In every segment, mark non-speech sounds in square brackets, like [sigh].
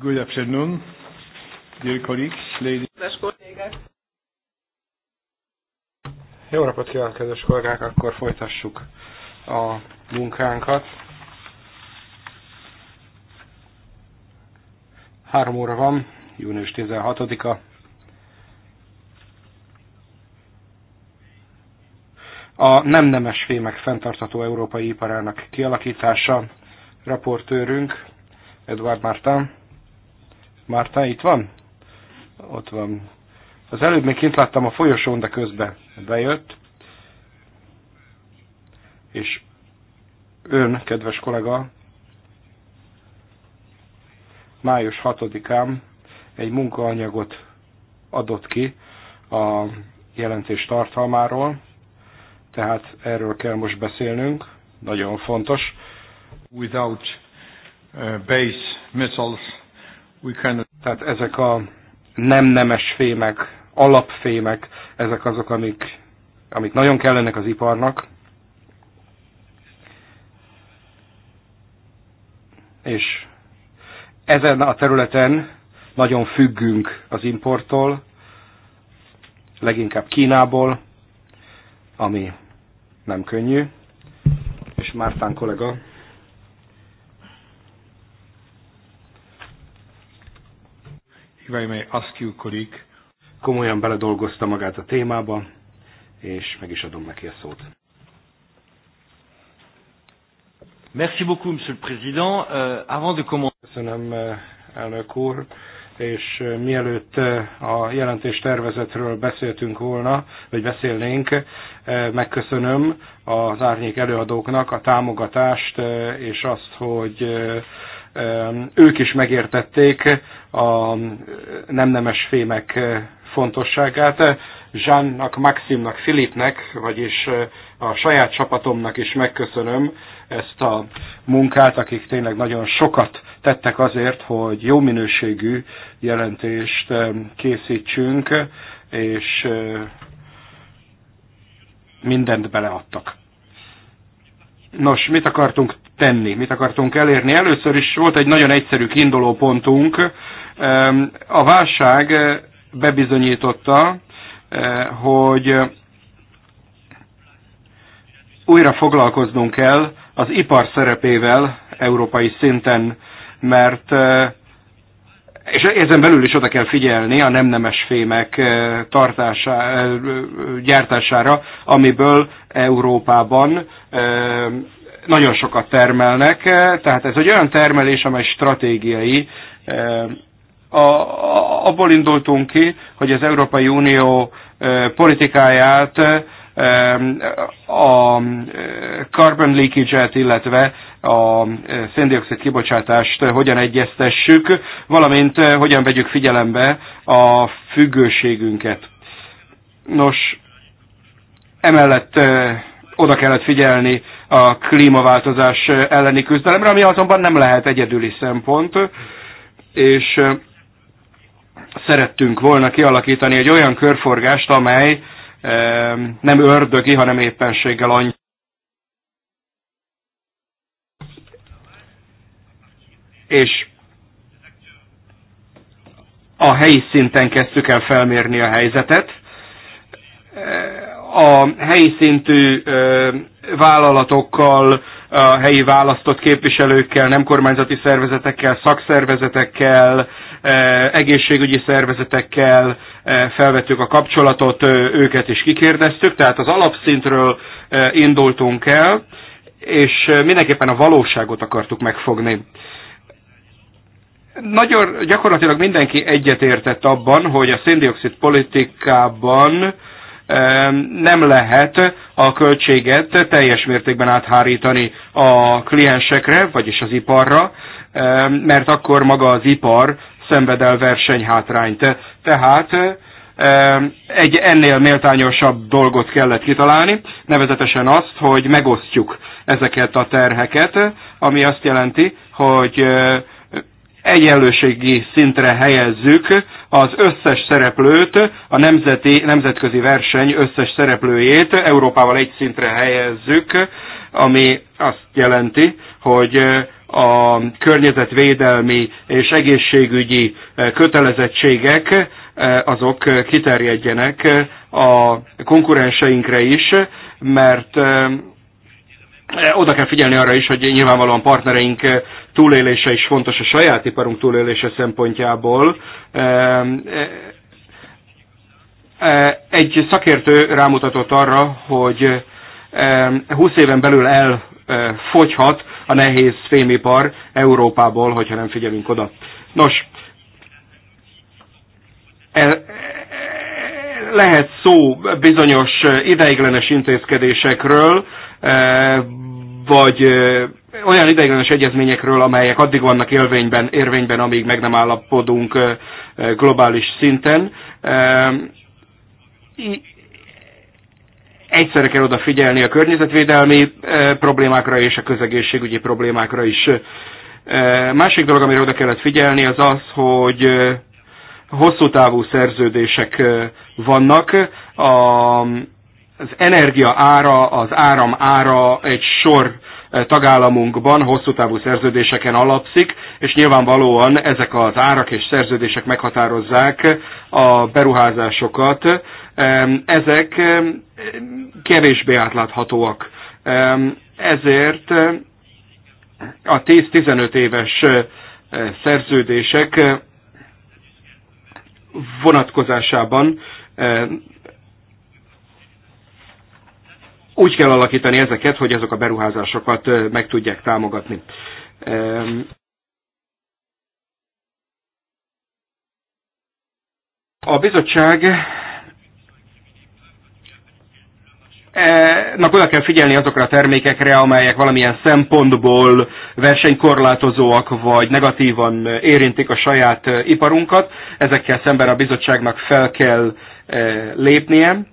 Good afternoon, dear colleagues, ladies. Jó napot kívánok, kedves kollégák! Akkor folytassuk a munkánkat. Három óra van, június 16-a. A nem nemes fémek fenntartató európai iparának kialakítása, raportőrünk, Edward Martin. Márta itt van? Ott van. Az előbb még kint láttam a folyosón, de közben bejött. És ön, kedves kollega, május 6-án egy munkaanyagot adott ki a jelentés tartalmáról, tehát erről kell most beszélnünk, nagyon fontos. Without uh, base missiles Can... Tehát ezek a nem nemes fémek, alapfémek, ezek azok, amik, amik nagyon kellenek az iparnak, és ezen a területen nagyon függünk az importtól, leginkább Kínából, ami nem könnyű, és Mártán kollega if I may ask you, colleague. Komolyan beledolgozta magát a témába, és meg is adom neki a szót. Merci beaucoup, Monsieur le Président. Uh, avant de commencer... Köszönöm, eh, elnök úr és eh, mielőtt eh, a jelentés tervezetről beszéltünk volna, vagy beszélnénk, megköszönöm az árnyék előadóknak a támogatást, és azt, hogy ők is megértették a nem nemes fémek fontosságát. Jeannak, Maximnak, Filipnek, vagyis a saját csapatomnak is megköszönöm ezt a munkát, akik tényleg nagyon sokat tettek azért, hogy jó minőségű jelentést készítsünk, és mindent beleadtak. Nos, mit akartunk tenni, mit akartunk elérni. Először is volt egy nagyon egyszerű kiinduló pontunk. A válság eh, bebizonyította, eh, hogy újra foglalkoznunk kell az ipar szerepével európai szinten, mert eh, és ezen belül is oda kell figyelni a nem nemes fémek tartása gyártására, amiből Európában nagyon sokat termelnek, eh, tehát ez egy olyan termelés, amely stratégiai. Eh, a, abból indultunk ki, hogy az Európai Unió eh, politikáját a carbon leakage-et, illetve a széndiokszid kibocsátást hogyan egyeztessük, valamint hogyan vegyük figyelembe a függőségünket. Nos, emellett oda kellett figyelni a klímaváltozás elleni küzdelemre, ami azonban nem lehet egyedüli szempont, és szerettünk volna kialakítani egy olyan körforgást, amely nem ördögi, hanem éppenséggel annyi. És a helyi szinten kezdtük el felmérni a helyzetet. A helyi szintű vállalatokkal, a helyi választott képviselőkkel, nem kormányzati szervezetekkel, szakszervezetekkel, e, egészségügyi szervezetekkel e, felvettük a kapcsolatot, e, őket is kikérdeztük, tehát az alapszintről indultunk el, és mindenképpen a valóságot akartuk megfogni. Nagyon gyakorlatilag mindenki egyetértett abban, hogy a széndiokszid politikában nem lehet a költséget teljes mértékben áthárítani a kliensekre, vagyis az iparra, mert akkor maga az ipar szenved el versenyhátrányt. Tehát egy ennél méltányosabb dolgot kellett kitalálni, nevezetesen azt, hogy megosztjuk ezeket a terheket, ami azt jelenti, hogy egyenlőségi szintre helyezzük az összes szereplőt, a nemzeti, nemzetközi verseny összes szereplőjét Európával egy szintre helyezzük, ami azt jelenti, hogy a környezetvédelmi és egészségügyi kötelezettségek azok kiterjedjenek a konkurenseinkre is, mert Eh, oda kell figyelni arra is, hogy nyilvánvalóan partnereink eh, túlélése is fontos a saját iparunk túlélése szempontjából. Eh, egy szakértő rámutatott arra, hogy 20 éven belül elfogyhat a nehéz fémipar Európából, hogyha nem figyelünk oda. Nos, el, e, lehet szó bizonyos ideiglenes intézkedésekről, vagy olyan ideiglenes egyezményekről, amelyek addig vannak élvényben, érvényben, amíg meg nem állapodunk globális szinten. Egyszerre kell odafigyelni a környezetvédelmi problémákra és a közegészségügyi problémákra is. Másik dolog, amire oda kellett figyelni, az az, hogy hosszú távú szerződések vannak. A az energia ára, az áram ára egy sor e, tagállamunkban hosszú távú szerződéseken alapszik, és nyilvánvalóan ezek az árak és szerződések meghatározzák a beruházásokat. E, ezek e, kevésbé átláthatóak. Ezért a 10-15 éves szerződések vonatkozásában úgy kell alakítani ezeket, hogy azok a beruházásokat meg tudják támogatni. A bizottság e, nak oda kell figyelni azokra a termékekre, amelyek valamilyen szempontból versenykorlátozóak vagy negatívan érintik a saját iparunkat. Ezekkel szemben a bizottságnak fel kell e, lépnie.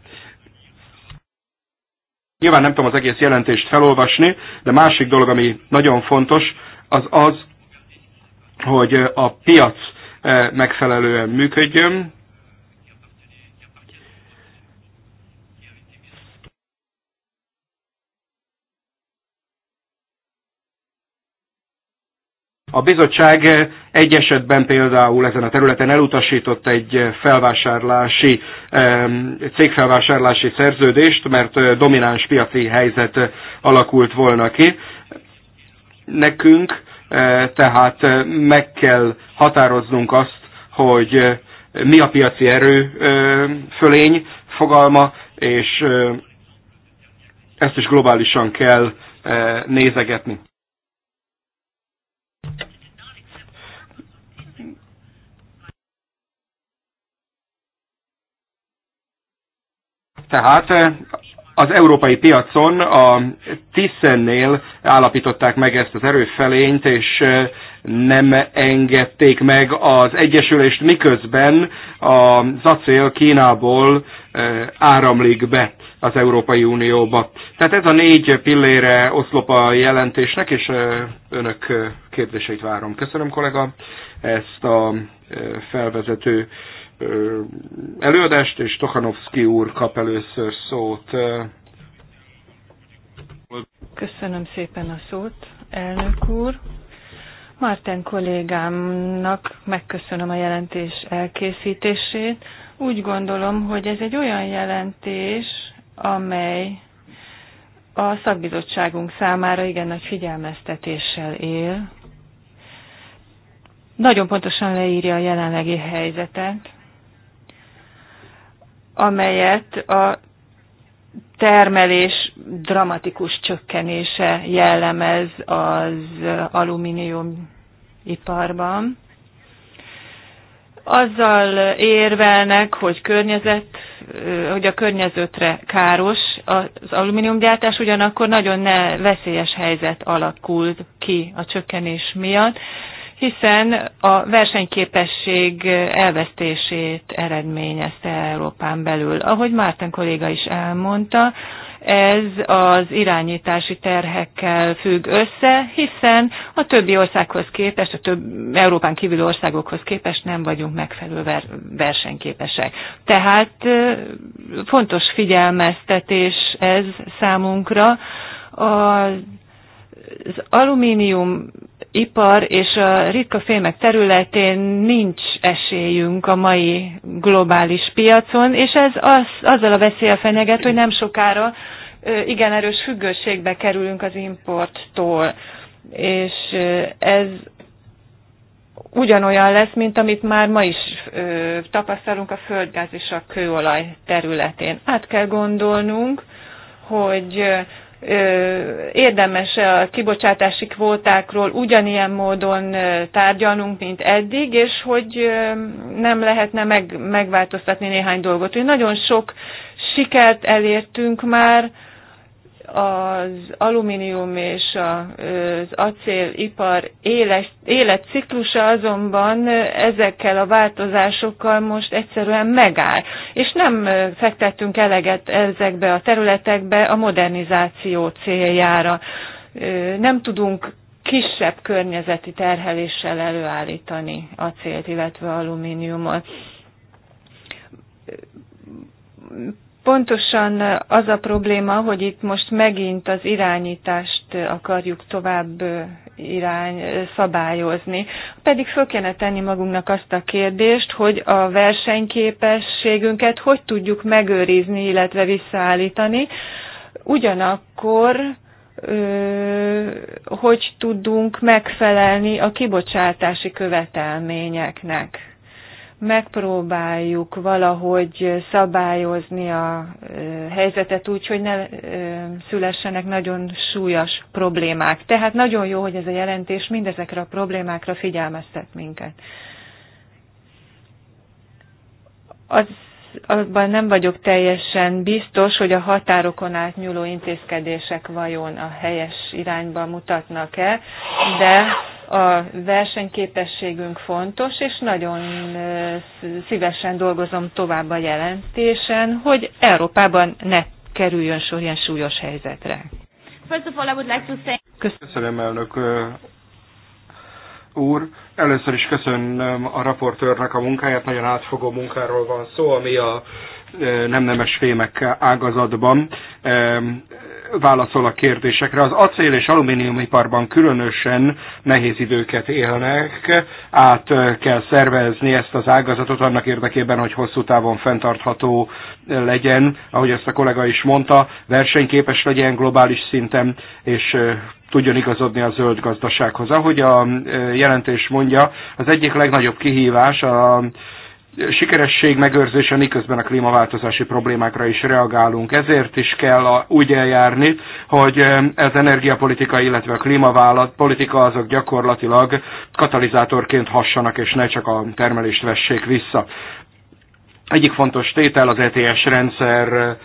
Nyilván nem tudom az egész jelentést felolvasni, de másik dolog, ami nagyon fontos, az az, hogy a piac eh, megfelelően működjön, A bizottság egy esetben például ezen a területen elutasított egy felvásárlási, cégfelvásárlási szerződést, mert domináns piaci helyzet alakult volna ki. Nekünk tehát meg kell határoznunk azt, hogy mi a piaci erő fölény fogalma, és ezt is globálisan kell nézegetni. Tehát eh, az európai piacon a Tiszennél állapították meg ezt az erőfelényt, és eh, nem engedték meg az egyesülést, miközben az acél Kínából eh, áramlik be az Európai Unióba. Tehát ez a négy pillére oszlop a jelentésnek, és önök kérdéseit várom. Köszönöm, kollega, ezt a felvezető előadást, és Tokanovszki úr kap először szót. Köszönöm szépen a szót, elnök úr. Márten kollégámnak megköszönöm a jelentés elkészítését. Úgy gondolom, hogy ez egy olyan jelentés, amely a szakbizottságunk számára igen nagy figyelmeztetéssel él. Nagyon pontosan leírja a jelenlegi helyzetet, amelyet a termelés dramatikus csökkenése jellemez az alumínium iparban. Azzal érvelnek, hogy környezet, hogy a környezetre káros az alumíniumgyártás, ugyanakkor nagyon ne veszélyes helyzet alakult ki a csökkenés miatt hiszen a versenyképesség elvesztését eredményezte Európán belül. Ahogy Márten kolléga is elmondta, ez az irányítási terhekkel függ össze, hiszen a többi országhoz képest, a több Európán kívüli országokhoz képest nem vagyunk megfelelő versenyképesek. Tehát fontos figyelmeztetés ez számunkra, a az alumínium ipar és a ritka fémek területén nincs esélyünk a mai globális piacon, és ez az, azzal a veszélye fenyeget, hogy nem sokára igen erős függőségbe kerülünk az importtól. És ez ugyanolyan lesz, mint amit már ma is ö, tapasztalunk a földgáz és a kőolaj területén. Át kell gondolnunk, hogy érdemes a kibocsátási kvótákról ugyanilyen módon tárgyalnunk, mint eddig, és hogy nem lehetne meg, megváltoztatni néhány dolgot. Úgy nagyon sok sikert elértünk már, az alumínium és az acélipar éles, életciklusa azonban ezekkel a változásokkal most egyszerűen megáll, és nem fektettünk eleget ezekbe a területekbe a modernizáció céljára. Nem tudunk kisebb környezeti terheléssel előállítani acélt, illetve alumíniumot Pontosan az a probléma, hogy itt most megint az irányítást akarjuk tovább irány szabályozni. Pedig föl kéne tenni magunknak azt a kérdést, hogy a versenyképességünket hogy tudjuk megőrizni, illetve visszaállítani, ugyanakkor hogy tudunk megfelelni a kibocsátási követelményeknek megpróbáljuk valahogy szabályozni a helyzetet úgy, hogy ne szülessenek nagyon súlyos problémák. Tehát nagyon jó, hogy ez a jelentés mindezekre a problémákra figyelmeztet minket. Az abban nem vagyok teljesen biztos, hogy a határokon átnyúló intézkedések vajon a helyes irányba mutatnak-e, de a versenyképességünk fontos, és nagyon szívesen dolgozom tovább a jelentésen, hogy Európában ne kerüljön sor ilyen súlyos helyzetre. Köszönöm, elnök úr. Először is köszönöm a raportőrnek a munkáját, nagyon átfogó munkáról van szó, ami a nem nemes fémek ágazatban válaszol a kérdésekre. Az acél és alumíniumiparban különösen nehéz időket élnek, át kell szervezni ezt az ágazatot annak érdekében, hogy hosszú távon fenntartható legyen, ahogy ezt a kollega is mondta, versenyképes legyen globális szinten, és tudjon igazodni a zöld gazdasághoz. Ahogy a jelentés mondja, az egyik legnagyobb kihívás a sikeresség megőrzése, miközben a klímaváltozási problémákra is reagálunk. Ezért is kell a, úgy eljárni, hogy az energiapolitika, illetve a politika azok gyakorlatilag katalizátorként hassanak, és ne csak a termelést vessék vissza. Egyik fontos tétel az ETS rendszer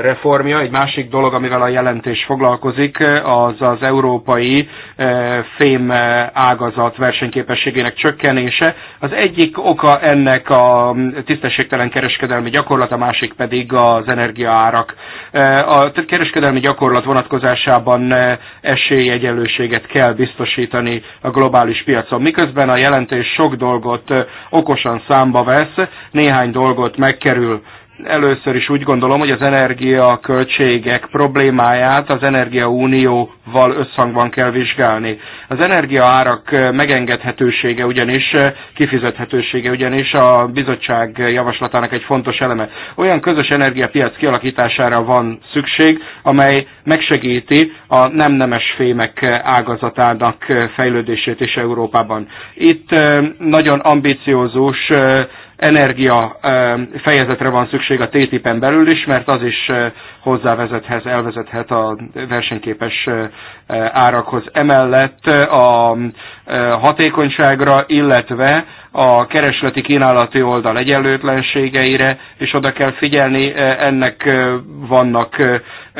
reformja. Egy másik dolog, amivel a jelentés foglalkozik, az az európai eh, fém eh, ágazat versenyképességének csökkenése. Az egyik oka ennek a mm, tisztességtelen kereskedelmi gyakorlat, a másik pedig az energiaárak. Eh, a kereskedelmi gyakorlat vonatkozásában esélyegyenlőséget kell biztosítani a globális piacon. Miközben a jelentés sok dolgot okosan számba vesz, néhány dolgot megkerül Először is úgy gondolom, hogy az energiaköltségek problémáját az energiaunióval összhangban kell vizsgálni. Az energiaárak megengedhetősége ugyanis, kifizethetősége ugyanis a bizottság javaslatának egy fontos eleme. Olyan közös energiapiac kialakítására van szükség, amely megsegíti a nem nemes fémek ágazatának fejlődését is Európában. Itt eh, nagyon ambiciózus eh, energia fejezetre van szükség a TTIP-en belül is, mert az is hozzávezethet, elvezethet a versenyképes árakhoz. Emellett a hatékonyságra, illetve a keresleti kínálati oldal egyenlőtlenségeire, és oda kell figyelni, ennek vannak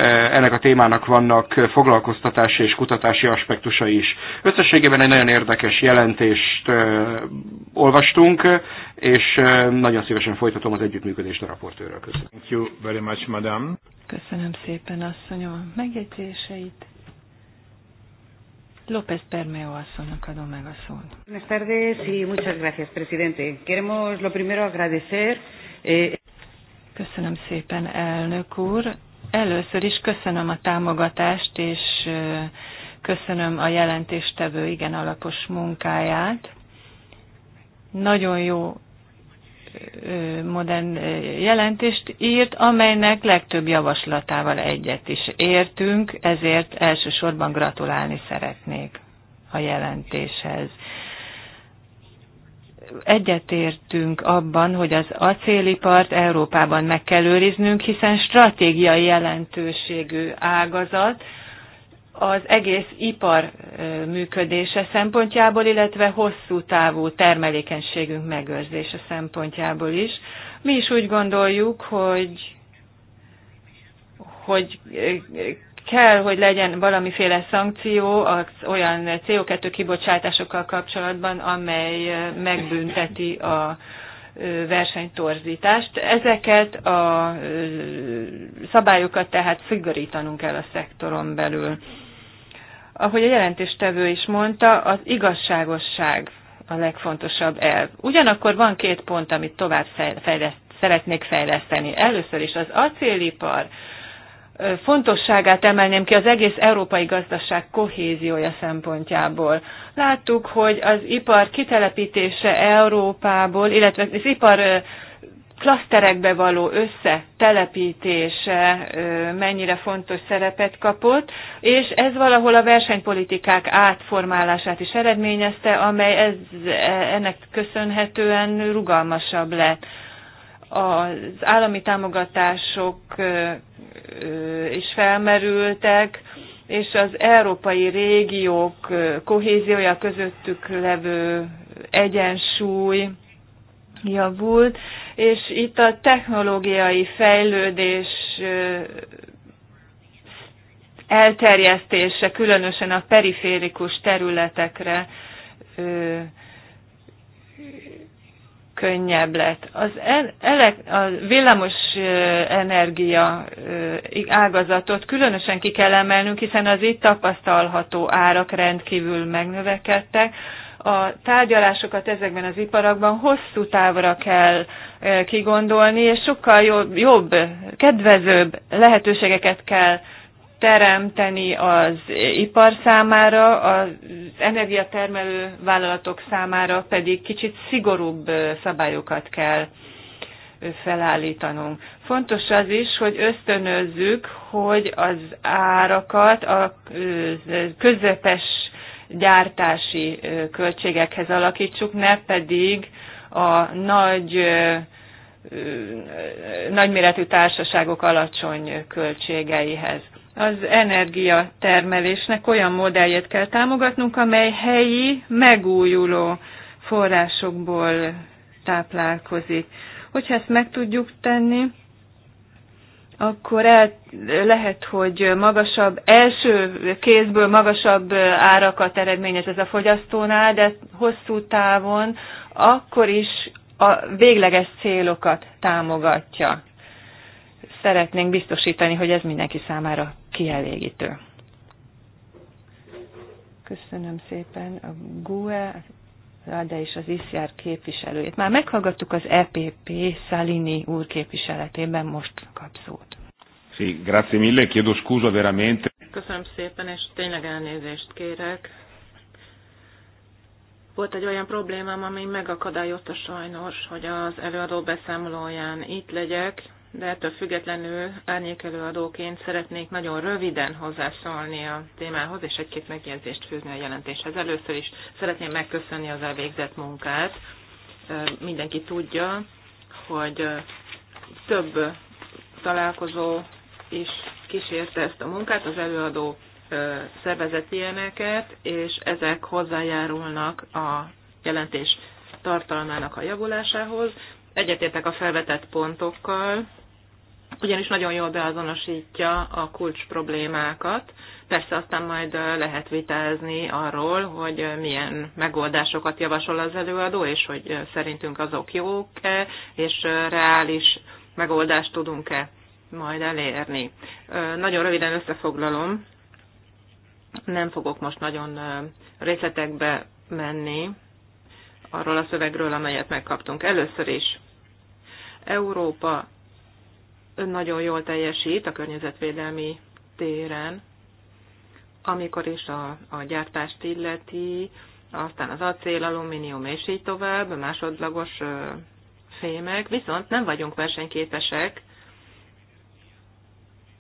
ennek a témának vannak foglalkoztatási és kutatási aspektusai is. Összességében egy nagyon érdekes jelentést olvastunk, és nagyon szívesen folytatom az együttműködést a raportőrrel. Köszönöm. Thank you very much, madam. Köszönöm szépen, asszonyom, a megjegyzéseit. López Bermeo asszonynak adom meg a szót. Buenas tardes y muchas gracias, presidente. Queremos lo primero agradecer. Eh, Köszönöm szépen, elnök úr. Először is köszönöm a támogatást, és köszönöm a jelentéstevő igen alapos munkáját. Nagyon jó modern jelentést írt, amelynek legtöbb javaslatával egyet is értünk, ezért elsősorban gratulálni szeretnék a jelentéshez egyetértünk abban, hogy az acélipart Európában meg kell őriznünk, hiszen stratégiai jelentőségű ágazat az egész ipar működése szempontjából, illetve hosszú távú termelékenységünk megőrzése szempontjából is. Mi is úgy gondoljuk, hogy hogy kell, hogy legyen valamiféle szankció az olyan CO2 kibocsátásokkal kapcsolatban, amely megbünteti a versenytorzítást. Ezeket a szabályokat tehát szigorítanunk kell a szektoron belül. Ahogy a jelentéstevő is mondta, az igazságosság a legfontosabb elv. Ugyanakkor van két pont, amit tovább fejleszt, szeretnék fejleszteni. Először is az acélipar fontosságát emelném ki az egész európai gazdaság kohéziója szempontjából. Láttuk, hogy az ipar kitelepítése Európából, illetve az ipar klaszterekbe való összetelepítése mennyire fontos szerepet kapott, és ez valahol a versenypolitikák átformálását is eredményezte, amely ez, e, ennek köszönhetően rugalmasabb lett. Az állami támogatások is felmerültek, és az európai régiók kohéziója közöttük levő egyensúly javult, és itt a technológiai fejlődés elterjesztése, különösen a periférikus területekre könnyebb lett. Az ele, a villamos energia ágazatot különösen ki kell emelnünk, hiszen az itt tapasztalható árak rendkívül megnövekedtek. A tárgyalásokat ezekben az iparakban hosszú távra kell kigondolni, és sokkal jobb, jobb kedvezőbb lehetőségeket kell teremteni az ipar számára, az energiatermelő vállalatok számára pedig kicsit szigorúbb szabályokat kell felállítanunk. Fontos az is, hogy ösztönözzük, hogy az árakat a közepes gyártási költségekhez alakítsuk, ne pedig a nagy nagyméretű társaságok alacsony költségeihez az energiatermelésnek olyan modelljét kell támogatnunk, amely helyi, megújuló forrásokból táplálkozik. Hogyha ezt meg tudjuk tenni, akkor el, lehet, hogy magasabb, első kézből magasabb árakat eredményez ez a fogyasztónál, de hosszú távon akkor is a végleges célokat támogatja. Szeretnénk biztosítani, hogy ez mindenki számára kielégítő. Köszönöm szépen a GUE, de is az ICR képviselőjét. Már meghallgattuk az EPP Salini úr képviseletében, most kap szót. grazie mille, chiedo scusa veramente. Köszönöm szépen, és tényleg elnézést kérek. Volt egy olyan problémám, ami megakadályozta sajnos, hogy az előadó beszámolóján itt legyek, de ettől függetlenül árnyékelőadóként szeretnék nagyon röviden hozzászólni a témához, és egy-két megjegyzést fűzni a jelentéshez. Először is szeretném megköszönni az elvégzett munkát. Mindenki tudja, hogy több találkozó is kísérte ezt a munkát, az előadó szervezett ilyeneket, és ezek hozzájárulnak a jelentés tartalmának a javulásához. Egyetértek a felvetett pontokkal, ugyanis nagyon jól beazonosítja a kulcs problémákat. Persze aztán majd lehet vitázni arról, hogy milyen megoldásokat javasol az előadó, és hogy szerintünk azok jók-e, és reális megoldást tudunk-e majd elérni. Nagyon röviden összefoglalom, nem fogok most nagyon részletekbe menni arról a szövegről, amelyet megkaptunk. Először is Európa nagyon jól teljesít a környezetvédelmi téren, amikor is a, a gyártást illeti, aztán az acél, alumínium és így tovább, másodlagos fémek, viszont nem vagyunk versenyképesek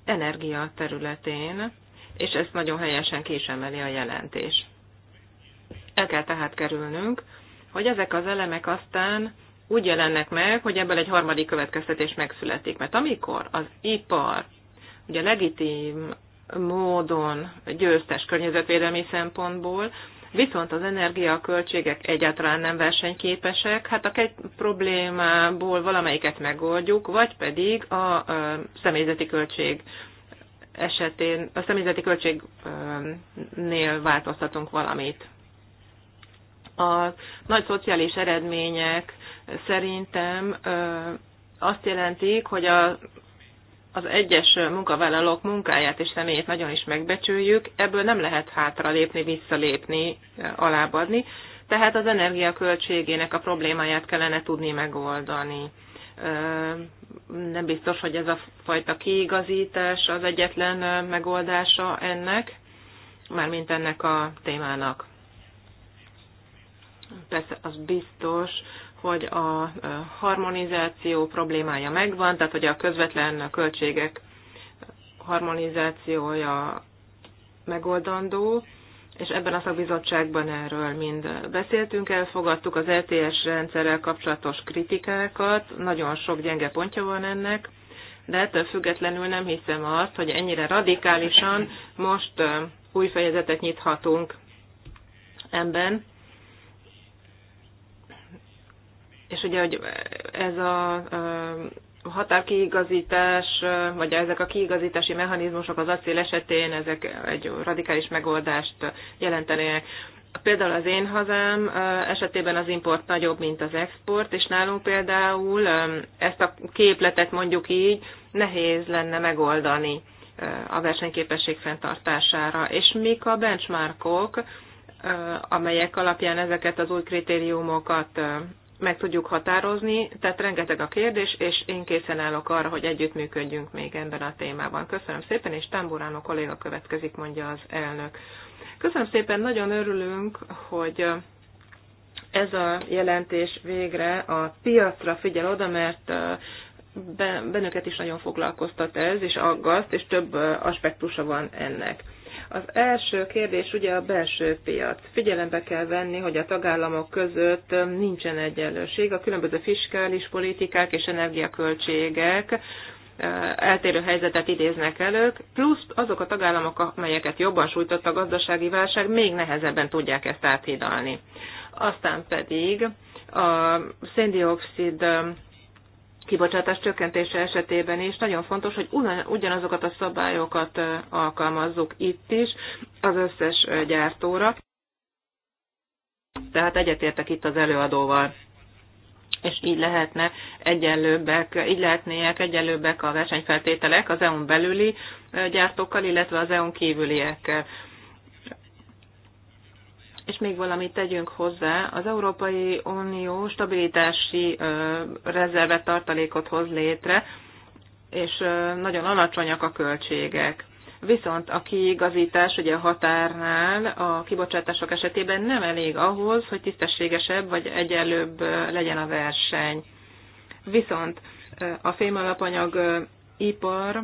energia területén, és ezt nagyon helyesen késemeli a jelentés. El kell tehát kerülnünk, hogy ezek az elemek aztán úgy jelennek meg, hogy ebből egy harmadik következtetés megszületik. Mert amikor az ipar ugye legitim módon győztes környezetvédelmi szempontból, viszont az energiaköltségek egyáltalán nem versenyképesek, hát a két problémából valamelyiket megoldjuk, vagy pedig a személyzeti költség esetén, a személyzeti költségnél változtatunk valamit. A nagy szociális eredmények szerintem azt jelentik, hogy a az egyes munkavállalók munkáját és személyét nagyon is megbecsüljük, ebből nem lehet hátralépni, visszalépni, alábadni, tehát az energia a problémáját kellene tudni megoldani. Nem biztos, hogy ez a fajta kiigazítás az egyetlen megoldása ennek, mármint ennek a témának. Persze az biztos, hogy a harmonizáció problémája megvan, tehát hogy a közvetlen költségek harmonizációja megoldandó, és ebben a szakbizottságban erről mind beszéltünk, elfogadtuk az LTS e rendszerrel kapcsolatos kritikákat, nagyon sok gyenge pontja van ennek, de ettől függetlenül nem hiszem azt, hogy ennyire radikálisan most új fejezetet nyithatunk ebben És ugye, hogy ez a határkiigazítás, vagy ezek a kiigazítási mechanizmusok az acél esetén, ezek egy radikális megoldást jelentenének. Például az én hazám esetében az import nagyobb, mint az export, és nálunk például ezt a képletet mondjuk így nehéz lenne megoldani a versenyképesség fenntartására. És mik a benchmarkok, amelyek alapján ezeket az új kritériumokat meg tudjuk határozni, tehát rengeteg a kérdés, és én készen állok arra, hogy együttműködjünk még ebben a témában. Köszönöm szépen, és Tamburánó kolléga következik, mondja az elnök. Köszönöm szépen, nagyon örülünk, hogy ez a jelentés végre a piacra figyel oda, mert bennünket is nagyon foglalkoztat ez, és aggaszt, és több aspektusa van ennek. Az első kérdés ugye a belső piac. Figyelembe kell venni, hogy a tagállamok között um, nincsen egyenlőség. A különböző fiskális politikák és energiaköltségek uh, eltérő helyzetet idéznek elők, plusz azok a tagállamok, amelyeket jobban sújtott a gazdasági válság, még nehezebben tudják ezt áthidalni. Aztán pedig a széndiokszid um, kibocsátás csökkentése esetében is nagyon fontos, hogy ugyanazokat a szabályokat alkalmazzuk itt is az összes gyártóra. Tehát egyetértek itt az előadóval és így lehetne egyenlőbbek, így lehetnének egyenlőbbek a versenyfeltételek az EU-n belüli gyártókkal, illetve az EU-n kívüliekkel és még valamit tegyünk hozzá, az Európai Unió stabilitási rezervet tartalékot hoz létre, és nagyon alacsonyak a költségek. Viszont a kiigazítás ugye a határnál a kibocsátások esetében nem elég ahhoz, hogy tisztességesebb vagy egyenlőbb legyen a verseny. Viszont a fémalapanyag ipar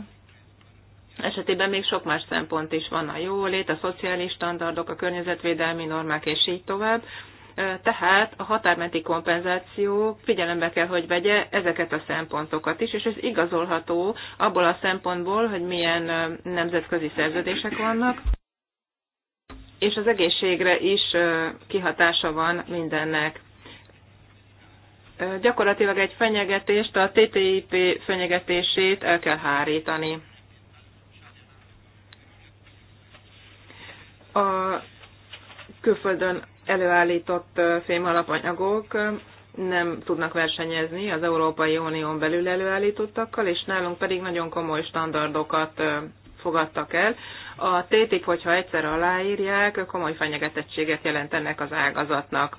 esetében még sok más szempont is van, a jólét, a szociális standardok, a környezetvédelmi normák, és így tovább. Tehát a határmenti kompenzáció figyelembe kell, hogy vegye ezeket a szempontokat is, és ez igazolható abból a szempontból, hogy milyen nemzetközi szerződések vannak, és az egészségre is kihatása van mindennek gyakorlatilag egy fenyegetést, a TTIP fenyegetését el kell hárítani. A külföldön előállított fémalapanyagok nem tudnak versenyezni az Európai Unión belül előállítottakkal, és nálunk pedig nagyon komoly standardokat fogadtak el. A tétik, hogyha egyszer aláírják, komoly fenyegetettséget jelent ennek az ágazatnak.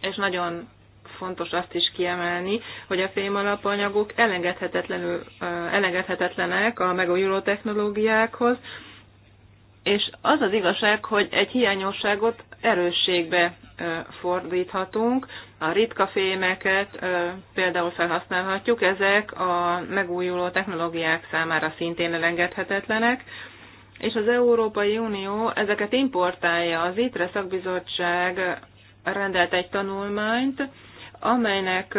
És nagyon fontos azt is kiemelni, hogy a fémalapanyagok elengedhetetlenül, elengedhetetlenek a megújuló technológiákhoz, és az az igazság, hogy egy hiányosságot erősségbe fordíthatunk, a ritka fémeket például felhasználhatjuk, ezek a megújuló technológiák számára szintén elengedhetetlenek, és az Európai Unió ezeket importálja. Az ITRE szakbizottság rendelt egy tanulmányt, amelynek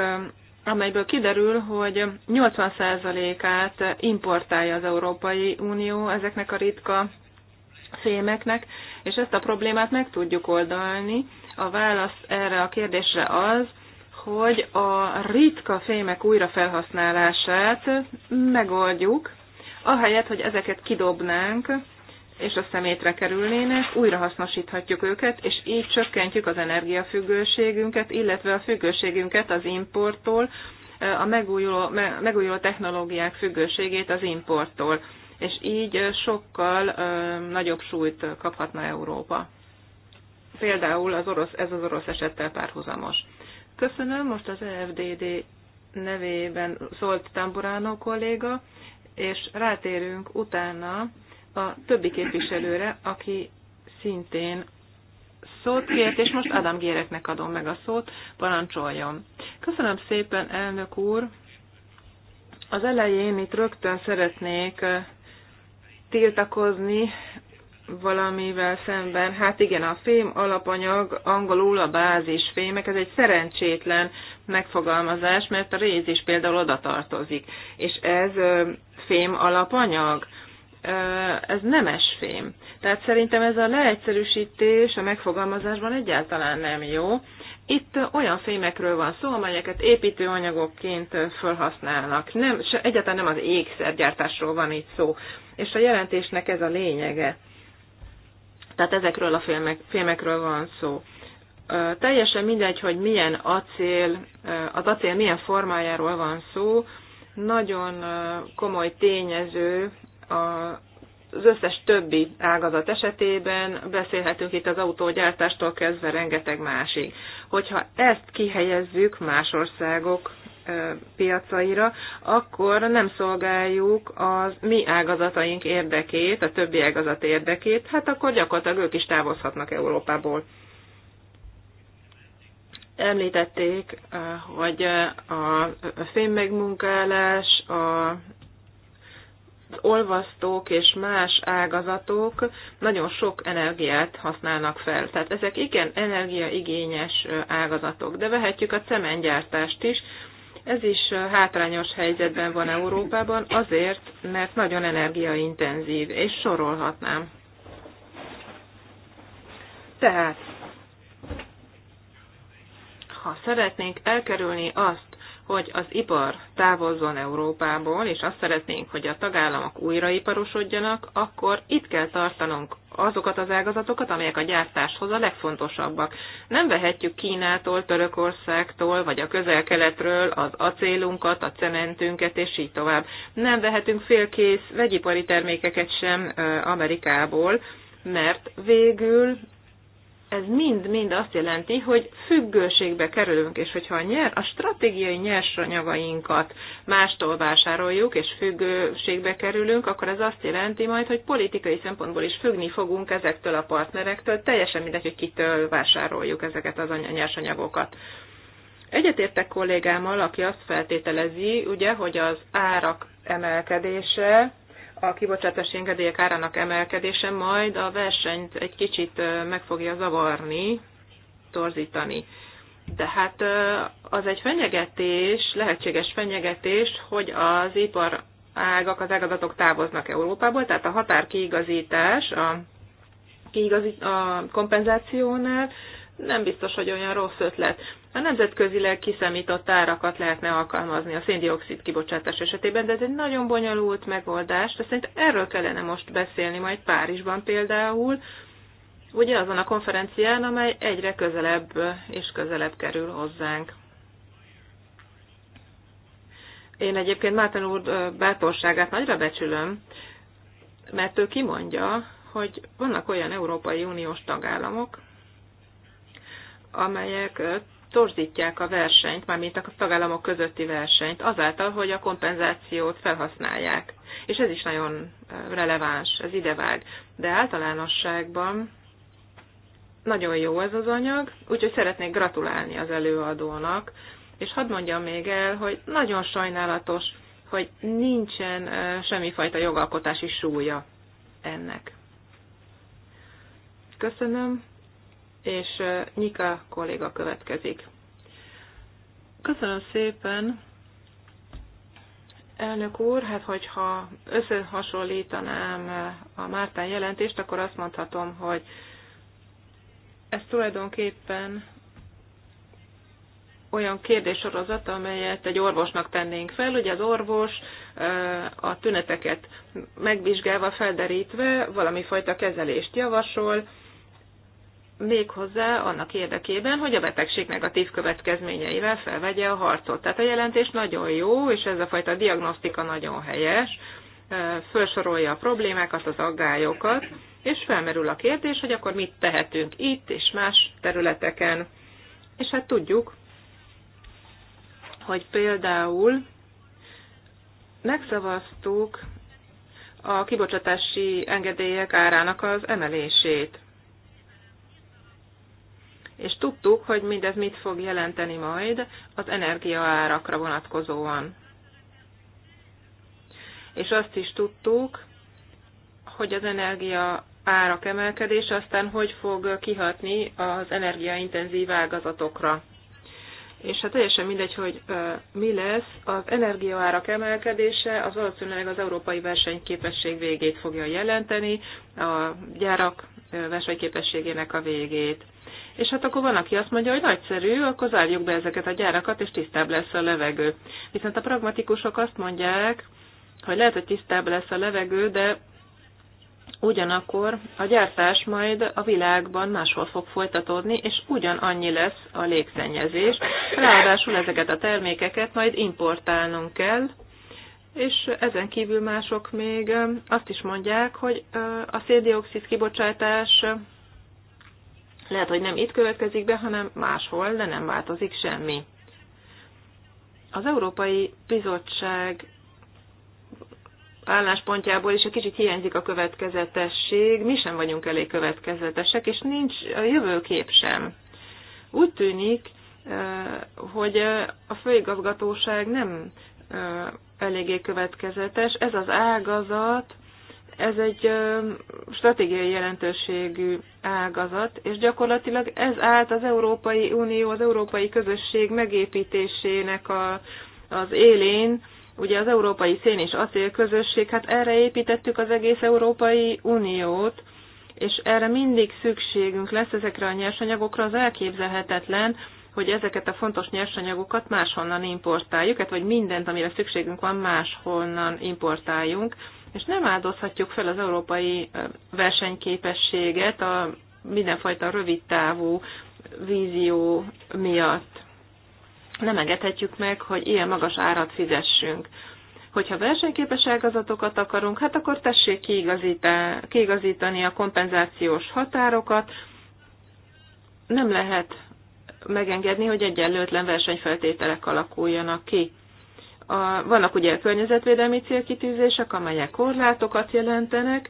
amelyből kiderül, hogy 80%-át importálja az Európai Unió ezeknek a ritka fémeknek, és ezt a problémát meg tudjuk oldalni. A válasz erre a kérdésre az, hogy a ritka fémek újrafelhasználását megoldjuk, ahelyett, hogy ezeket kidobnánk, és a szemétre kerülnének, újrahasznosíthatjuk őket, és így csökkentjük az energiafüggőségünket, illetve a függőségünket az importtól, a megújuló, megújuló technológiák függőségét az importtól és így sokkal nagyobb súlyt kaphatna Európa. Például az orosz, ez az orosz esettel párhuzamos. Köszönöm, most az EFDD nevében szólt Tamburánó kolléga, és rátérünk utána a többi képviselőre, aki szintén szót kért, és most Adam Géreknek adom meg a szót, parancsoljon. Köszönöm szépen, elnök úr! Az elején itt rögtön szeretnék tiltakozni valamivel szemben. Hát igen, a fém alapanyag, angolul a fémek, ez egy szerencsétlen megfogalmazás, mert a réz is például oda tartozik. És ez fém alapanyag? ez nemes fém. Tehát szerintem ez a leegyszerűsítés a megfogalmazásban egyáltalán nem jó, itt olyan fémekről van szó, amelyeket építőanyagokként felhasználnak. Nem, se, egyáltalán nem az ékszergyártásról van itt szó. És a jelentésnek ez a lényege. Tehát ezekről a fémek, fémekről van szó. Teljesen mindegy, hogy milyen acél, az acél milyen formájáról van szó, nagyon komoly tényező az összes többi ágazat esetében beszélhetünk itt az autógyártástól kezdve rengeteg másig. Hogyha ezt kihelyezzük más országok piacaira, akkor nem szolgáljuk az mi ágazataink érdekét, a többi ágazat érdekét, hát akkor gyakorlatilag ők is távozhatnak Európából. Említették, hogy a fémmegmunkálás, a olvasztók és más ágazatok nagyon sok energiát használnak fel. Tehát ezek igen energiaigényes ágazatok, de vehetjük a cementgyártást is. Ez is hátrányos helyzetben van Európában azért, mert nagyon energiaintenzív, és sorolhatnám. Tehát, ha szeretnénk elkerülni azt, hogy az ipar távozzon Európából, és azt szeretnénk, hogy a tagállamok újraiparosodjanak, akkor itt kell tartanunk azokat az ágazatokat, amelyek a gyártáshoz a legfontosabbak. Nem vehetjük Kínától, Törökországtól, vagy a közel-keletről az acélunkat, a cementünket, és így tovább. Nem vehetünk félkész vegyipari termékeket sem Amerikából, mert végül ez mind-mind azt jelenti, hogy függőségbe kerülünk, és hogyha a, nyer, a stratégiai nyersanyagainkat mástól vásároljuk, és függőségbe kerülünk, akkor ez azt jelenti majd, hogy politikai szempontból is függni fogunk ezektől a partnerektől, teljesen mindegy, hogy kitől vásároljuk ezeket az nyersanyagokat. Egyetértek kollégámmal, aki azt feltételezi, ugye, hogy az árak emelkedése a kibocsátási engedélyek árának emelkedése majd a versenyt egy kicsit meg fogja zavarni, torzítani. De hát az egy fenyegetés, lehetséges fenyegetés, hogy az ipar ágak, az ágazatok távoznak Európából, tehát a kiigazítás, a, kiigazít, a kompenzációnál nem biztos, hogy olyan rossz ötlet. A nemzetközileg kiszámított árakat lehetne alkalmazni a széndiokszid kibocsátás esetében, de ez egy nagyon bonyolult megoldás, de szerint erről kellene most beszélni majd Párizsban például, ugye azon a konferencián, amely egyre közelebb és közelebb kerül hozzánk. Én egyébként Márton úr bátorságát nagyra becsülöm, mert ő kimondja, hogy vannak olyan Európai Uniós tagállamok, amelyek torzítják a versenyt, mármint a tagállamok közötti versenyt, azáltal, hogy a kompenzációt felhasználják. És ez is nagyon releváns, ez idevág. De általánosságban nagyon jó ez az anyag, úgyhogy szeretnék gratulálni az előadónak, és hadd mondjam még el, hogy nagyon sajnálatos, hogy nincsen semmifajta jogalkotási súlya ennek. Köszönöm és Nika kolléga következik. Köszönöm szépen, elnök úr, hát hogyha összehasonlítanám a Mártán jelentést, akkor azt mondhatom, hogy ez tulajdonképpen olyan kérdéssorozat, amelyet egy orvosnak tennénk fel. Ugye az orvos a tüneteket megvizsgálva, felderítve valami fajta kezelést javasol, méghozzá annak érdekében, hogy a betegség negatív következményeivel felvegye a harcot. Tehát a jelentés nagyon jó, és ez a fajta diagnosztika nagyon helyes, felsorolja a problémákat, az aggályokat, és felmerül a kérdés, hogy akkor mit tehetünk itt és más területeken. És hát tudjuk, hogy például megszavaztuk a kibocsatási engedélyek árának az emelését és tudtuk, hogy mindez mit fog jelenteni majd az energiaárakra vonatkozóan. És azt is tudtuk, hogy az energia árak emelkedése aztán hogy fog kihatni az energiaintenzív ágazatokra és hát teljesen mindegy, hogy mi lesz, az energiaárak emelkedése az valószínűleg az európai versenyképesség végét fogja jelenteni, a gyárak versenyképességének a végét. És hát akkor van, aki azt mondja, hogy nagyszerű, akkor zárjuk be ezeket a gyárakat, és tisztább lesz a levegő. Viszont a pragmatikusok azt mondják, hogy lehet, hogy tisztább lesz a levegő, de Ugyanakkor a gyártás majd a világban máshol fog folytatódni, és ugyanannyi lesz a légszennyezés. Ráadásul ezeket a termékeket majd importálnunk kell, és ezen kívül mások még azt is mondják, hogy a széndiokszid kibocsátás lehet, hogy nem itt következik be, hanem máshol, de nem változik semmi. Az Európai Bizottság álláspontjából is egy kicsit hiányzik a következetesség, mi sem vagyunk elég következetesek, és nincs a jövőkép sem. Úgy tűnik, hogy a főigazgatóság nem eléggé következetes. Ez az ágazat, ez egy stratégiai jelentőségű ágazat, és gyakorlatilag ez állt az Európai Unió, az Európai Közösség megépítésének a, az élén, Ugye az Európai Szén és közösség, hát erre építettük az egész Európai Uniót, és erre mindig szükségünk lesz ezekre a nyersanyagokra, az elképzelhetetlen, hogy ezeket a fontos nyersanyagokat máshonnan importáljuk, hát vagy mindent, amire szükségünk van, máshonnan importáljunk, és nem áldozhatjuk fel az európai versenyképességet a mindenfajta rövidtávú vízió miatt nem engedhetjük meg, hogy ilyen magas árat fizessünk. Hogyha versenyképes ágazatokat akarunk, hát akkor tessék kiigazítani a kompenzációs határokat. Nem lehet megengedni, hogy egyenlőtlen versenyfeltételek alakuljanak ki. A, vannak ugye a környezetvédelmi célkitűzések, amelyek korlátokat jelentenek,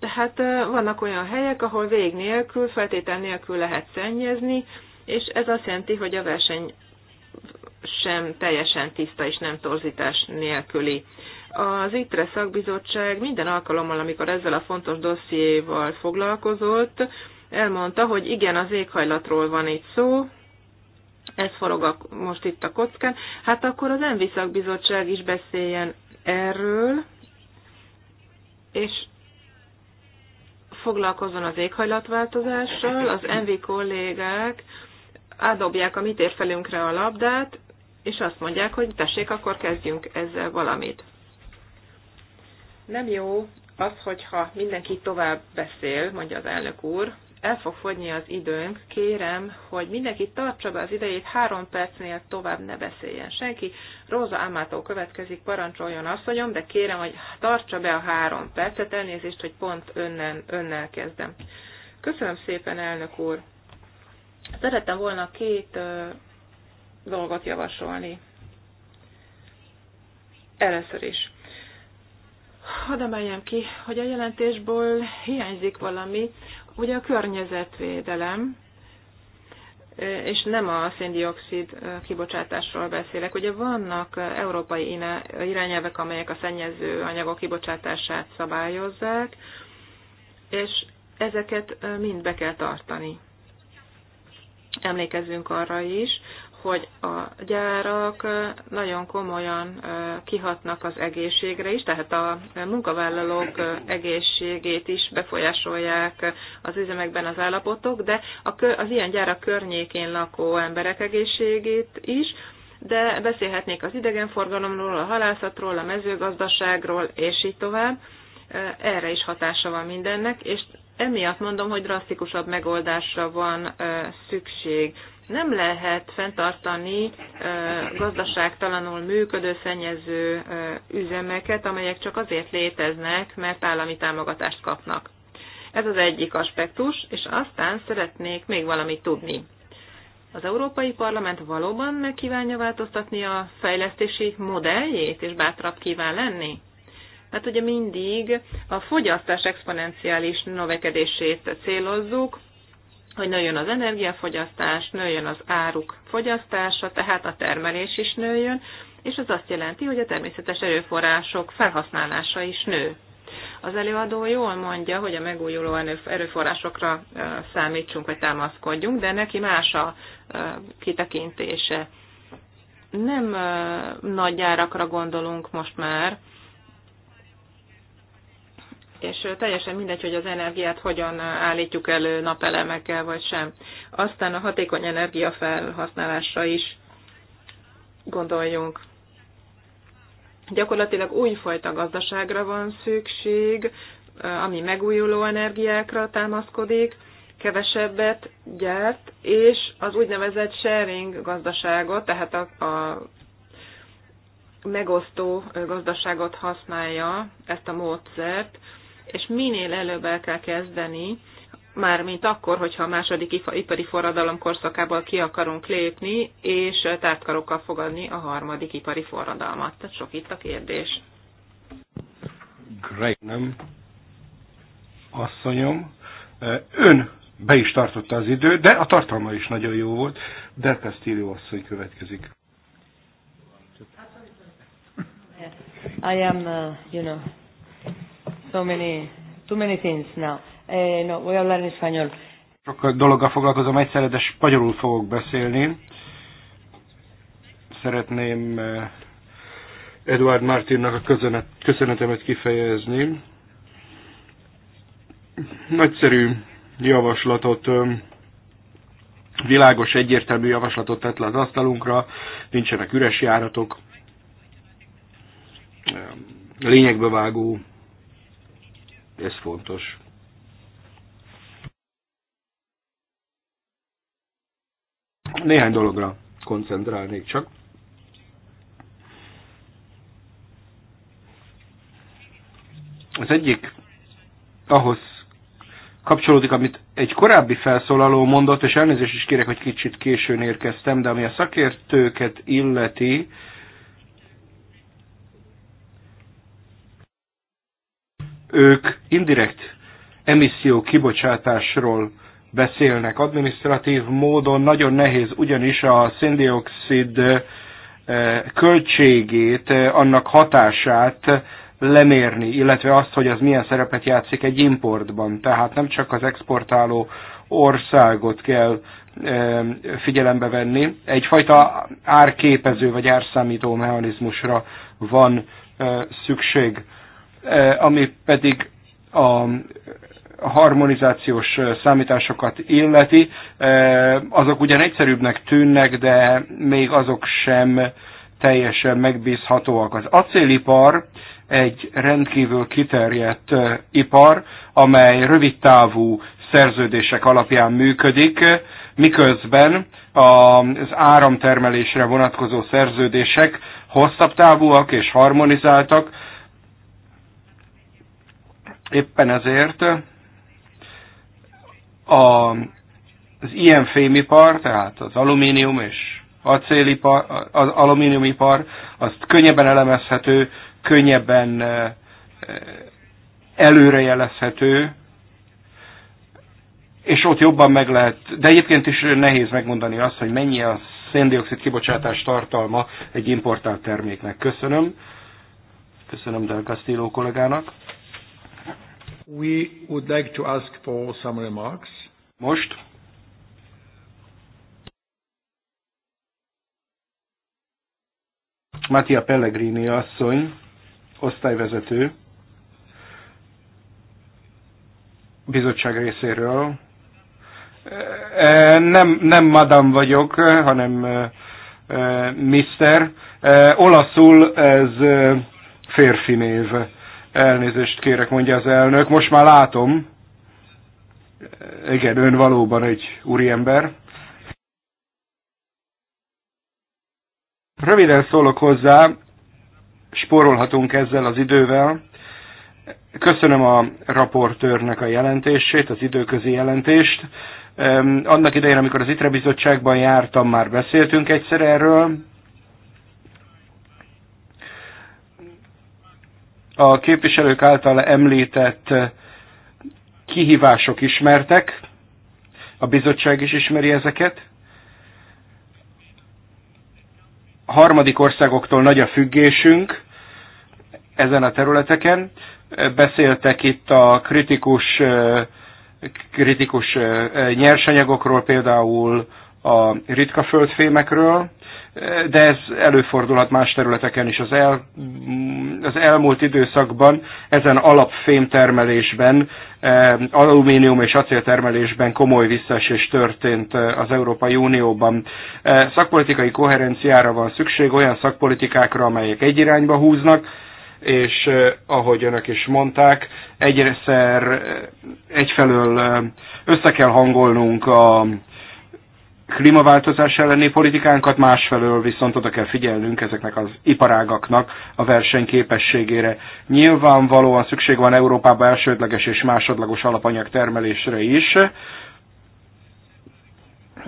tehát vannak olyan helyek, ahol vég nélkül, feltétel nélkül lehet szennyezni, és ez azt jelenti, hogy a verseny sem teljesen tiszta és nem torzítás nélküli. Az ITRE szakbizottság minden alkalommal, amikor ezzel a fontos dossziéval foglalkozott, elmondta, hogy igen, az éghajlatról van itt szó, ez forog a, most itt a kockán, hát akkor az ENVI szakbizottság is beszéljen erről, és foglalkozzon az éghajlatváltozással, az ENVI kollégák Ádobják a mi felünkre a labdát, és azt mondják, hogy tessék, akkor kezdjünk ezzel valamit. Nem jó az, hogyha mindenki tovább beszél, mondja az elnök úr, el fog fogyni az időnk, kérem, hogy mindenki tartsa be az idejét, három percnél tovább ne beszéljen senki. Róza Amától következik, parancsoljon asszonyom, de kérem, hogy tartsa be a három percet, elnézést, hogy pont önnel, önnel kezdem. Köszönöm szépen, elnök úr! Szerettem volna két dolgot javasolni. Először is. Hadd emeljem ki, hogy a jelentésből hiányzik valami, ugye a környezetvédelem, és nem a széndiokszid kibocsátásról beszélek. Ugye vannak európai irányelvek, amelyek a szennyező anyagok kibocsátását szabályozzák, és ezeket mind be kell tartani. Emlékezzünk arra is, hogy a gyárak nagyon komolyan kihatnak az egészségre is, tehát a munkavállalók egészségét is befolyásolják az üzemekben az állapotok, de az ilyen gyárak környékén lakó emberek egészségét is, de beszélhetnék az idegenforgalomról, a halászatról, a mezőgazdaságról, és így tovább. Erre is hatása van mindennek, és emiatt mondom, hogy drasztikusabb megoldásra van szükség nem lehet fenntartani gazdaságtalanul működő szennyező üzemeket, amelyek csak azért léteznek, mert állami támogatást kapnak. Ez az egyik aspektus, és aztán szeretnék még valamit tudni. Az Európai Parlament valóban meg kívánja változtatni a fejlesztési modelljét, és bátrabb kíván lenni? Mert hát ugye mindig a fogyasztás exponenciális növekedését célozzuk, hogy nőjön az energiafogyasztás, nőjön az áruk fogyasztása, tehát a termelés is nőjön, és ez azt jelenti, hogy a természetes erőforrások felhasználása is nő. Az előadó jól mondja, hogy a megújuló erőforrásokra számítsunk vagy támaszkodjunk, de neki más a kitekintése. Nem nagy árakra gondolunk most már, és teljesen mindegy, hogy az energiát hogyan állítjuk elő napelemekkel vagy sem. Aztán a hatékony felhasználásra is gondoljunk. Gyakorlatilag újfajta gazdaságra van szükség, ami megújuló energiákra támaszkodik, kevesebbet gyárt, és az úgynevezett sharing gazdaságot, tehát a, a megosztó gazdaságot használja ezt a módszert, és minél előbb el kell kezdeni, mármint akkor, hogyha a második ipari forradalom korszakából ki akarunk lépni, és tártkarokkal fogadni a harmadik ipari forradalmat. Tehát sok itt a kérdés. Great, nem? Asszonyom, ön be is tartotta az idő, de a tartalma is nagyon jó volt. Del Castillo asszony következik. I am, uh, you know, so many, too many things now. Eh, no, voy a hablar en español. Sok dologgal foglalkozom egyszerre, de spanyolul fogok beszélni. Szeretném eh, Eduard Martinnak a közönet, köszönetemet kifejezni. Nagyszerű javaslatot, eh, világos, egyértelmű javaslatot tett le az asztalunkra, nincsenek üres járatok, eh, lényegbe vágó ez fontos. Néhány dologra koncentrálnék csak. Az egyik ahhoz kapcsolódik, amit egy korábbi felszólaló mondott, és elnézést is kérek, hogy kicsit későn érkeztem, de ami a szakértőket illeti, ők indirekt emisszió kibocsátásról beszélnek. adminisztratív módon nagyon nehéz ugyanis a széndiokszid eh, költségét, eh, annak hatását lemérni, illetve azt, hogy az milyen szerepet játszik egy importban. Tehát nem csak az exportáló országot kell eh, figyelembe venni. Egyfajta árképező vagy árszámító mechanizmusra van szükség. Eh, ami pedig a harmonizációs eh, számításokat illeti, eh, azok ugyan egyszerűbbnek tűnnek, de még azok sem teljesen megbízhatóak. Az acélipar egy rendkívül kiterjedt ipar, amely rövidtávú szerződések alapján működik, miközben az áramtermelésre vonatkozó szerződések hosszabb távúak és harmonizáltak, Éppen ezért a, az ilyen fémipar, tehát az alumínium és acélipar, az alumíniumipar, azt könnyebben elemezhető, könnyebben e, előrejelezhető, és ott jobban meg lehet, de egyébként is nehéz megmondani azt, hogy mennyi a széndiokszid kibocsátás tartalma egy importált terméknek. Köszönöm. Köszönöm Del Castillo kollégának. We would like to ask for some remarks. Most Mattia Pellegrini asszony, osztályvezető, bizottság részéről. Nem, nem madam vagyok, hanem mister. Olaszul ez férfi név. Elnézést kérek, mondja az elnök. Most már látom. Igen, ön valóban egy úriember. Röviden szólok hozzá, spórolhatunk ezzel az idővel. Köszönöm a raportőrnek a jelentését, az időközi jelentést. Ehm, annak idején, amikor az ITRE bizottságban jártam, már beszéltünk egyszer erről. a képviselők által említett kihívások ismertek, a bizottság is ismeri ezeket. A harmadik országoktól nagy a függésünk ezen a területeken. Beszéltek itt a kritikus, kritikus eh, nyersanyagokról, például a ritka földfémekről, de ez előfordulhat más területeken is. Az, el, az elmúlt időszakban ezen alapfémtermelésben, eh, alumínium és acéltermelésben komoly visszaesés történt eh, az Európai Unióban. Eh, szakpolitikai koherenciára van szükség, olyan szakpolitikákra, amelyek egy irányba húznak, és ahogy önök is mondták, egyszer egyfelől össze kell hangolnunk a klímaváltozás elleni politikánkat, másfelől viszont oda kell figyelnünk ezeknek az iparágaknak a versenyképességére. Nyilvánvalóan szükség van Európában elsődleges és másodlagos alapanyag termelésre is,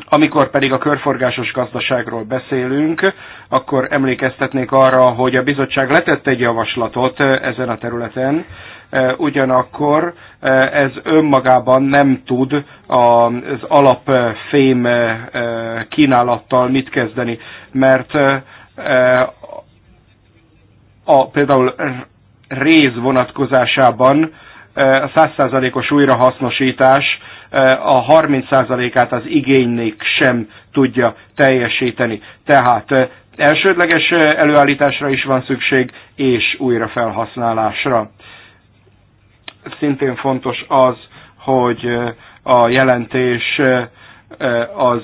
amikor pedig a körforgásos gazdaságról beszélünk, akkor emlékeztetnék arra, hogy a bizottság letett egy javaslatot ezen a területen, Eh, ugyanakkor eh, ez önmagában nem tud az alapfém eh, kínálattal mit kezdeni, mert a, például réz vonatkozásában a százszázalékos os újrahasznosítás a 30%-át az igénynek sem tudja teljesíteni. Tehát elsődleges előállításra is van szükség, és újrafelhasználásra. Szintén fontos az, hogy a jelentés az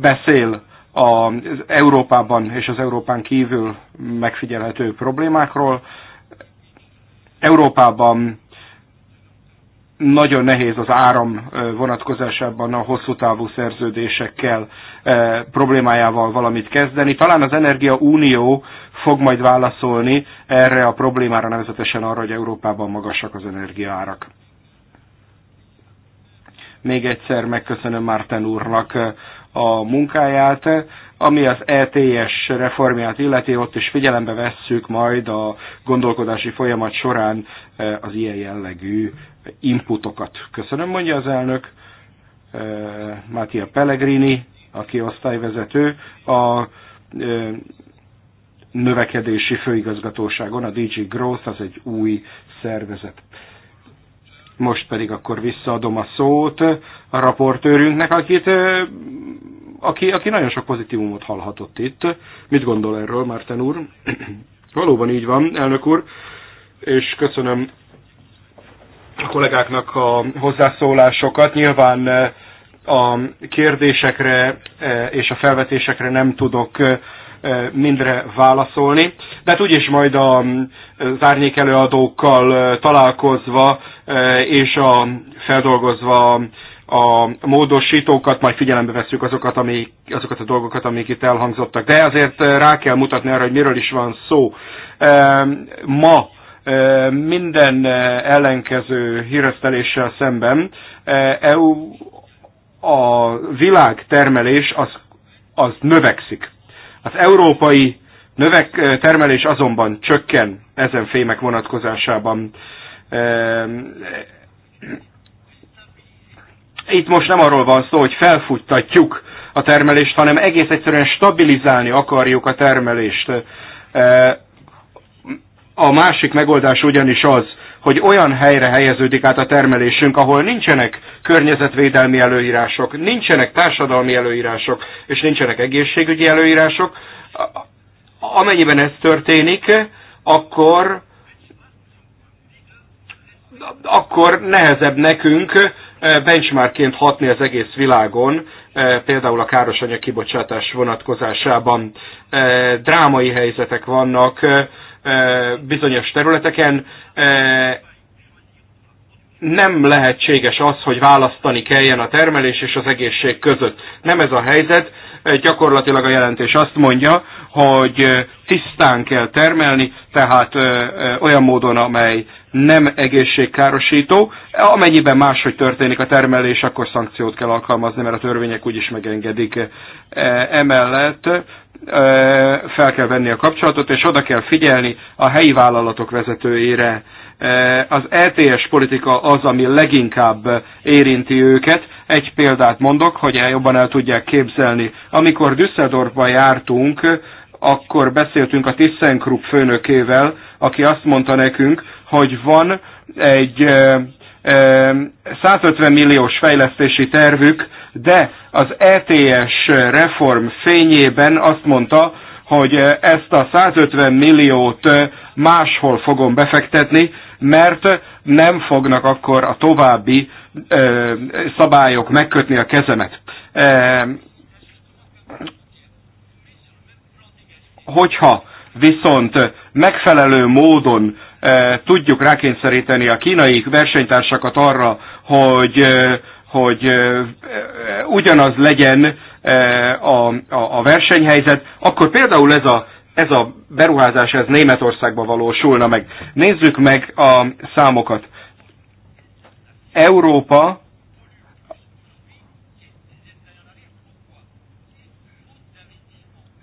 beszél az Európában és az Európán kívül megfigyelhető problémákról. Európában nagyon nehéz az áram vonatkozásában a hosszú távú szerződésekkel problémájával valamit kezdeni. Talán az Energia Unió fog majd válaszolni erre a problémára, nevezetesen arra, hogy Európában magasak az energiaárak. Még egyszer megköszönöm Márten úrnak a munkáját, ami az ETS reformját illeti, ott is figyelembe vesszük majd a gondolkodási folyamat során az ilyen jellegű inputokat. Köszönöm, mondja az elnök. E, Mattia Pellegrini, aki osztályvezető, a e, növekedési főigazgatóságon, a DG Growth, az egy új szervezet. Most pedig akkor visszaadom a szót a raportőrünknek, akit, e, aki, aki nagyon sok pozitívumot hallhatott itt. Mit gondol erről, Márten úr? [clears throat] Valóban így van, elnök úr, és köszönöm a kollégáknak a hozzászólásokat. Nyilván eh, a kérdésekre eh, és a felvetésekre nem tudok eh, mindre válaszolni, de hát úgyis majd a árnyék előadókkal találkozva és a feldolgozva a módosítókat, majd figyelembe veszük azokat, amik, azokat a dolgokat, amik itt elhangzottak. De azért rá kell mutatni arra, hogy miről is van szó. Ma minden ellenkező híreszteléssel szemben EU a világ termelés az, az növekszik. Az európai növek, termelés azonban csökken ezen fémek vonatkozásában. Itt most nem arról van szó, hogy felfuttatjuk a termelést, hanem egész egyszerűen stabilizálni akarjuk a termelést. A másik megoldás ugyanis az, hogy olyan helyre helyeződik át a termelésünk, ahol nincsenek környezetvédelmi előírások, nincsenek társadalmi előírások, és nincsenek egészségügyi előírások. Amennyiben ez történik, akkor akkor nehezebb nekünk eh, benchmarkként hatni az egész világon, eh, például a károsanyag kibocsátás vonatkozásában. Eh, drámai helyzetek vannak, bizonyos területeken, nem lehetséges az, hogy választani kelljen a termelés és az egészség között. Nem ez a helyzet, gyakorlatilag a jelentés azt mondja, hogy tisztán kell termelni, tehát olyan módon, amely nem egészségkárosító. Amennyiben máshogy történik a termelés, akkor szankciót kell alkalmazni, mert a törvények úgyis megengedik. E, emellett e, fel kell venni a kapcsolatot, és oda kell figyelni a helyi vállalatok vezetőire. E, az ETS politika az, ami leginkább érinti őket. Egy példát mondok, hogy jobban el tudják képzelni. Amikor Düsseldorfban jártunk, akkor beszéltünk a ThyssenKrupp főnökével, aki azt mondta nekünk, hogy van egy 150 milliós fejlesztési tervük, de az ETS reform fényében azt mondta, hogy ezt a 150 milliót máshol fogom befektetni, mert nem fognak akkor a további szabályok megkötni a kezemet. Hogyha viszont megfelelő módon eh, tudjuk rákényszeríteni a kínai versenytársakat arra, hogy, eh, hogy eh, ugyanaz legyen a, a, a versenyhelyzet, akkor például ez a, ez a beruházás ez Németországba valósulna meg. Nézzük meg a számokat. Európa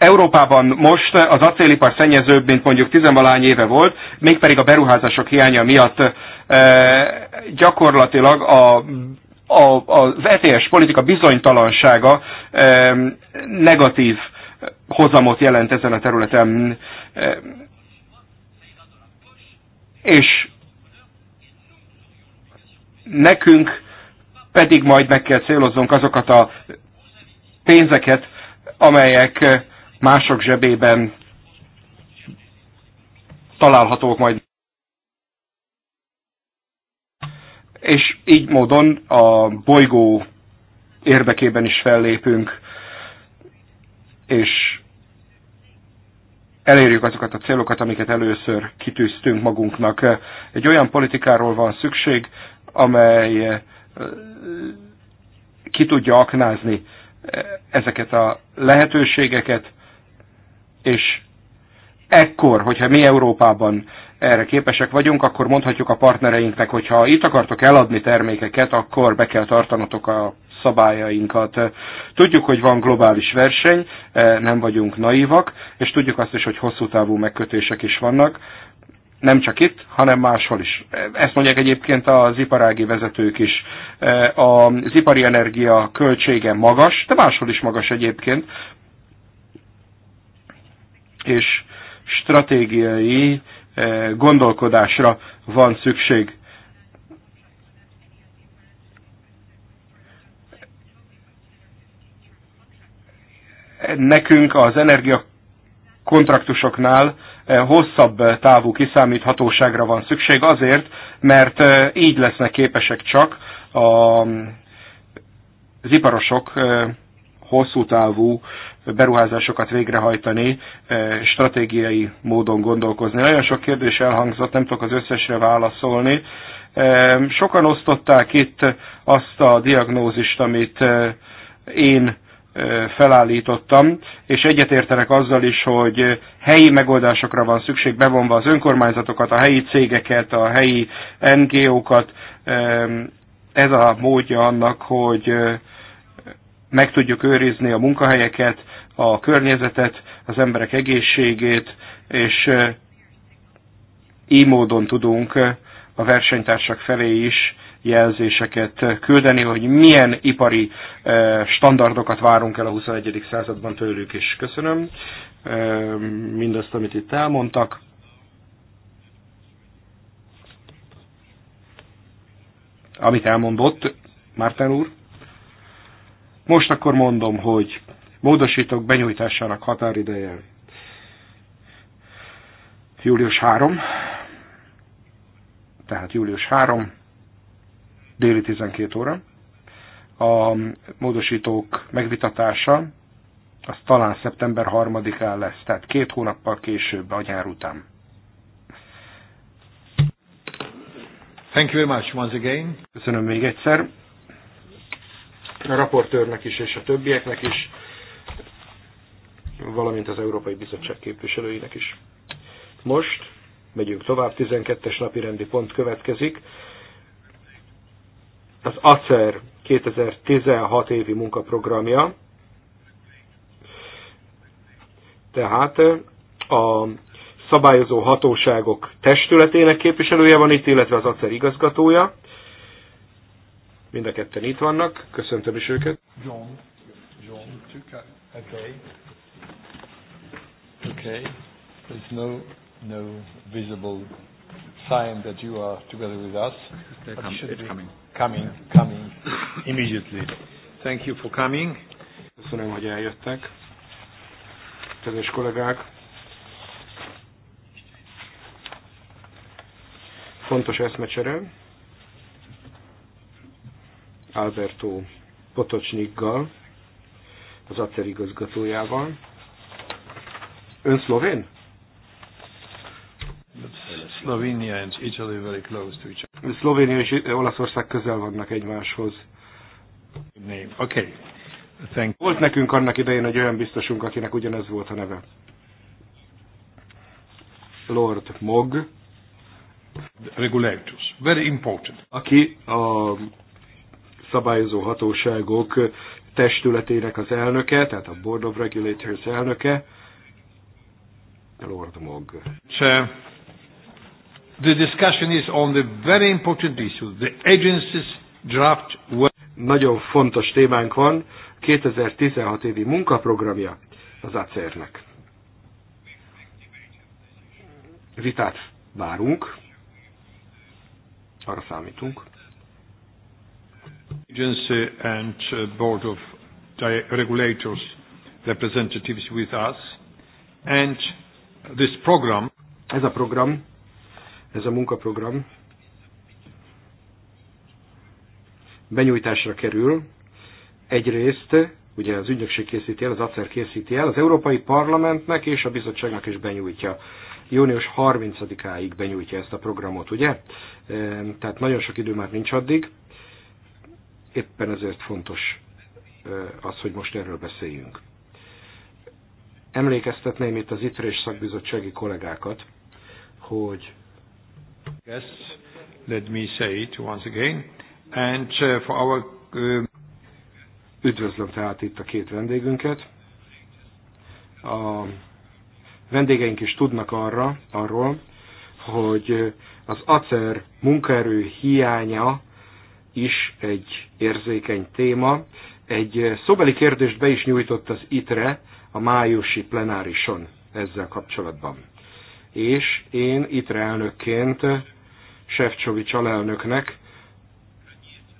Európában most az acélipar szennyezőbb, mint mondjuk tizenvalány éve volt, mégpedig a beruházások hiánya miatt e, gyakorlatilag a a, az ETS politika bizonytalansága e, negatív hozamot jelent ezen a területen. E, és nekünk pedig majd meg kell céloznunk azokat a pénzeket, amelyek mások zsebében találhatók majd. És így módon a bolygó érdekében is fellépünk, és elérjük azokat a célokat, amiket először kitűztünk magunknak. Egy olyan politikáról van szükség, amely eh, ki tudja aknázni eh, ezeket a lehetőségeket, és ekkor, hogyha mi Európában erre képesek vagyunk, akkor mondhatjuk a partnereinknek, hogy ha itt akartok eladni termékeket, akkor be kell tartanatok a szabályainkat. Tudjuk, hogy van globális verseny, eh, nem vagyunk naívak, és tudjuk azt is, hogy hosszú távú megkötések is vannak, nem csak itt, hanem máshol is. Ezt mondják egyébként az iparági vezetők is. Eh, az ipari energia költsége magas, de máshol is magas egyébként, és stratégiai eh, gondolkodásra van szükség. Nekünk az energia kontraktusoknál eh, hosszabb távú kiszámíthatóságra van szükség azért, mert eh, így lesznek képesek csak mm, az iparosok hosszú távú beruházásokat végrehajtani, eh, stratégiai módon gondolkozni. Nagyon sok kérdés elhangzott, nem tudok az összesre válaszolni. Eh, sokan osztották itt azt a diagnózist, amit eh, én felállítottam, és egyetértenek azzal is, hogy helyi megoldásokra van szükség, bevonva az önkormányzatokat, a helyi cégeket, a helyi NGO-kat. Ez a módja annak, hogy meg tudjuk őrizni a munkahelyeket, a környezetet, az emberek egészségét, és így módon tudunk a versenytársak felé is jelzéseket küldeni, hogy milyen ipari standardokat várunk el a XXI. században tőlük is. Köszönöm mindazt, amit itt elmondtak. Amit elmondott Márten úr. Most akkor mondom, hogy módosítok benyújtásának határideje július 3, tehát július 3, déli 12 óra. A módosítók megvitatása az talán szeptember 3-án lesz, tehát két hónappal később a nyár után. Thank you very much once again. Köszönöm még egyszer a raportőrnek is és a többieknek is, valamint az Európai Bizottság képviselőinek is. Most megyünk tovább, 12-es napi rendi pont következik. Az ACER 2016 évi munkaprogramja, tehát a szabályozó hatóságok testületének képviselője van itt, illetve az ACER igazgatója. Mind a ketten itt vannak, köszöntöm is őket. John, John, okay. Okay. There's no, no visible sign that you are together with us. They're com- it's coming. Coming, coming immediately. Thank you for coming. Köszönöm, hogy eljöttek. Kedves kollégák, fontos eszmecsere. Alberto Potocsnikgal, az ACER igazgatójával. Ön szlovén? Slovenia and Italy very close to each other. Szlovénia és Olaszország közel vannak egymáshoz. Okay. Thank volt nekünk annak idején egy olyan biztosunk, akinek ugyanez volt a neve. Lord Mog. Regulatus. Very important. Aki a szabályozó hatóságok testületének az elnöke, tehát a Board of Regulators elnöke, Lord Mog. The discussion is on the very important issue, the agency's draft work. Nagyon fontos témánk van, 2016 évi munkaprogramja az ACER-nek. Vitát várunk, arra számítunk agency and uh, board of regulators representatives with us. And this program, ez a program, ez a munkaprogram benyújtásra kerül. Egyrészt, ugye az ügynökség készíti el, az ACER készíti el, az Európai Parlamentnek és a bizottságnak is benyújtja június 30-áig benyújtja ezt a programot, ugye? Ehm, tehát nagyon sok idő már nincs addig. Éppen ezért fontos az, hogy most erről beszéljünk. Emlékeztetném itt az ITRE és szakbizottsági kollégákat, hogy Yes, let me say it once again. And uh, for our... Uh, Üdvözlöm tehát itt a két vendégünket. A vendégeink is tudnak arra, arról, hogy az acer munkaerő hiánya is egy érzékeny téma. Egy szobeli kérdést be is nyújtott az ITRE a májusi plenárison ezzel kapcsolatban. És én ITRE elnökként Sefcsovics alelnöknek,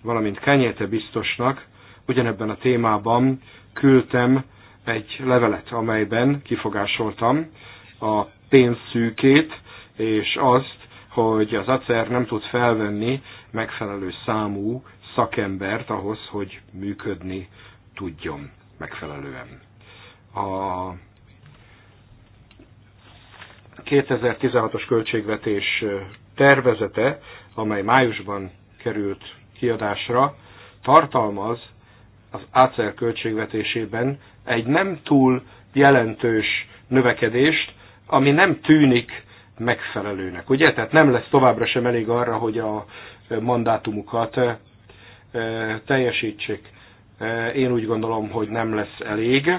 valamint Kenyete biztosnak ugyanebben a témában küldtem egy levelet, amelyben kifogásoltam a pénzszűkét és azt, hogy az ACER nem tud felvenni megfelelő számú szakembert ahhoz, hogy működni tudjon megfelelően. A 2016-os költségvetés tervezete, amely májusban került kiadásra, tartalmaz az ACER költségvetésében egy nem túl jelentős növekedést, ami nem tűnik megfelelőnek. Ugye? Tehát nem lesz továbbra sem elég arra, hogy a mandátumukat teljesítsék. Én úgy gondolom, hogy nem lesz elég,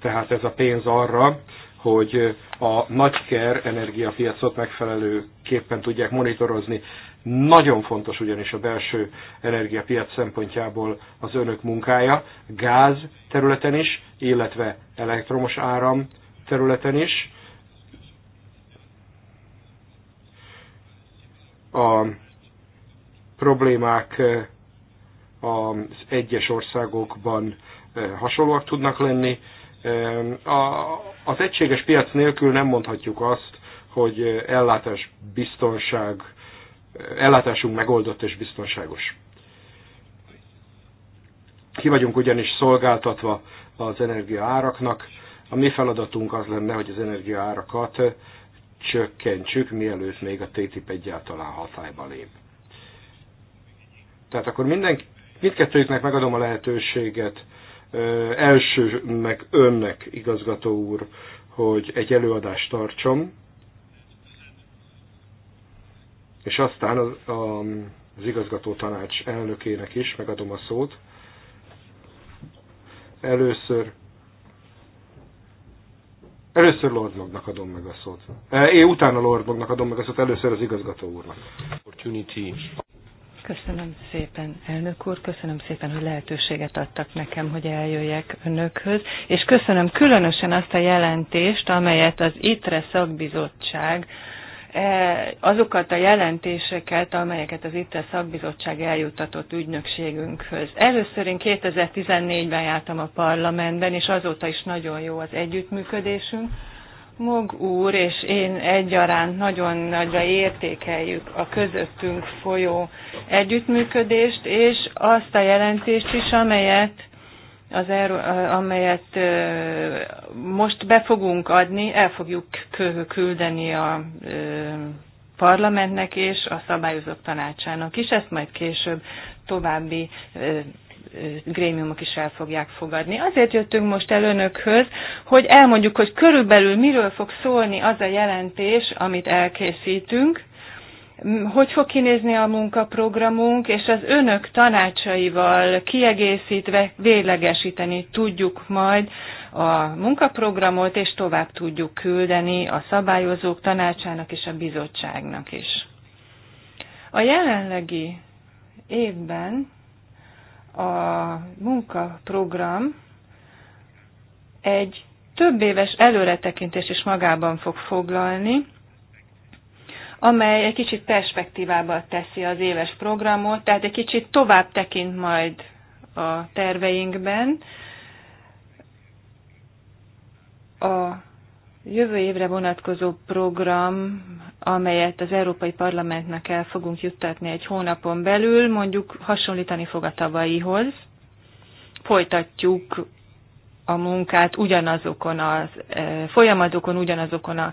tehát ez a pénz arra, hogy a nagyker energiapiacot megfelelőképpen tudják monitorozni. Nagyon fontos ugyanis a belső energiapiac szempontjából az önök munkája, gáz területen is, illetve elektromos áram területen is. A problémák eh, az egyes országokban eh, hasonlóak tudnak lenni. Eh, az egységes piac nélkül nem mondhatjuk azt, hogy ellátás biztonság, ellátásunk megoldott és biztonságos. Ki vagyunk ugyanis szolgáltatva az energiaáraknak. A mi feladatunk az lenne, hogy az energiaárakat csökkentsük, mielőtt még a TTIP egyáltalán hatályba lép. Tehát akkor mindenki, mindkettőjüknek megadom a lehetőséget, első meg önnek, igazgató úr, hogy egy előadást tartsam, és aztán az, a, az igazgató tanács elnökének is megadom a szót. Először Először Lord Magnak adom meg a szót. Én utána Lord Magnak adom meg a szót, először az igazgató úrnak. Köszönöm szépen, elnök úr, köszönöm szépen, hogy lehetőséget adtak nekem, hogy eljöjjek önökhöz, és köszönöm különösen azt a jelentést, amelyet az ITRE szakbizottság e, azokat a jelentéseket, amelyeket az itt szakbizottság eljuttatott ügynökségünkhöz. Először én 2014-ben jártam a parlamentben, és azóta is nagyon jó az együttműködésünk Mog úr és én egyaránt nagyon nagyra értékeljük a közöttünk folyó együttműködést, és azt a jelentést is, amelyet, az amelyet most be fogunk adni, el fogjuk küldeni a parlamentnek és a szabályozók tanácsának is, ezt majd később további grémiumok is el fogják fogadni. Azért jöttünk most el önökhöz, hogy elmondjuk, hogy körülbelül miről fog szólni az a jelentés, amit elkészítünk, hogy fog kinézni a munkaprogramunk, és az önök tanácsaival kiegészítve véglegesíteni tudjuk majd a munkaprogramot, és tovább tudjuk küldeni a szabályozók tanácsának és a bizottságnak is. A jelenlegi évben a munkaprogram egy több éves előretekintést is magában fog foglalni, amely egy kicsit perspektívába teszi az éves programot, tehát egy kicsit tovább tekint majd a terveinkben. A jövő évre vonatkozó program amelyet az Európai Parlamentnek el fogunk juttatni egy hónapon belül, mondjuk hasonlítani fog a tavalyihoz. Folytatjuk a munkát ugyanazokon a e, folyamatokon, ugyanazokon a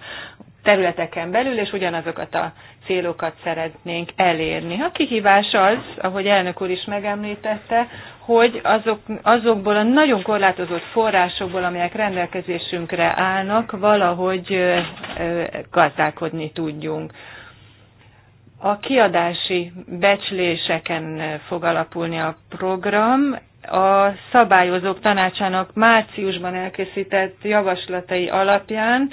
területeken belül, és ugyanazokat a célokat szeretnénk elérni. A kihívás az, ahogy elnök úr is megemlítette, hogy azok, azokból a nagyon korlátozott forrásokból, amelyek rendelkezésünkre állnak, valahogy e, e, gazdálkodni tudjunk. A kiadási becsléseken fog alapulni a program, a szabályozók tanácsának márciusban elkészített javaslatai alapján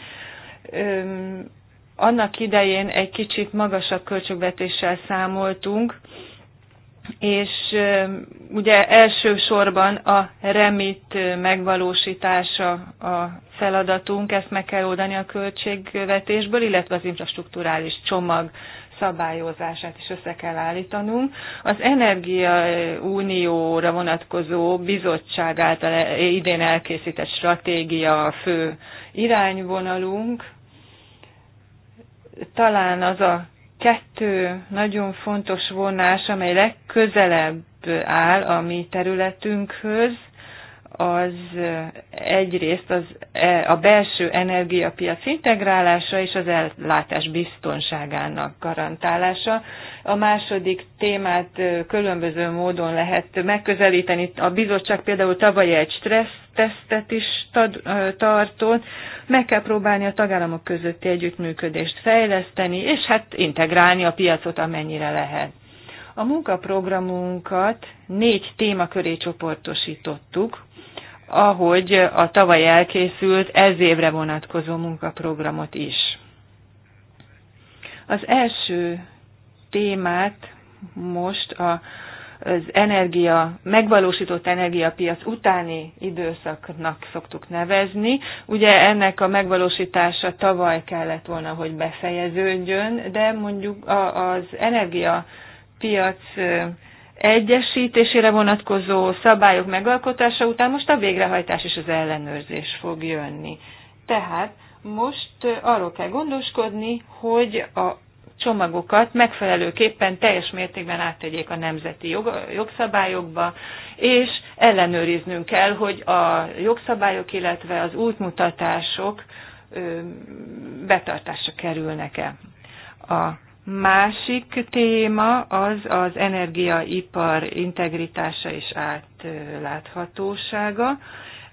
annak idején egy kicsit magasabb költségvetéssel számoltunk, és ugye elsősorban a remit megvalósítása a feladatunk, ezt meg kell oldani a költségvetésből, illetve az infrastruktúrális csomag szabályozását is össze kell állítanunk. Az Energia Unióra vonatkozó bizottság által e- idén elkészített stratégia a fő irányvonalunk. Talán az a kettő nagyon fontos vonás, amely legközelebb áll a mi területünkhöz, az egyrészt az, e, a belső energiapiac integrálása és az ellátás biztonságának garantálása. A második témát különböző módon lehet megközelíteni. A bizottság például tavaly egy stressz tesztet is tartott. Meg kell próbálni a tagállamok közötti együttműködést fejleszteni, és hát integrálni a piacot amennyire lehet. A munkaprogramunkat négy témaköré csoportosítottuk, ahogy a tavaly elkészült ez évre vonatkozó munkaprogramot is. Az első témát most a, az energia, megvalósított energiapiac utáni időszaknak szoktuk nevezni. Ugye ennek a megvalósítása tavaly kellett volna, hogy befejeződjön, de mondjuk az energiapiac egyesítésére vonatkozó szabályok megalkotása után most a végrehajtás és az ellenőrzés fog jönni. Tehát most arról kell gondoskodni, hogy a csomagokat megfelelőképpen teljes mértékben áttegyék a nemzeti jog, jogszabályokba, és ellenőriznünk kell, hogy a jogszabályok, illetve az útmutatások ö, betartásra kerülnek-e. A Másik téma az az energiaipar integritása és átláthatósága.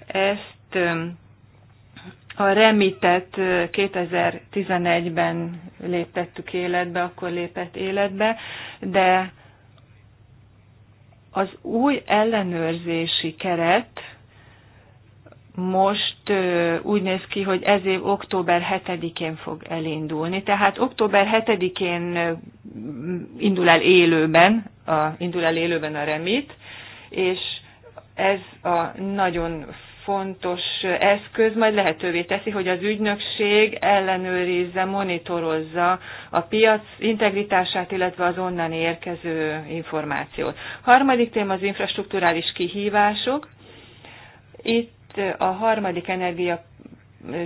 Ezt a remitet 2011-ben léptettük életbe, akkor lépett életbe, de az új ellenőrzési keret most úgy néz ki, hogy ez év október 7-én fog elindulni. Tehát október 7-én indul el élőben, a, indul el élőben a remit, és ez a nagyon fontos eszköz majd lehetővé teszi, hogy az ügynökség ellenőrizze, monitorozza a piac integritását, illetve az onnan érkező információt. Harmadik téma az infrastruktúrális kihívások. Itt a harmadik energia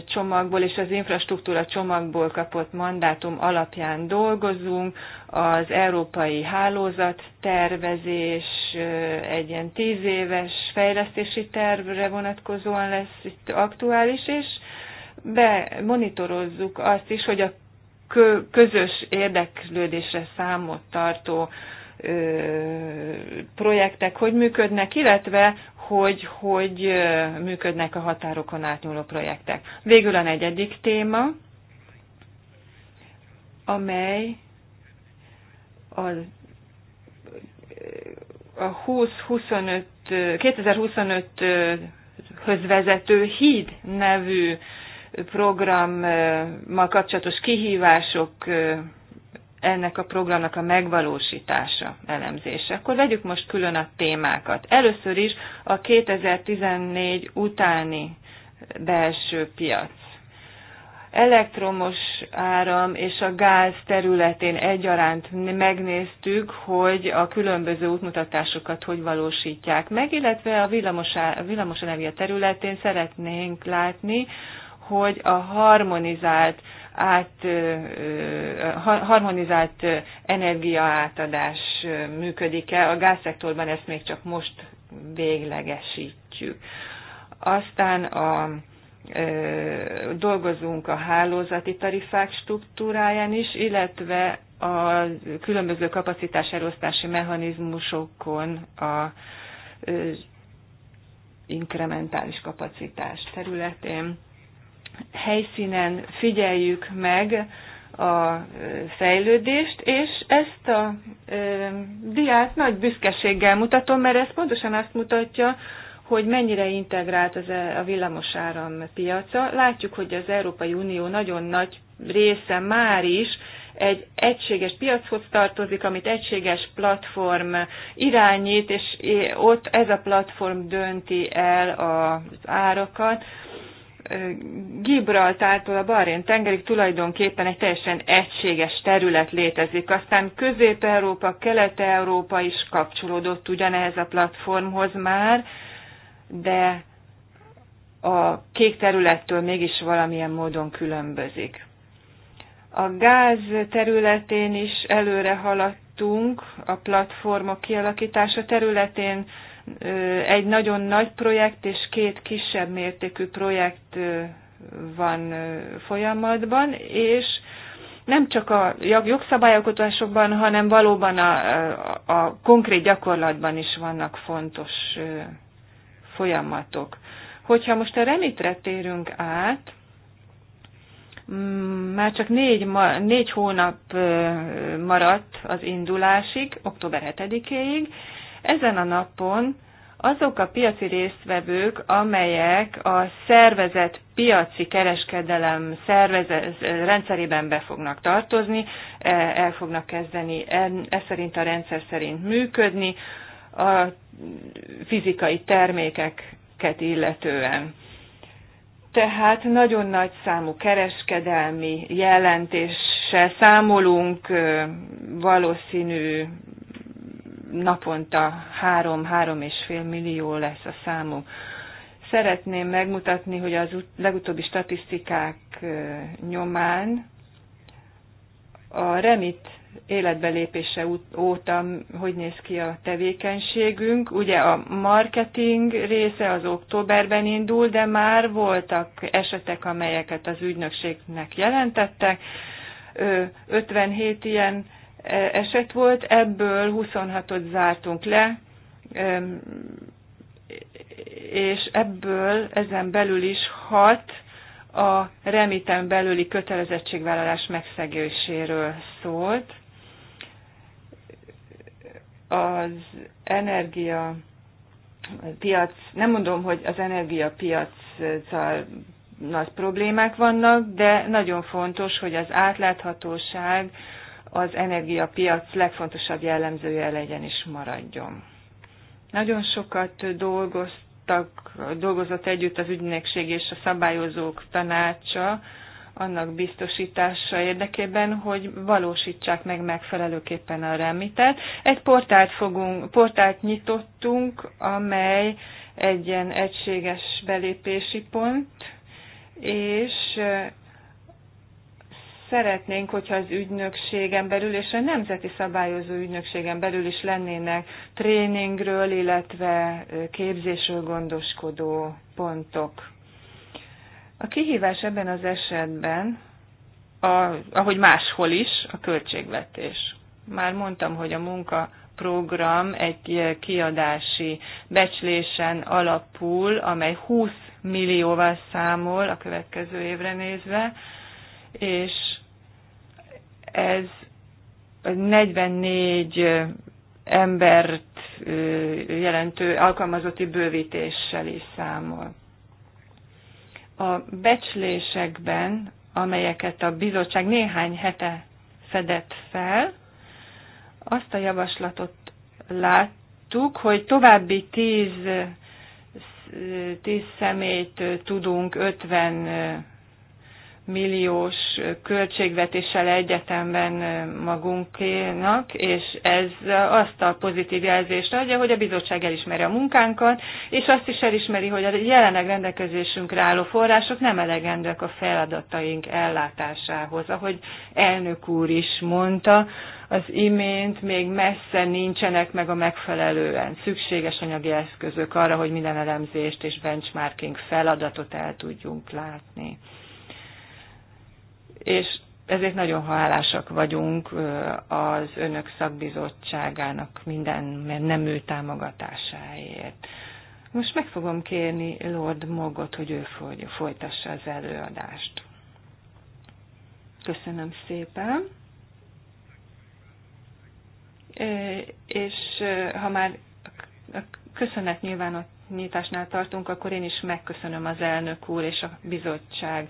csomagból és az infrastruktúra csomagból kapott mandátum alapján dolgozunk, az európai hálózat tervezés egy ilyen tíz éves fejlesztési tervre vonatkozóan lesz itt aktuális, és bemonitorozzuk azt is, hogy a közös érdeklődésre számot tartó projektek hogy működnek, illetve hogy hogy működnek a határokon átnyúló projektek. Végül a negyedik téma, amely a, 20-25, 2025-höz vezető híd nevű programmal kapcsolatos kihívások ennek a programnak a megvalósítása, elemzése. Akkor vegyük most külön a témákat. Először is a 2014 utáni belső piac. Elektromos áram és a gáz területén egyaránt megnéztük, hogy a különböző útmutatásokat hogy valósítják meg, illetve a villamos, villamosenergia területén szeretnénk látni, hogy a harmonizált át, harmonizált energiaátadás működik-e. A gázszektorban ezt még csak most véglegesítjük. Aztán a, dolgozunk a hálózati tarifák struktúráján is, illetve a különböző kapacitáselosztási mechanizmusokon a inkrementális kapacitás területén helyszínen figyeljük meg a fejlődést, és ezt a e, diát nagy büszkeséggel mutatom, mert ez pontosan azt mutatja, hogy mennyire integrált az e, a villamosáram piaca. Látjuk, hogy az Európai Unió nagyon nagy része már is egy egységes piachoz tartozik, amit egységes platform irányít, és ott ez a platform dönti el az árakat. Gibraltártól a Barén tengerig tulajdonképpen egy teljesen egységes terület létezik. Aztán Közép-Európa, Kelet-Európa is kapcsolódott ugyanehez a platformhoz már, de a kék területtől mégis valamilyen módon különbözik. A gáz területén is előre haladtunk, a platformok kialakítása területén egy nagyon nagy projekt és két kisebb mértékű projekt van folyamatban, és nem csak a jogszabályalkotásokban, hanem valóban a, a, a konkrét gyakorlatban is vannak fontos folyamatok. Hogyha most a remitre térünk át, mm, már csak négy, négy hónap maradt az indulásig, október 7-éig, ezen a napon azok a piaci résztvevők, amelyek a szervezet piaci kereskedelem szervezet rendszerében be fognak tartozni, e-, el fognak kezdeni ez szerint a rendszer szerint működni, a fizikai termékeket illetően. Tehát nagyon nagy számú kereskedelmi jelentéssel számolunk, valószínű naponta 3 három és fél millió lesz a számunk. Szeretném megmutatni, hogy az legutóbbi statisztikák nyomán a remit életbelépése óta hogy néz ki a tevékenységünk. Ugye a marketing része az októberben indul, de már voltak esetek, amelyeket az ügynökségnek jelentettek. 57 ilyen eset volt, ebből 26-ot zártunk le, és ebből ezen belül is 6 a remiten belüli kötelezettségvállalás megszegéséről szólt. Az energia piac, nem mondom, hogy az energiapiacsal nagy problémák vannak, de nagyon fontos, hogy az átláthatóság, az energiapiac legfontosabb jellemzője legyen és maradjon. Nagyon sokat dolgoztak, dolgozott együtt az ügynökség és a szabályozók tanácsa, annak biztosítása érdekében, hogy valósítsák meg megfelelőképpen a remitet. Egy portált, fogunk, portált nyitottunk, amely egy ilyen egységes belépési pont, és szeretnénk, hogyha az ügynökségen belül és a nemzeti szabályozó ügynökségen belül is lennének tréningről, illetve képzésről gondoskodó pontok. A kihívás ebben az esetben, a, ahogy máshol is, a költségvetés. Már mondtam, hogy a munka program egy kiadási becslésen alapul, amely 20 millióval számol a következő évre nézve, és ez 44 embert jelentő alkalmazotti bővítéssel is számol. A becslésekben, amelyeket a bizottság néhány hete fedett fel, azt a javaslatot láttuk, hogy további 10 tíz, tíz személyt tudunk 50 milliós költségvetéssel egyetemben magunkénak, és ez azt a pozitív jelzést adja, hogy a bizottság elismeri a munkánkat, és azt is elismeri, hogy a jelenleg rendelkezésünkre álló források nem elegendők a feladataink ellátásához. Ahogy elnök úr is mondta, az imént még messze nincsenek meg a megfelelően szükséges anyagi eszközök arra, hogy minden elemzést és benchmarking feladatot el tudjunk látni és ezért nagyon hálásak vagyunk az önök szakbizottságának minden ő támogatásáért. Most meg fogom kérni Lord Mogot, hogy ő folytassa az előadást. Köszönöm szépen. És ha már a köszönet nyilvánításnál tartunk, akkor én is megköszönöm az elnök úr és a bizottság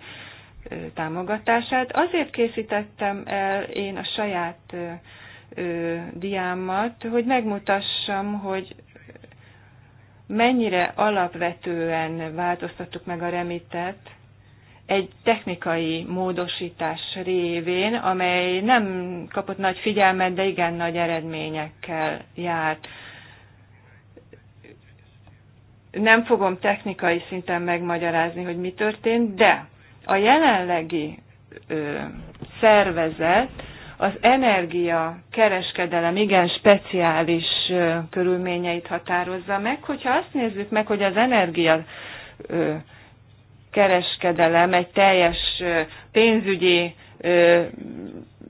támogatását. Azért készítettem el én a saját diámat, hogy megmutassam, hogy mennyire alapvetően változtattuk meg a remitet egy technikai módosítás révén, amely nem kapott nagy figyelmet, de igen nagy eredményekkel járt. Nem fogom technikai szinten megmagyarázni, hogy mi történt, de a jelenlegi ö, szervezet az energia kereskedelem igen speciális ö, körülményeit határozza meg. Hogyha azt nézzük meg, hogy az energia ö, kereskedelem egy teljes ö, pénzügyi ö,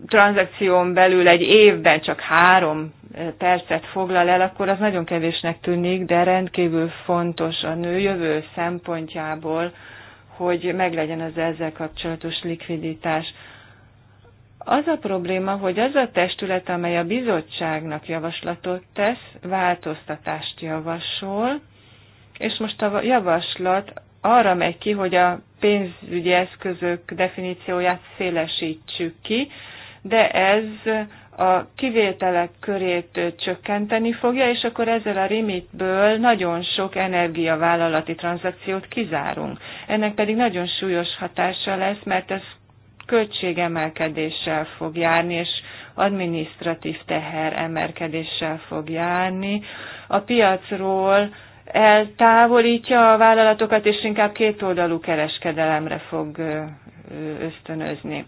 tranzakción belül egy évben csak három percet foglal el, akkor az nagyon kevésnek tűnik, de rendkívül fontos a nő jövő szempontjából, hogy meglegyen az ezzel kapcsolatos likviditás. Az a probléma, hogy az a testület, amely a bizottságnak javaslatot tesz, változtatást javasol, és most a javaslat arra megy ki, hogy a pénzügyi eszközök definícióját szélesítsük ki, de ez a kivételek körét csökkenteni fogja, és akkor ezzel a limitből nagyon sok energiavállalati tranzakciót kizárunk. Ennek pedig nagyon súlyos hatása lesz, mert ez költségemelkedéssel fog járni, és adminisztratív teher emelkedéssel fog járni. A piacról eltávolítja a vállalatokat, és inkább kétoldalú kereskedelemre fog ösztönözni.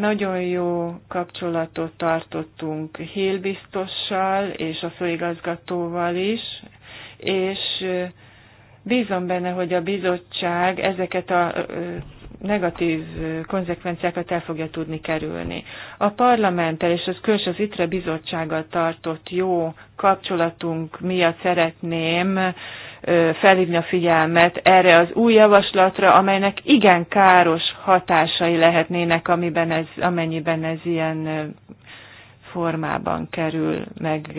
Nagyon jó kapcsolatot tartottunk Hélbiztossal és a főigazgatóval is, és bízom benne, hogy a bizottság ezeket a negatív konzekvenciákat el fogja tudni kerülni. A parlamenttel és az külső az ITRE bizottsággal tartott jó kapcsolatunk miatt szeretném felhívni a figyelmet erre az új javaslatra, amelynek igen káros hatásai lehetnének, amiben ez, amennyiben ez ilyen formában kerül meg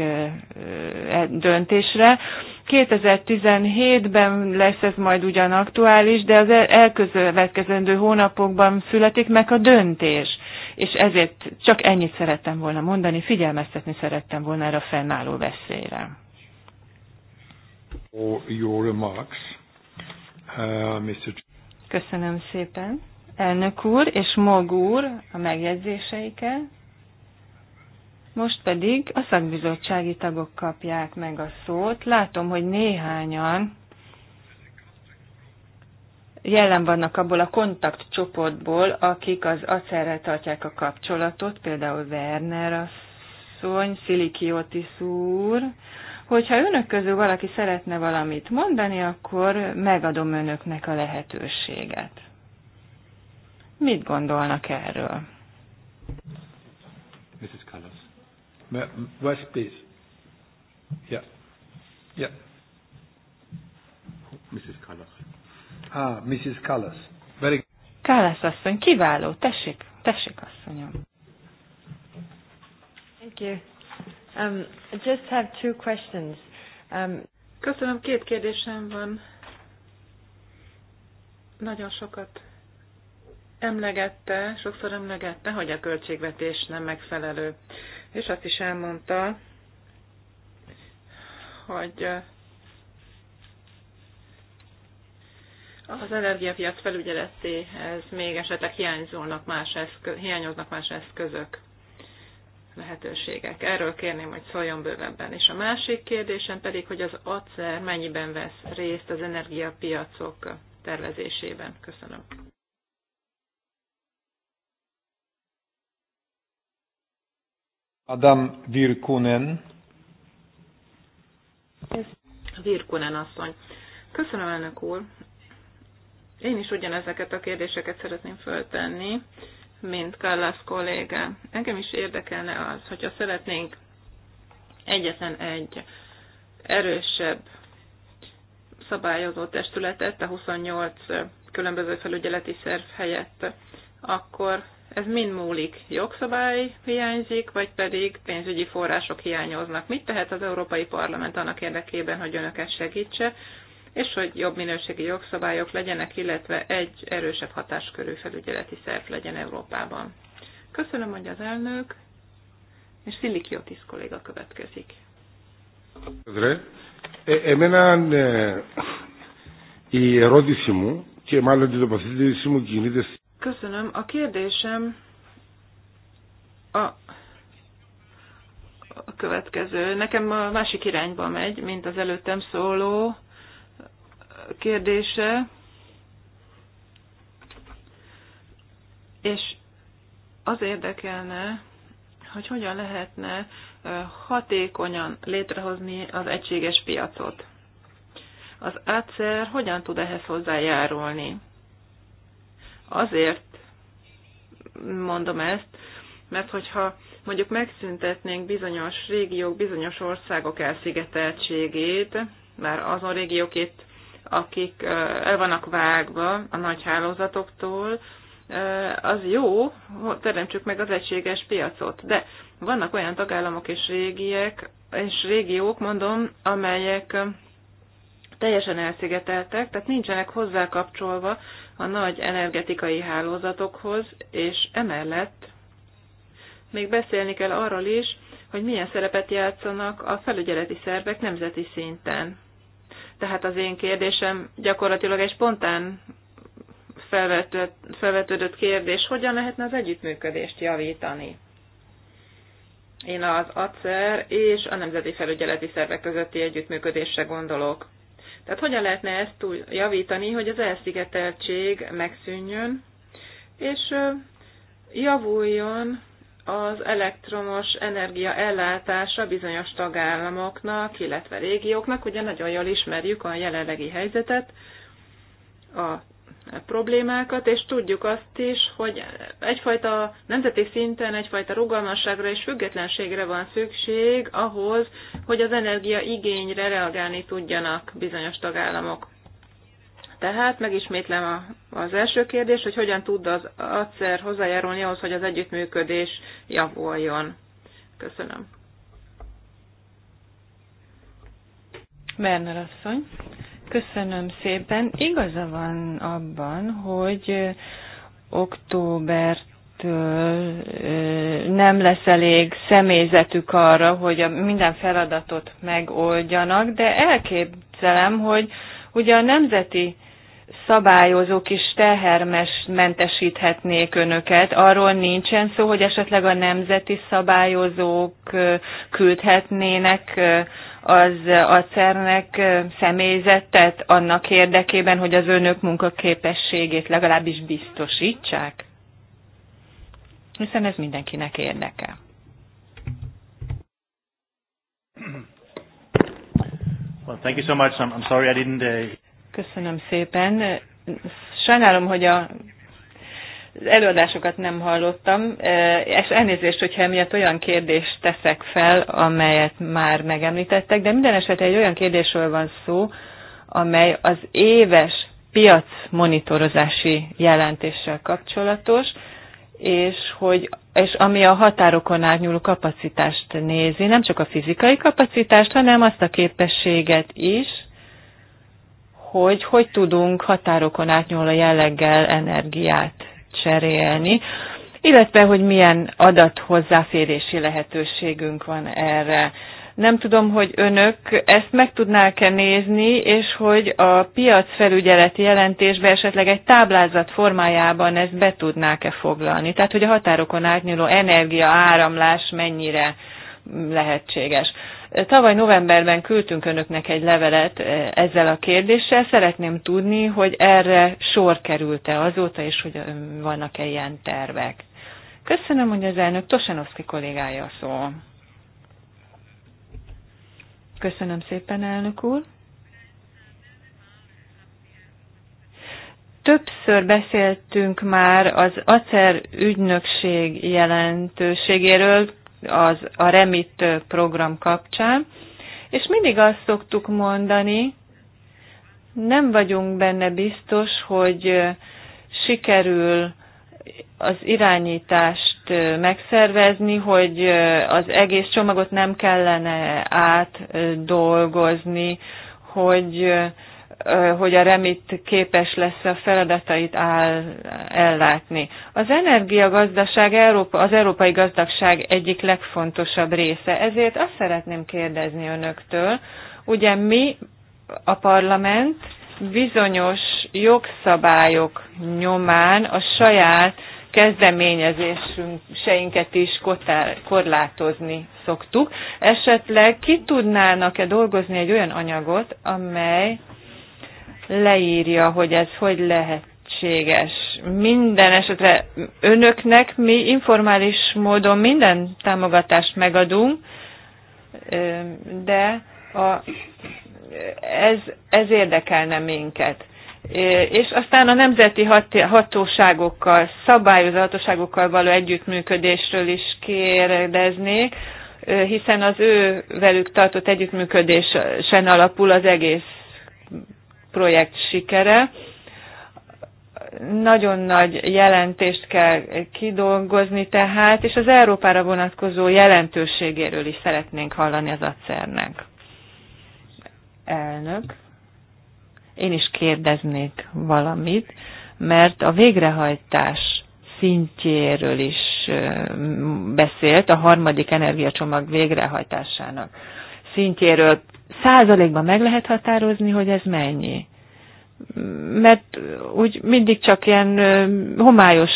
e döntésre. 2017-ben lesz ez majd ugyan aktuális, de az elkövetkezendő hónapokban születik meg a döntés. És ezért csak ennyit szerettem volna mondani, figyelmeztetni szerettem volna erre a fennálló veszélyre. Your remarks, uh, Mr. Köszönöm szépen, elnök úr és Mog úr a megjegyzéseiket. Most pedig a szakbizottsági tagok kapják meg a szót. Látom, hogy néhányan jelen vannak abból a kontaktcsoportból, akik az acerrel tartják a kapcsolatot, például Werner asszony, Otis úr. Hogyha önök közül valaki szeretne valamit mondani, akkor megadom önöknek a lehetőséget. Mit gondolnak erről? Mrs. Kalla. West, please. Yeah. Yeah. Mrs. Callas. Ah, Mrs. Callas. Very good. Callas asszony, kiváló. Tessék, tessék asszonyom. Thank you. Um, I just have two questions. Um, Köszönöm, két kérdésem van. Nagyon sokat emlegette, sokszor emlegette, hogy a költségvetés nem megfelelő és azt is elmondta, hogy az energiapiac felügyeletéhez még esetleg hiányzónak más eszköz, hiányoznak más eszközök, lehetőségek. Erről kérném, hogy szóljon bővebben. És a másik kérdésem pedig, hogy az acer mennyiben vesz részt az energiapiacok tervezésében. Köszönöm. Adam Virkunen. Virkunen asszony. Köszönöm, elnök úr. Én is ugyanezeket a kérdéseket szeretném föltenni, mint Kallas kolléga. Engem is érdekelne az, hogyha szeretnénk egyetlen egy erősebb szabályozó testületet a 28 különböző felügyeleti szerv helyett, akkor ez mind múlik. Jogszabály hiányzik, vagy pedig pénzügyi források hiányoznak. Mit tehet az Európai Parlament annak érdekében, hogy önöket segítse, és hogy jobb minőségi jogszabályok legyenek, illetve egy erősebb hatáskörű felügyeleti szerv legyen Európában? Köszönöm, hogy az elnök, és Szilikiotis kolléga következik. Εμένα η ερώτηση μου και μάλλον την τοποθέτησή μου Köszönöm. A kérdésem a a következő. Nekem a másik irányba megy, mint az előttem szóló kérdése. És az érdekelne, hogy hogyan lehetne hatékonyan létrehozni az egységes piacot. Az átszer hogyan tud ehhez hozzájárulni? Azért mondom ezt, mert hogyha mondjuk megszüntetnénk bizonyos régiók, bizonyos országok elszigeteltségét, már azon itt, akik el vannak vágva a nagy hálózatoktól, az jó, teremtsük meg az egységes piacot. De vannak olyan tagállamok és régiek, és régiók, mondom, amelyek teljesen elszigeteltek, tehát nincsenek hozzákapcsolva a nagy energetikai hálózatokhoz, és emellett még beszélni kell arról is, hogy milyen szerepet játszanak a felügyeleti szervek nemzeti szinten. Tehát az én kérdésem gyakorlatilag egy spontán felvetődött, kérdés, hogyan lehetne az együttműködést javítani. Én az ACER és a Nemzeti Felügyeleti Szervek közötti együttműködésre gondolok. Tehát hogyan lehetne ezt túl javítani, hogy az elszigeteltség megszűnjön, és javuljon az elektromos energia ellátása bizonyos tagállamoknak, illetve régióknak, ugye nagyon jól ismerjük a jelenlegi helyzetet, a problémákat, és tudjuk azt is, hogy egyfajta nemzeti szinten egyfajta rugalmasságra és függetlenségre van szükség ahhoz, hogy az energia igényre reagálni tudjanak bizonyos tagállamok. Tehát megismétlem az első kérdés, hogy hogyan tud az acer hozzájárulni ahhoz, hogy az együttműködés javuljon. Köszönöm. Werner asszony. Köszönöm szépen. Igaza van abban, hogy októbert nem lesz elég személyzetük arra, hogy a minden feladatot megoldjanak, de elképzelem, hogy ugye a nemzeti szabályozók is tehermes mentesíthetnék önöket. Arról nincsen szó, hogy esetleg a nemzeti szabályozók küldhetnének az acernek személyzetet annak érdekében, hogy az önök munkaképességét legalábbis biztosítsák? Hiszen ez mindenkinek érdeke. Well, thank you so much. I'm, I'm sorry I didn't uh, Köszönöm szépen. Sajnálom, hogy a az előadásokat nem hallottam, e, és elnézést, hogyha emiatt olyan kérdést teszek fel, amelyet már megemlítettek, de minden esetre egy olyan kérdésről van szó, amely az éves piac monitorozási jelentéssel kapcsolatos, és, hogy, és ami a határokon átnyúló kapacitást nézi, nem csak a fizikai kapacitást, hanem azt a képességet is, hogy hogy tudunk határokon átnyúló jelleggel energiát cserélni, illetve hogy milyen adat hozzáférési lehetőségünk van erre. Nem tudom, hogy önök ezt meg tudnák-e nézni, és hogy a piacfelügyeleti jelentésbe esetleg egy táblázat formájában ezt be tudnák-e foglalni. Tehát, hogy a határokon átnyúló energia áramlás mennyire lehetséges. Tavaly novemberben küldtünk önöknek egy levelet e, ezzel a kérdéssel. Szeretném tudni, hogy erre sor került-e azóta, és hogy vannak-e ilyen tervek. Köszönöm, hogy az elnök Tosanovszki kollégája szól. Köszönöm szépen, elnök úr. Többször beszéltünk már az acer ügynökség jelentőségéről, az, a REMIT program kapcsán, és mindig azt szoktuk mondani, nem vagyunk benne biztos, hogy sikerül az irányítást megszervezni, hogy az egész csomagot nem kellene átdolgozni, hogy hogy a remit képes lesz a feladatait áll, ellátni. Az energiagazdaság Európa, az európai gazdagság egyik legfontosabb része, ezért azt szeretném kérdezni önöktől, ugye mi a parlament bizonyos jogszabályok nyomán a saját kezdeményezésünket is korlátozni szoktuk. Esetleg ki tudnának-e dolgozni egy olyan anyagot, amely leírja, hogy ez hogy lehetséges. Minden esetre önöknek mi informális módon minden támogatást megadunk, de a, ez, ez érdekelne minket. És aztán a nemzeti hatóságokkal, szabályozó hatóságokkal való együttműködésről is kérdeznék, hiszen az ő velük tartott együttműködésen alapul az egész projekt sikere. Nagyon nagy jelentést kell kidolgozni tehát, és az Európára vonatkozó jelentőségéről is szeretnénk hallani az acernek. Elnök, én is kérdeznék valamit, mert a végrehajtás szintjéről is beszélt, a harmadik energiacsomag végrehajtásának szintjéről százalékban meg lehet határozni, hogy ez mennyi. Mert úgy mindig csak ilyen homályos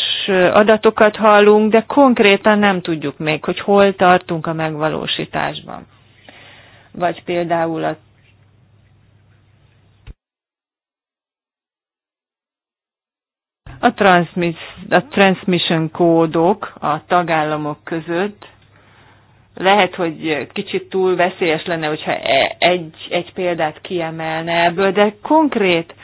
adatokat hallunk, de konkrétan nem tudjuk még, hogy hol tartunk a megvalósításban. Vagy például a a, a transmission kódok a tagállamok között, lehet, hogy kicsit túl veszélyes lenne, hogyha e, egy, egy példát kiemelne ebből, de konkrét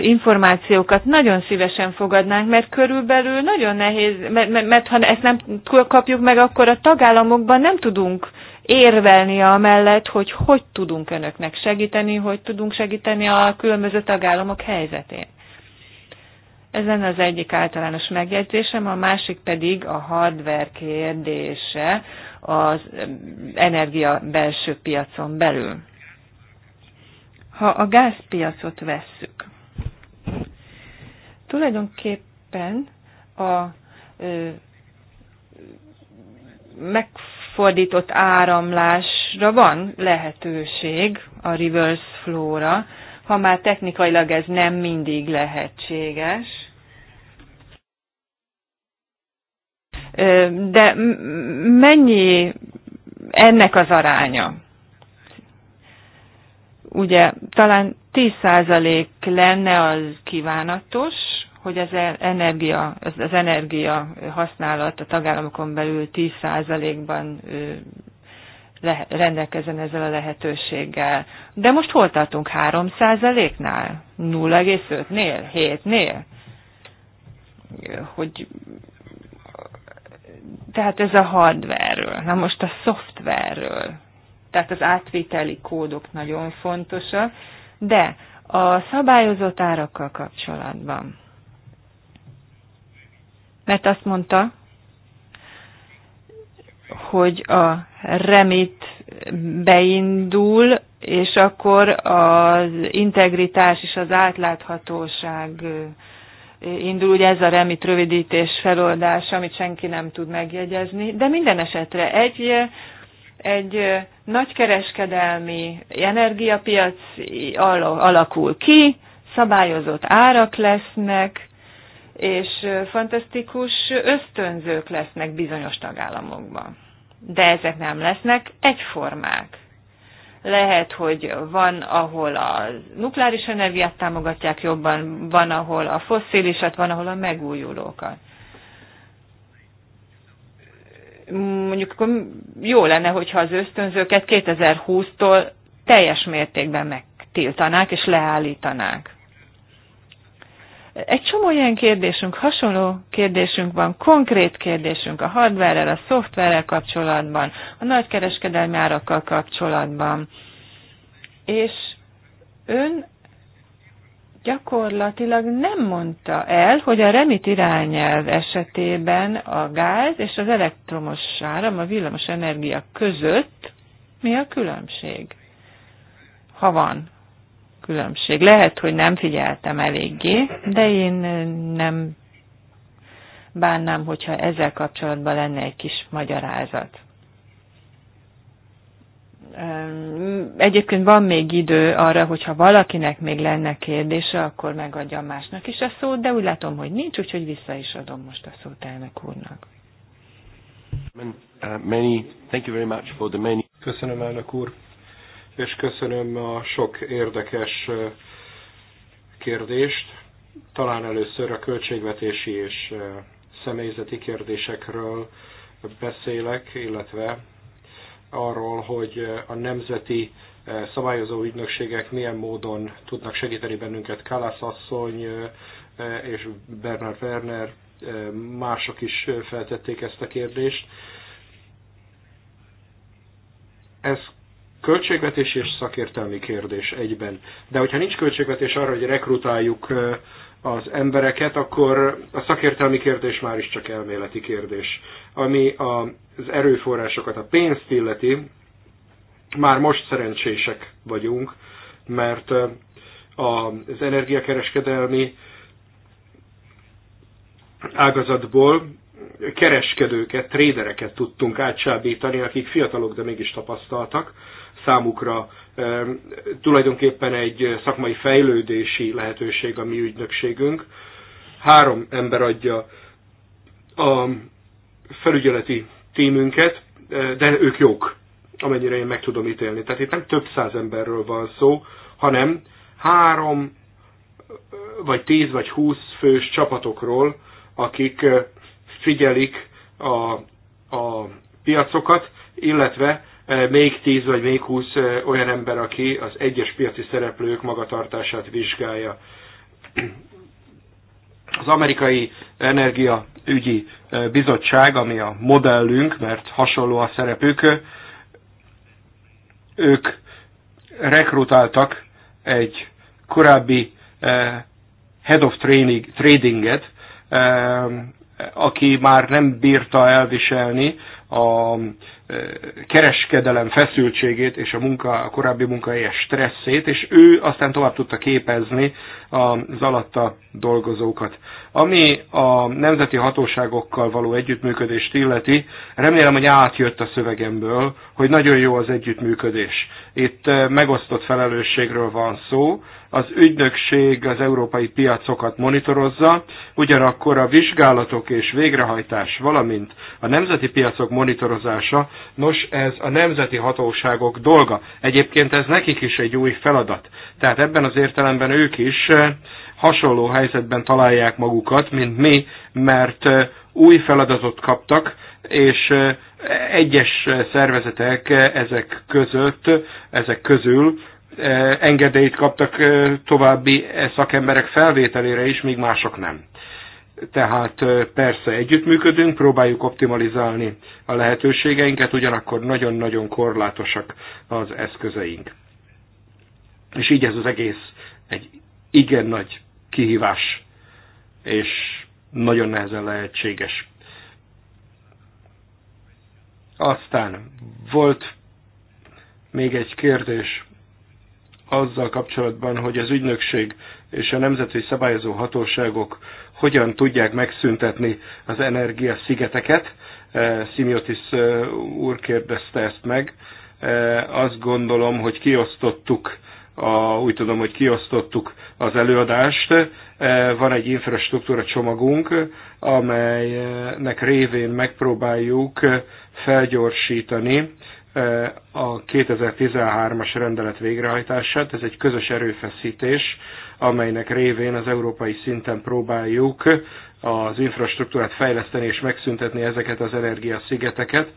információkat nagyon szívesen fogadnánk, mert körülbelül nagyon nehéz, mert, mert, mert ha ezt nem kapjuk meg, akkor a tagállamokban nem tudunk érvelni amellett, hogy hogy tudunk önöknek segíteni, hogy tudunk segíteni a különböző tagállamok helyzetén. Ez lenne az egyik általános megjegyzésem, a másik pedig a hardware kérdése az energia belső piacon belül. Ha a gázpiacot vesszük, tulajdonképpen a ö, megfordított áramlásra van lehetőség a reverse flow-ra, ha már technikailag ez nem mindig lehetséges, de mennyi ennek az aránya? Ugye talán 10% lenne az kívánatos, hogy az e-, energia, az, energia használat a tagállamokon belül 10%-ban rendelkezzen ezzel a lehetőséggel. De most hol tartunk? 3%-nál? 0,5-nél? 7-nél? Hogy tehát ez a hardware-ről. Na most a szoftverről. Tehát az átvételi kódok nagyon fontosak, de a szabályozott árakkal kapcsolatban. Mert azt mondta, hogy a remit beindul, és akkor az integritás és az átláthatóság indul, ugye ez a remit rövidítés feloldás, amit senki nem tud megjegyezni, de minden esetre egy, egy nagykereskedelmi energiapiac alakul ki, szabályozott árak lesznek, és fantasztikus ösztönzők lesznek bizonyos tagállamokban. De ezek nem lesznek egyformák. Lehet, hogy van, ahol a nukleáris energiát támogatják jobban, van, ahol a fosszilisat, hát van, ahol a megújulókat mondjuk akkor jó lenne, hogyha az ösztönzőket 2020-tól teljes mértékben megtiltanák és leállítanák. Egy csomó ilyen kérdésünk, hasonló kérdésünk van, konkrét kérdésünk a hardverrel, a szoftverrel kapcsolatban, a nagykereskedelmi árakkal kapcsolatban. És ön gyakorlatilag nem mondta el, hogy a remit irányelv esetében a gáz és az elektromos áram, a villamos energia között mi a különbség, ha van különbség. Lehet, hogy nem figyeltem eléggé, de én nem bánnám, hogyha ezzel kapcsolatban lenne egy kis magyarázat. Egyébként van még idő arra, hogyha valakinek még lenne kérdése, akkor megadjam másnak is a szót, de úgy látom, hogy nincs, úgyhogy vissza is adom most a szót elnök úrnak. Uh, Köszönöm, elnök úr és köszönöm a sok érdekes kérdést. Talán először a költségvetési és személyzeti kérdésekről beszélek, illetve arról, hogy a nemzeti szabályozó ügynökségek milyen módon tudnak segíteni bennünket. Kalász asszony és Bernard Werner, mások is feltették ezt a kérdést. Ez költségvetési és szakértelmi kérdés egyben. De hogyha nincs költségvetés arra, hogy rekrutáljuk az embereket, akkor a szakértelmi kérdés már is csak elméleti kérdés. Ami az erőforrásokat, a pénzt illeti, már most szerencsések vagyunk, mert az energiakereskedelmi ágazatból kereskedőket, trédereket tudtunk átsábítani, akik fiatalok, de mégis tapasztaltak, számukra tulajdonképpen egy szakmai fejlődési lehetőség a mi ügynökségünk. Három ember adja a felügyeleti tímünket, de ők jók, amennyire én meg tudom ítélni. Tehát itt nem több száz emberről van szó, hanem három, vagy tíz, vagy húsz fős csapatokról, akik figyelik a, a piacokat, illetve Eh, még 10 vagy még 20 eh, olyan ember, aki az egyes piaci szereplők magatartását vizsgálja. Az amerikai energiaügyi eh, bizottság, ami a modellünk, mert hasonló a szerepük, ők rekrutáltak egy korábbi head of training, tradinget, aki már nem bírta elviselni a e, kereskedelem feszültségét és a, munka, a korábbi munkahelye stresszét, és ő aztán tovább tudta képezni az alatta dolgozókat. Ami a nemzeti hatóságokkal való együttműködést illeti, remélem, hogy átjött a szövegemből, hogy nagyon jó az együttműködés. Itt e, megosztott felelősségről van szó, az ügynökség az európai piacokat monitorozza, ugyanakkor a vizsgálatok és végrehajtás, valamint a nemzeti piacok monitorozása, nos, ez a nemzeti hatóságok dolga. Egyébként ez nekik is egy új feladat. Tehát ebben az értelemben ők is eh, hasonló helyzetben találják magukat, mint mi, mert eh, új feladatot kaptak, és eh, egyes szervezetek ezek között, ezek közül engedélyt kaptak további e, szakemberek felvételére is, míg mások nem. Tehát persze együttműködünk, próbáljuk optimalizálni a lehetőségeinket, ugyanakkor nagyon-nagyon korlátosak az eszközeink. És így ez az egész egy igen nagy kihívás, és nagyon nehezen lehetséges. Aztán volt még egy kérdés azzal kapcsolatban, hogy az ügynökség és a nemzeti szabályozó hatóságok hogyan tudják megszüntetni az energiaszigeteket. Eh, Simiotis eh, úr kérdezte ezt meg. Eh, azt gondolom, hogy kiosztottuk a, úgy tudom, hogy kiosztottuk az előadást. Van egy infrastruktúra csomagunk, amelynek révén megpróbáljuk felgyorsítani a 2013-as rendelet végrehajtását. Ez egy közös erőfeszítés, amelynek révén az európai szinten próbáljuk az infrastruktúrát fejleszteni és megszüntetni ezeket az energiaszigeteket. szigeteket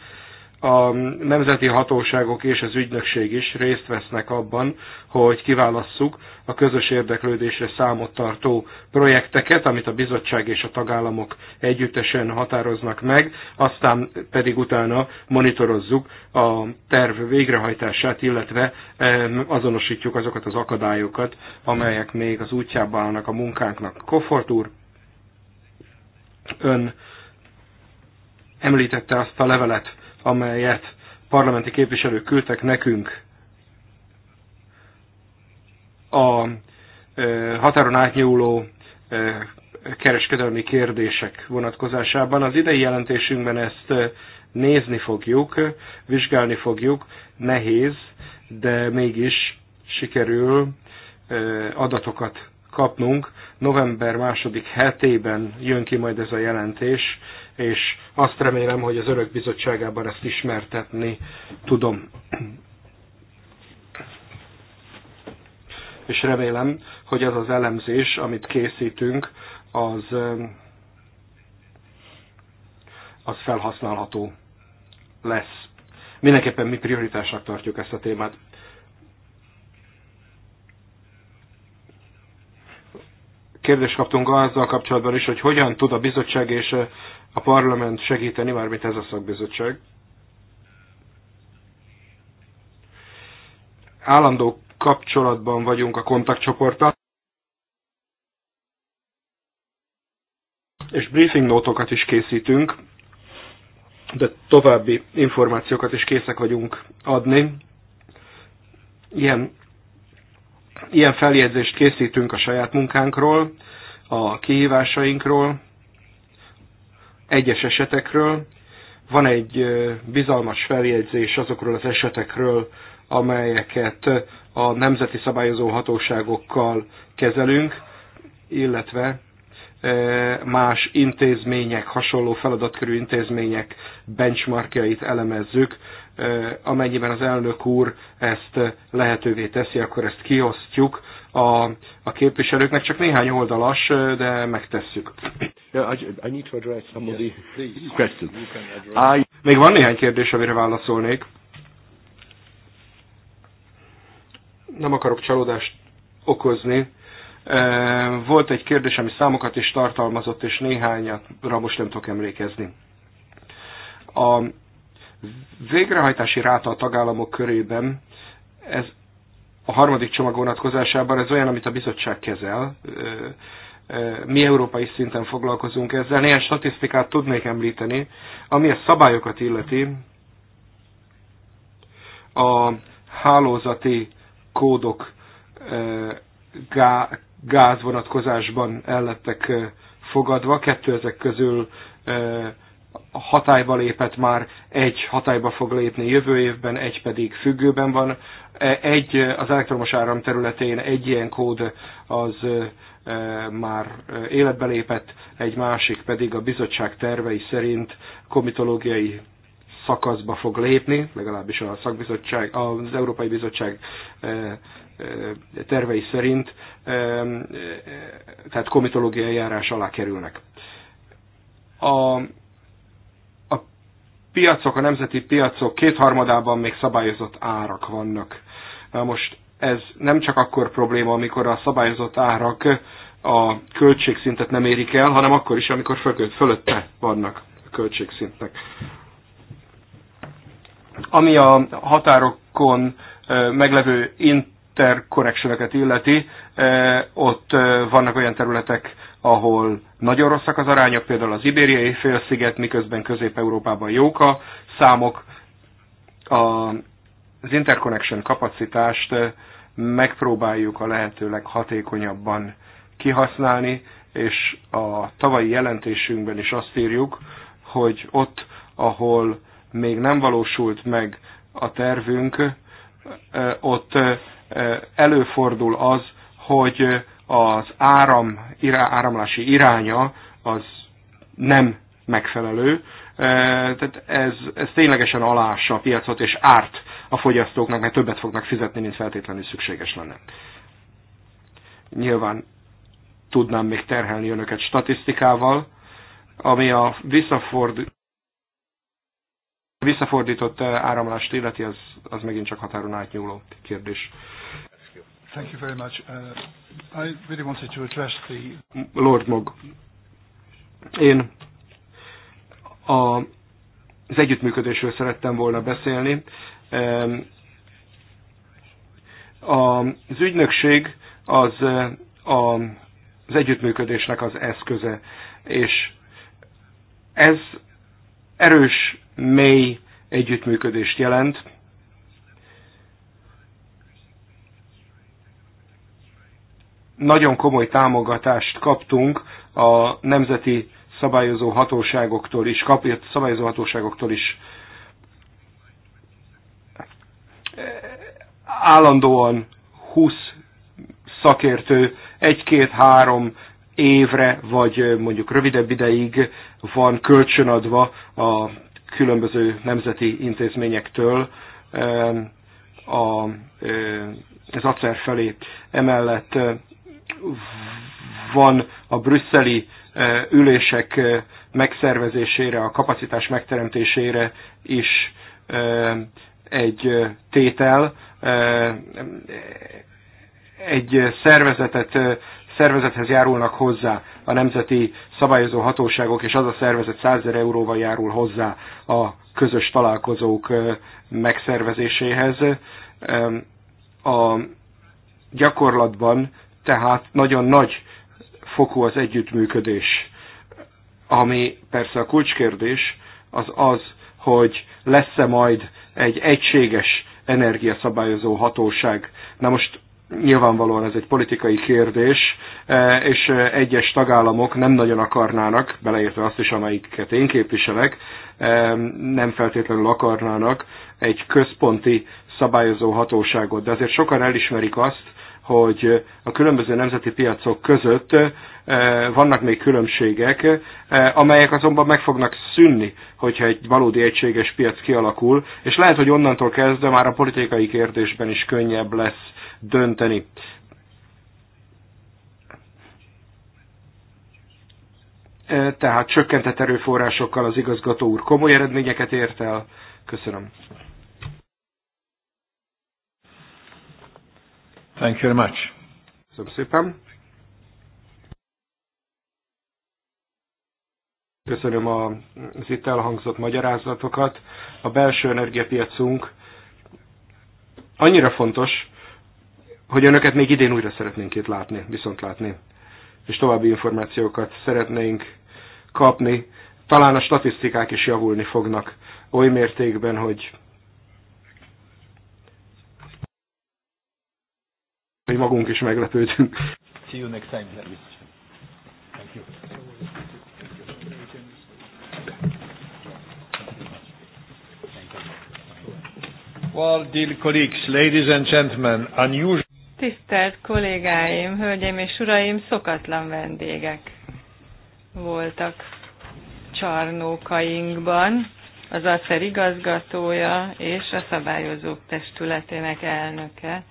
a nemzeti hatóságok és az ügynökség is részt vesznek abban, hogy kiválasszuk a közös érdeklődésre számot tartó projekteket, amit a bizottság és a tagállamok együttesen határoznak meg, aztán pedig utána monitorozzuk a terv végrehajtását, illetve azonosítjuk azokat az akadályokat, amelyek még az útjában állnak a munkánknak. Koffort úr, ön említette azt a levelet, amelyet parlamenti képviselők küldtek nekünk a e, határon átnyúló e, kereskedelmi kérdések vonatkozásában. Az idei jelentésünkben ezt e, nézni fogjuk, vizsgálni fogjuk, nehéz, de mégis sikerül adatokat kapnunk. November második hetében jön ki majd ez a jelentés, és azt remélem, hogy az örök Bizottságában ezt ismertetni tudom. És remélem, hogy az az elemzés, amit készítünk, az, az felhasználható lesz. Mindenképpen mi prioritásnak tartjuk ezt a témát. kérdést kaptunk azzal kapcsolatban is, hogy hogyan tud a bizottság és a parlament segíteni, mármint ez a szakbizottság. Állandó kapcsolatban vagyunk a kontaktcsoporttal, és briefing notokat is készítünk, de további információkat is készek vagyunk adni. Ilyen Ilyen feljegyzést készítünk a saját munkánkról, a kihívásainkról, egyes esetekről. Van egy bizalmas feljegyzés azokról az esetekről, amelyeket a nemzeti szabályozó hatóságokkal kezelünk, illetve más intézmények, hasonló feladatkörű intézmények benchmarkjait elemezzük. Amennyiben az elnök úr ezt lehetővé teszi, akkor ezt kiosztjuk a, a képviselőknek, csak néhány oldalas, de megtesszük. I need to address some of questions. Még van néhány kérdés, amire válaszolnék. Nem akarok csalódást okozni, volt egy kérdés, ami számokat is tartalmazott, és néhányat most nem tudok emlékezni. A végrehajtási ráta a tagállamok körében, ez a harmadik csomag vonatkozásában, ez olyan, amit a bizottság kezel. Mi európai szinten foglalkozunk ezzel. Néhány statisztikát tudnék említeni, ami a szabályokat illeti, a hálózati kódok gáz vonatkozásban ellettek fogadva, kettő ezek közül hatályba lépett már, egy hatályba fog lépni jövő évben, egy pedig függőben van. E, egy az elektromos áram területén egy ilyen kód az már életbe lépett, egy másik pedig a bizottság tervei szerint komitológiai szakaszba fog lépni, legalábbis a szakbizottság, az Európai Bizottság tervei szerint, tehát komitológiai járás alá kerülnek. A, a piacok, a nemzeti piacok kétharmadában még szabályozott árak vannak. Na most ez nem csak akkor probléma, amikor a szabályozott árak a költségszintet nem érik el, hanem akkor is, amikor fölötte vannak a költségszintnek. Ami a határokon meglevő int interconnection illeti, eh, ott eh, vannak olyan területek, ahol nagyon rosszak az arányok, például az ibériai félsziget, miközben Közép-Európában jók a számok. Az interconnection kapacitást eh, megpróbáljuk a lehető leghatékonyabban kihasználni, és a tavalyi jelentésünkben is azt írjuk, hogy ott, ahol még nem valósult meg a tervünk, ott előfordul az, hogy az áram, áramlási iránya az nem megfelelő, tehát ez, ez ténylegesen alássa a piacot, és árt a fogyasztóknak, mert többet fognak fizetni, mint feltétlenül szükséges lenne. Nyilván tudnám még terhelni önöket statisztikával, ami a visszaford, visszafordított eh, áramlást illeti, az, az megint csak határon átnyúló kérdés. Thank you very much. Uh, I really wanted to address the... Lord Mog. Én a, az együttműködésről szerettem volna beszélni. Az ügynökség az eh, a, az együttműködésnek az eszköze, és ez erős mély együttműködést jelent. Nagyon komoly támogatást kaptunk a nemzeti szabályozó hatóságoktól is, kapért szabályozó hatóságoktól is állandóan 20 szakértő egy-két-három évre, vagy mondjuk rövidebb ideig van kölcsönadva a különböző nemzeti intézményektől a, az acer felé. Emellett van a brüsszeli ülések megszervezésére, a kapacitás megteremtésére is egy tétel. Egy szervezetet szervezethez járulnak hozzá a nemzeti szabályozó hatóságok, és az a szervezet 100 euróval járul hozzá a közös találkozók megszervezéséhez. A gyakorlatban tehát nagyon nagy fokú az együttműködés, ami persze a kulcskérdés, az az, hogy lesz-e majd egy egységes energiaszabályozó hatóság. Na most nyilvánvalóan ez egy politikai kérdés, e, és egyes tagállamok nem nagyon akarnának, beleértve azt is, amelyiket én képviselek, e, nem feltétlenül akarnának egy központi szabályozó hatóságot. De azért sokan elismerik azt, hogy a különböző nemzeti piacok között e, vannak még különbségek, amelyek azonban meg fognak szűnni, hogyha egy valódi egységes piac kialakul, és lehet, hogy onnantól kezdve már a politikai kérdésben is könnyebb lesz dönteni. E, tehát csökkentett erőforrásokkal az igazgató úr komoly eredményeket ért el. Köszönöm. Thank you very much. Köszönöm szépen. Köszönöm az itt elhangzott magyarázatokat. A belső energiapiacunk annyira fontos, hogy önöket még idén újra szeretnénk itt látni, viszont látni. És további információkat szeretnénk kapni. Talán a statisztikák is javulni fognak oly mértékben, hogy hogy magunk is meglepődünk. See you next time. Thank you. Well, dear colleagues, ladies and gentlemen, unusual. Tisztelt kollégáim, hölgyeim és uraim, szokatlan vendégek voltak csarnókainkban, az ACER igazgatója és a szabályozók testületének elnöke.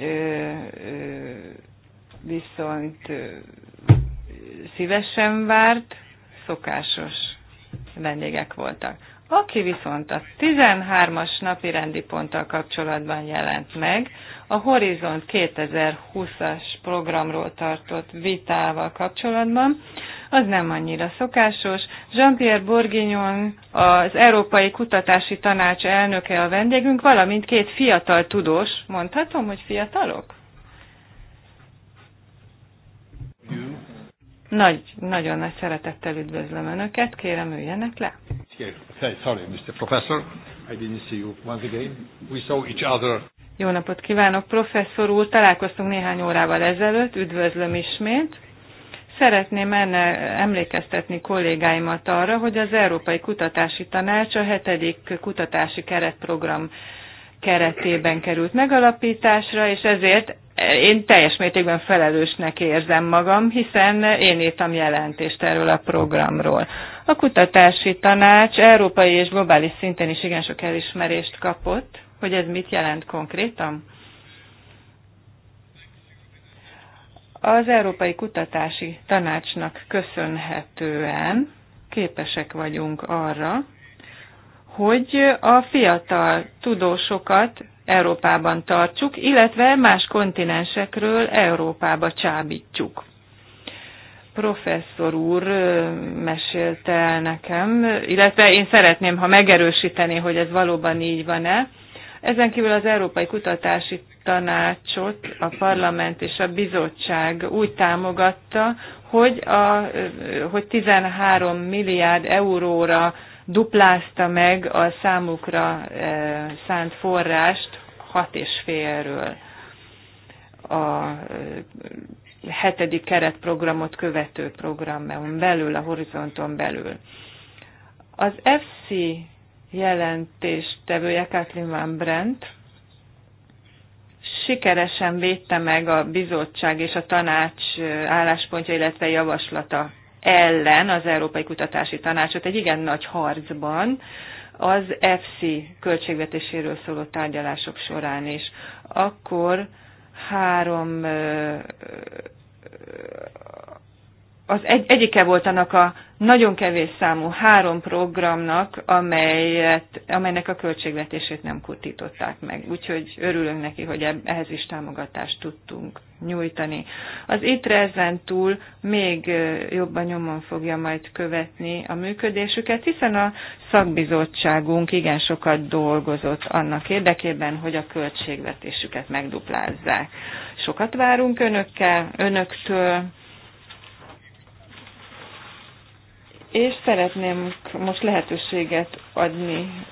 Ö, ö, viszont ö, szívesen várt, szokásos vendégek voltak. Aki viszont a 13-as napi rendi ponttal kapcsolatban jelent meg, a Horizont 2020-as programról tartott vitával kapcsolatban, az nem annyira szokásos. Jean-Pierre Bourguignon, az Európai Kutatási Tanács elnöke a vendégünk, valamint két fiatal tudós, mondhatom, hogy fiatalok? Nagy, nagyon nagy szeretettel üdvözlöm Önöket, kérem üljenek le. Sorry, Mr. Professor, I didn't see you once again. We saw each other. Jó napot kívánok, professzor úr! Találkoztunk néhány órával ezelőtt, üdvözlöm ismét. Szeretném enne emlékeztetni kollégáimat arra, hogy az Európai Kutatási Tanács a hetedik kutatási keretprogram keretében került megalapításra, és ezért én teljes mértékben felelősnek érzem magam, hiszen én írtam jelentést erről a programról. A kutatási tanács európai és globális szinten is igen sok elismerést kapott, hogy ez mit jelent konkrétan. Az Európai Kutatási Tanácsnak köszönhetően képesek vagyunk arra, hogy a fiatal tudósokat Európában tartsuk, illetve más kontinensekről Európába csábítjuk. Professzor úr mesélte el nekem, illetve én szeretném, ha megerősíteni, hogy ez valóban így van-e. Ezen kívül az Európai Kutatási Tanácsot a parlament és a bizottság úgy támogatta, hogy, a, hogy 13 milliárd euróra duplázta meg a számukra szánt forrást hat és félről a hetedik keretprogramot követő programon belül, a horizonton belül. Az FC jelentéstevője Kathleen Van Brent sikeresen védte meg a bizottság és a tanács álláspontja, illetve javaslata ellen az Európai Kutatási Tanácsot egy igen nagy harcban, az FC költségvetéséről szóló tárgyalások során is. Akkor három az egy, egyike volt annak a nagyon kevés számú három programnak, amelyet, amelynek a költségvetését nem kurtították meg. Úgyhogy örülünk neki, hogy ehhez is támogatást tudtunk nyújtani. Az ITRE ezen túl még jobban nyomon fogja majd követni a működésüket, hiszen a szakbizottságunk igen sokat dolgozott annak érdekében, hogy a költségvetésüket megduplázzák. Sokat várunk önökkel, önöktől, és szeretném most lehetőséget adni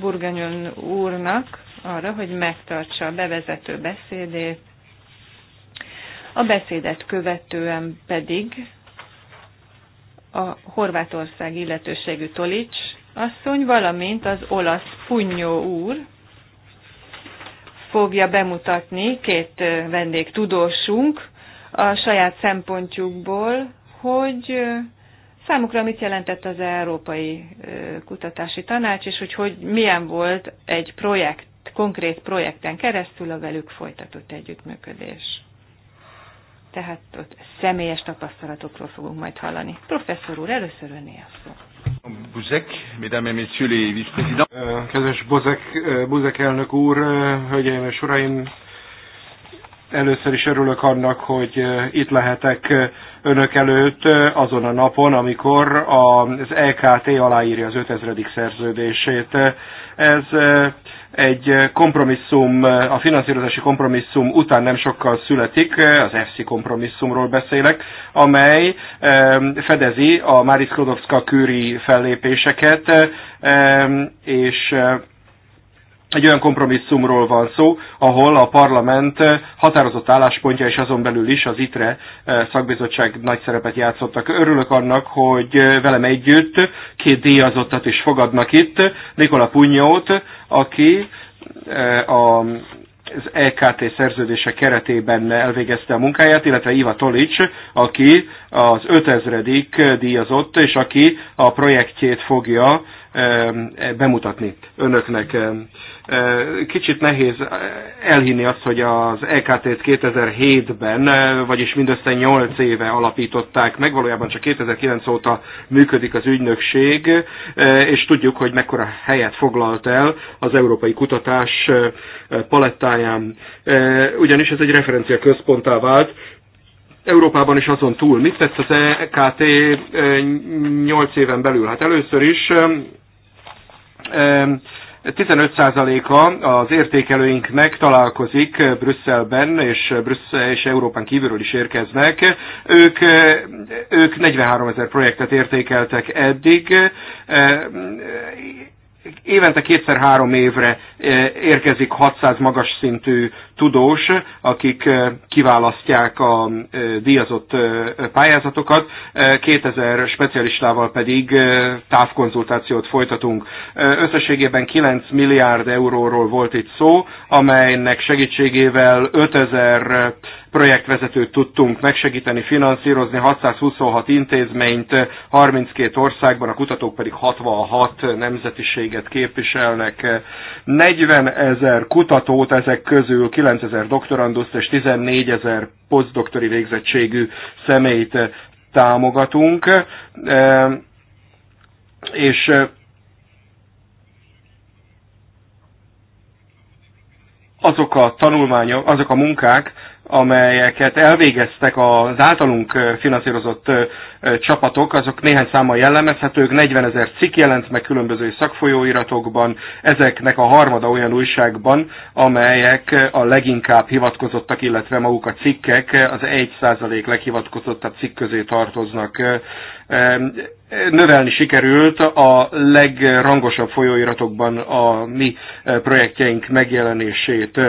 Burganyon úrnak arra, hogy megtartsa a bevezető beszédét. A beszédet követően pedig a Horvátország illetőségű Tolics asszony, valamint az olasz Punyó úr fogja bemutatni két vendég tudósunk a saját szempontjukból, hogy számukra mit jelentett az Európai Kutatási Tanács, és hogy, hogy milyen volt egy projekt, konkrét projekten keresztül a velük folytatott együttműködés. Tehát ott személyes tapasztalatokról fogunk majd hallani. Professzor úr, először önné a szó. Buzek, mesdames et messieurs les vice-présidents. Kedves Buzek, Buzek elnök úr, hölgyeim és uraim, Először is örülök annak, hogy eh, itt lehetek eh, önök előtt eh, azon a napon, amikor az EKT aláírja az 5000. szerződését. Ez egy kompromisszum, a finanszírozási kompromisszum után nem sokkal születik, az FC kompromisszumról beszélek, amely fedezi a Máris Klodowska-Curie fellépéseket, és egy olyan kompromisszumról van szó, ahol a parlament eh, határozott álláspontja, és azon belül is az ITRE eh, szakbizottság nagy szerepet játszottak. Örülök annak, hogy eh, velem együtt két díjazottat is fogadnak itt, Nikola Punyót, aki a az EKT szerződése keretében elvégezte a munkáját, illetve Iva Tolics, aki az 5000 díjazott, és aki a projektjét fogja bemutatni önöknek. Kicsit nehéz elhinni azt, hogy az EKT-t 2007-ben, vagyis mindössze 8 éve alapították meg, valójában csak 2009 óta működik az ügynökség, és tudjuk, hogy mekkora helyet foglalt el az európai kutatás palettáján. Ugyanis ez egy referencia központtá vált, Európában is azon túl. Mit tett az EKT 8 éven belül? Hát először is 15%-a az értékelőinknek találkozik Brüsszelben, és, Brüsszel és Európán kívülről is érkeznek. Ők, ők 43 ezer projektet értékeltek eddig évente kétszer-három évre eh, érkezik 600 magas szintű tudós, akik eh, kiválasztják a eh, díjazott pályázatokat, 2000 specialistával pedig távkonzultációt folytatunk. Összességében 9 milliárd euróról volt itt szó, amelynek segítségével 5000 projektvezetőt tudtunk megsegíteni, finanszírozni, 626 intézményt, 32 országban, a kutatók pedig 66 nemzetiséget képviselnek. 40 ezer kutatót, ezek közül 9 ezer doktoranduszt és 14 ezer posztdoktori végzettségű személyt támogatunk. E, és e, azok a tanulmányok, azok a munkák, amelyeket elvégeztek az általunk finanszírozott csapatok, azok néhány száma jellemezhetők, 40 ezer cikk jelent meg különböző szakfolyóiratokban, ezeknek a harmada olyan újságban, amelyek a leginkább hivatkozottak, illetve maguk a cikkek az 1% leghivatkozottabb cikk közé tartoznak növelni sikerült a legrangosabb folyóiratokban a mi projektjeink megjelenését.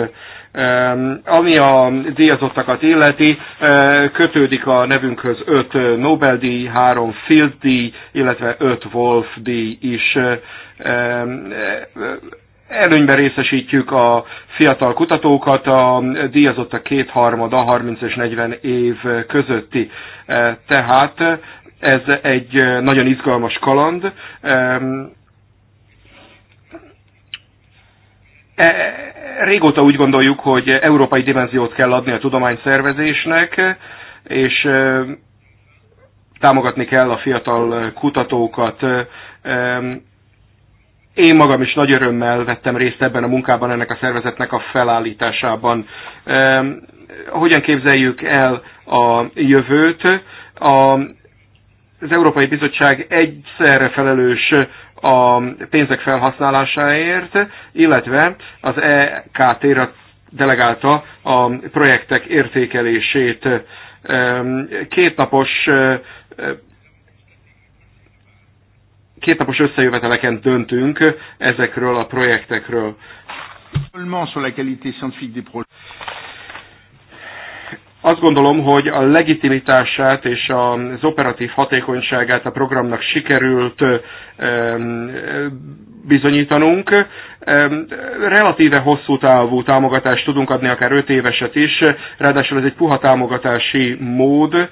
Ami a díjazottakat illeti, eh, kötődik a nevünkhöz 5 Nobel-díj, 3 Field-díj, illetve 5 Wolf-díj is eh, előnyben részesítjük a fiatal kutatókat, a díjazottak kétharmada 30 és 40 év közötti. Eh, tehát ez egy nagyon izgalmas kaland. E, Régóta úgy gondoljuk, hogy európai dimenziót kell adni a tudományszervezésnek, és támogatni kell a fiatal kutatókat. Én magam is nagy örömmel vettem részt ebben a munkában, ennek a szervezetnek a felállításában. Hogyan képzeljük el a jövőt? az Európai Bizottság egyszerre felelős a pénzek felhasználásáért, illetve az ekt re delegálta a projektek értékelését. Kétnapos kétnapos összejöveteleken döntünk ezekről a projektekről. Azt gondolom, hogy a legitimitását és az operatív hatékonyságát a programnak sikerült bizonyítanunk. Relatíve hosszú távú támogatást tudunk adni, akár 5 éveset is, ráadásul ez egy puha támogatási mód,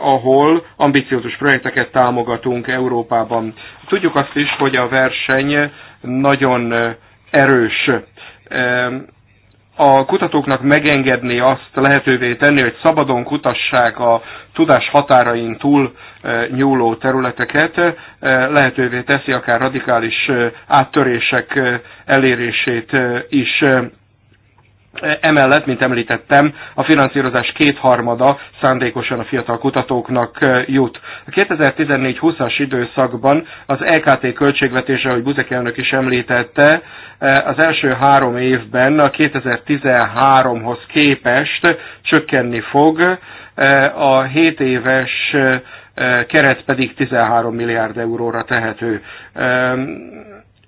ahol ambiciózus projekteket támogatunk Európában. Tudjuk azt is, hogy a verseny nagyon erős a kutatóknak megengedni azt, lehetővé tenni, hogy szabadon kutassák a tudás határain túl e, nyúló területeket, e, lehetővé teszi akár radikális e, áttörések elérését is. Emellett, mint említettem, a finanszírozás kétharmada szándékosan a fiatal kutatóknak jut. A 2014-20-as időszakban az LKT költségvetése, ahogy Buzek elnök is említette, az első három évben a 2013-hoz képest csökkenni fog, a 7 éves keret pedig 13 milliárd euróra tehető.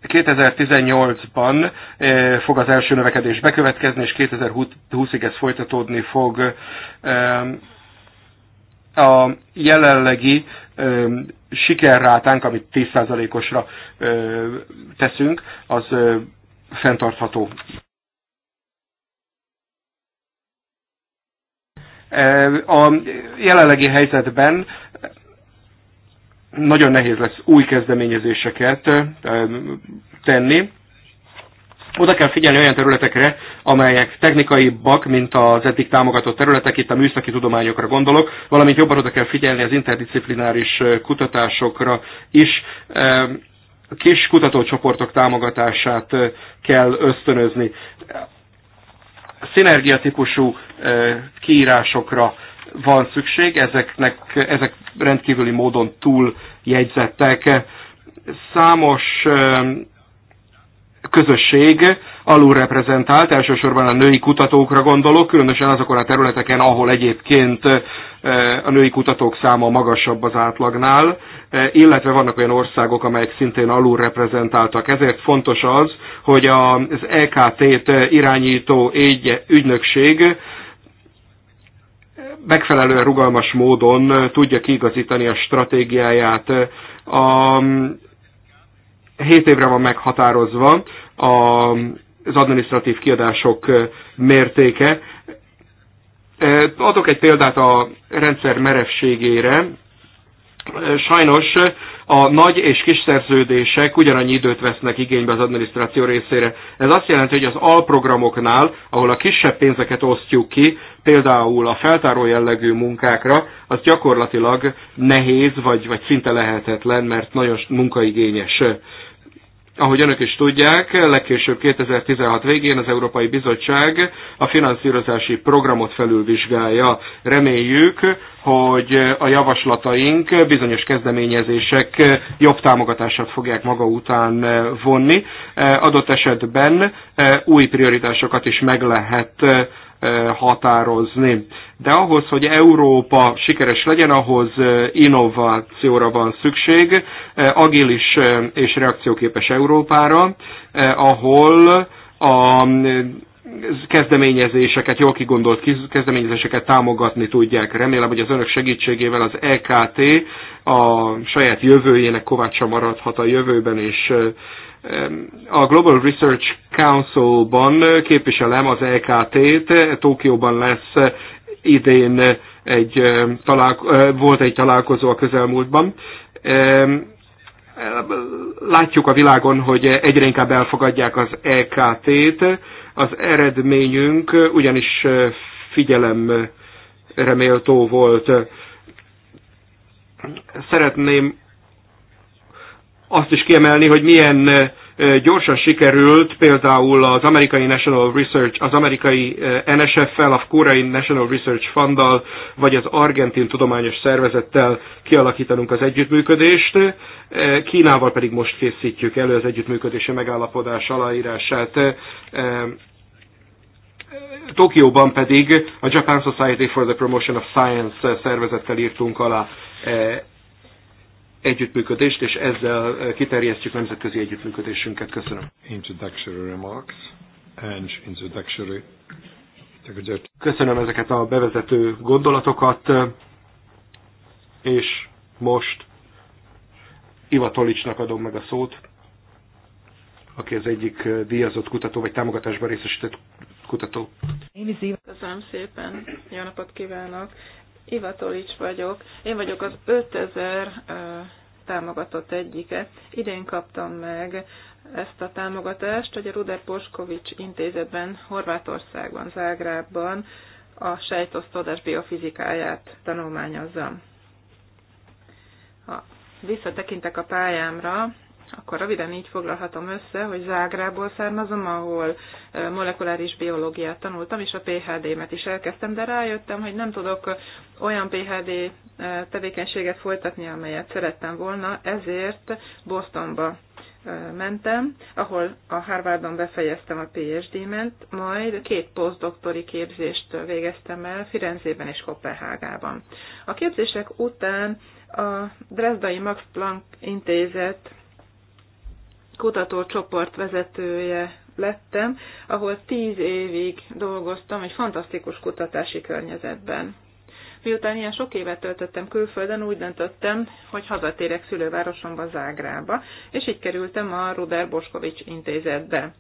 2018-ban eh, fog az első növekedés bekövetkezni, és 2020-ig ez folytatódni fog. A jelenlegi sikerrátánk, amit 10%-osra teszünk, az fenntartható. A jelenlegi helyzetben nagyon nehéz lesz új kezdeményezéseket tenni. Oda kell figyelni olyan területekre, amelyek technikaibbak, mint az eddig támogatott területek, itt a műszaki tudományokra gondolok, valamint jobban oda kell figyelni az interdisziplináris kutatásokra is. Kis kutatócsoportok támogatását kell ösztönözni. Szinergiatípusú kiírásokra van szükség, ezeknek, ezek rendkívüli módon túl jegyzettek. Számos közösség alulreprezentált, elsősorban a női kutatókra gondolok, különösen azokon a területeken, ahol egyébként eh, a női kutatók száma magasabb az átlagnál, eh, illetve vannak olyan országok, amelyek szintén alulreprezentáltak. Ezért fontos az, hogy az EKT-t irányító ügynökség megfelelően rugalmas módon tudja kiigazítani a stratégiáját. A 7 évre van meghatározva a, az administratív kiadások mértéke. Adok egy példát a rendszer merevségére. Sajnos a nagy és kis szerződések ugyanannyi időt vesznek igénybe az adminisztráció részére. Ez azt jelenti, hogy az alprogramoknál, ahol a kisebb pénzeket osztjuk ki, például a feltáró jellegű munkákra, az gyakorlatilag nehéz, vagy, vagy szinte lehetetlen, mert nagyon munkaigényes ahogy önök is tudják, legkésőbb 2016 végén az Európai Bizottság a finanszírozási programot felülvizsgálja. Reméljük, hogy a javaslataink bizonyos kezdeményezések jobb támogatását fogják maga után vonni. Adott esetben új prioritásokat is meg lehet határozni. De ahhoz, hogy Európa sikeres legyen, ahhoz innovációra van szükség, agilis és reakcióképes Európára, ahol a kezdeményezéseket, jól kigondolt kezdeményezéseket támogatni tudják. Remélem, hogy az önök segítségével az EKT a saját jövőjének kovácsa maradhat a jövőben, és a Global Research Council-ban képviselem az EKT-t, Tokióban lesz idén egy találko- volt egy találkozó a közelmúltban. Látjuk a világon, hogy egyre inkább elfogadják az EKT-t. Az eredményünk ugyanis figyelemre méltó volt. Szeretném azt is kiemelni, hogy milyen gyorsan sikerült például az amerikai National Research, az amerikai NSF-fel, a koreai National Research Funddal, vagy az argentin tudományos szervezettel kialakítanunk az együttműködést. Kínával pedig most készítjük elő az együttműködési megállapodás aláírását. Tokióban pedig a Japan Society for the Promotion of Science szervezettel írtunk alá együttműködést, és ezzel eh, kiterjesztjük nemzetközi együttműködésünket. Köszönöm. Introductory remarks and introductory... Köszönöm ezeket a bevezető gondolatokat, eh, és most Iva Tolicsnak adom meg a szót, aki az egyik eh, díjazott kutató, vagy támogatásban részesített kutató. Én is Iva. Köszönöm szépen, jó napot kívánok! Ivatolics vagyok. Én vagyok az 5000 támogatott egyike. Idén kaptam meg ezt a támogatást, hogy a Ruder Poskovics intézetben Horvátországban, Zágrábban a sejtosztódás biofizikáját tanulmányozzam. Ha visszatekintek a pályámra, akkor röviden így foglalhatom össze, hogy Zágrából származom, ahol molekuláris biológiát tanultam, és a PHD-met is elkezdtem, de rájöttem, hogy nem tudok olyan PHD tevékenységet folytatni, amelyet szerettem volna, ezért Bostonba mentem, ahol a Harvardon befejeztem a PhD-ment, majd két posztdoktori képzést végeztem el Firenzében és Kopenhágában. A képzések után a Dresdai Max Planck intézet kutatócsoport vezetője lettem, ahol tíz évig dolgoztam egy fantasztikus kutatási környezetben. Miután ilyen sok évet töltöttem külföldön, úgy döntöttem, hogy hazatérek szülővárosomba, Zágrába, és így kerültem a Ruder Boskovics intézetbe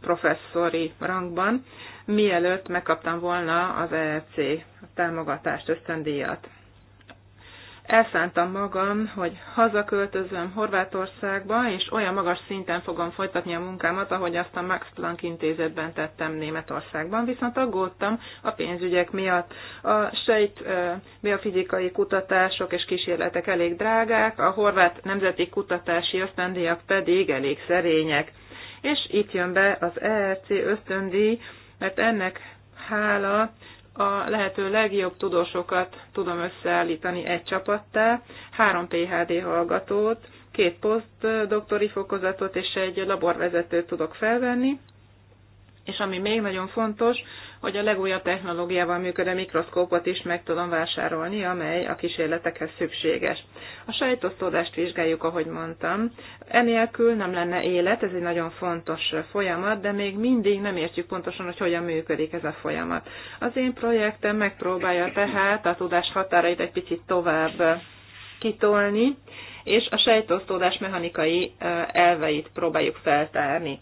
professzori rangban, mielőtt megkaptam volna az ERC támogatást, ösztöndíjat elszántam magam, hogy hazaköltözöm Horvátországba, és olyan magas szinten fogom folytatni a munkámat, ahogy azt a Max Planck intézetben tettem Németországban, viszont aggódtam a pénzügyek miatt. A sejt biofizikai kutatások és kísérletek elég drágák, a horvát nemzeti kutatási ösztöndíjak pedig elég szerények. És itt jön be az ERC ösztöndíj, mert ennek hála a lehető legjobb tudósokat tudom összeállítani egy csapattá, három PHD hallgatót, két posztdoktori fokozatot és egy laborvezetőt tudok felvenni, és ami még nagyon fontos, hogy a legújabb technológiával működő mikroszkópot is meg tudom vásárolni, amely a kísérletekhez szükséges. A sajtosztódást vizsgáljuk, ahogy mondtam. Enélkül nem lenne élet, ez egy nagyon fontos folyamat, de még mindig nem értjük pontosan, hogy hogyan működik ez a folyamat. Az én projektem megpróbálja tehát a tudás határait egy picit tovább kitolni, és a sejtosztódás mechanikai elveit próbáljuk feltárni.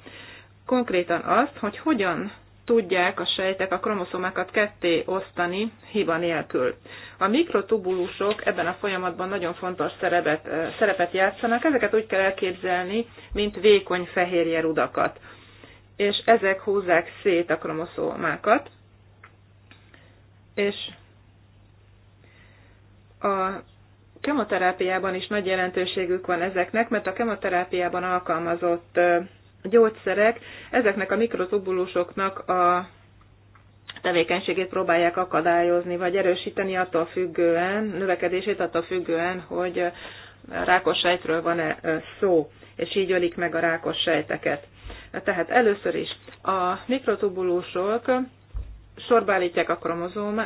Konkrétan azt, hogy hogyan tudják a sejtek a kromoszomákat ketté osztani hiba nélkül. A mikrotubulusok ebben a folyamatban nagyon fontos szerepet, szerepet játszanak, ezeket úgy kell elképzelni, mint vékony fehérje rudakat. És ezek húzzák szét a kromoszomákat, és a kemoterápiában is nagy jelentőségük van ezeknek, mert a kemoterápiában alkalmazott gyógyszerek ezeknek a mikrotubulusoknak a tevékenységét próbálják akadályozni, vagy erősíteni attól függően, növekedését attól függően, hogy rákos sejtről van-e szó, és így ölik meg a rákos sejteket. Tehát először is a mikrotubulusok sorba állítják a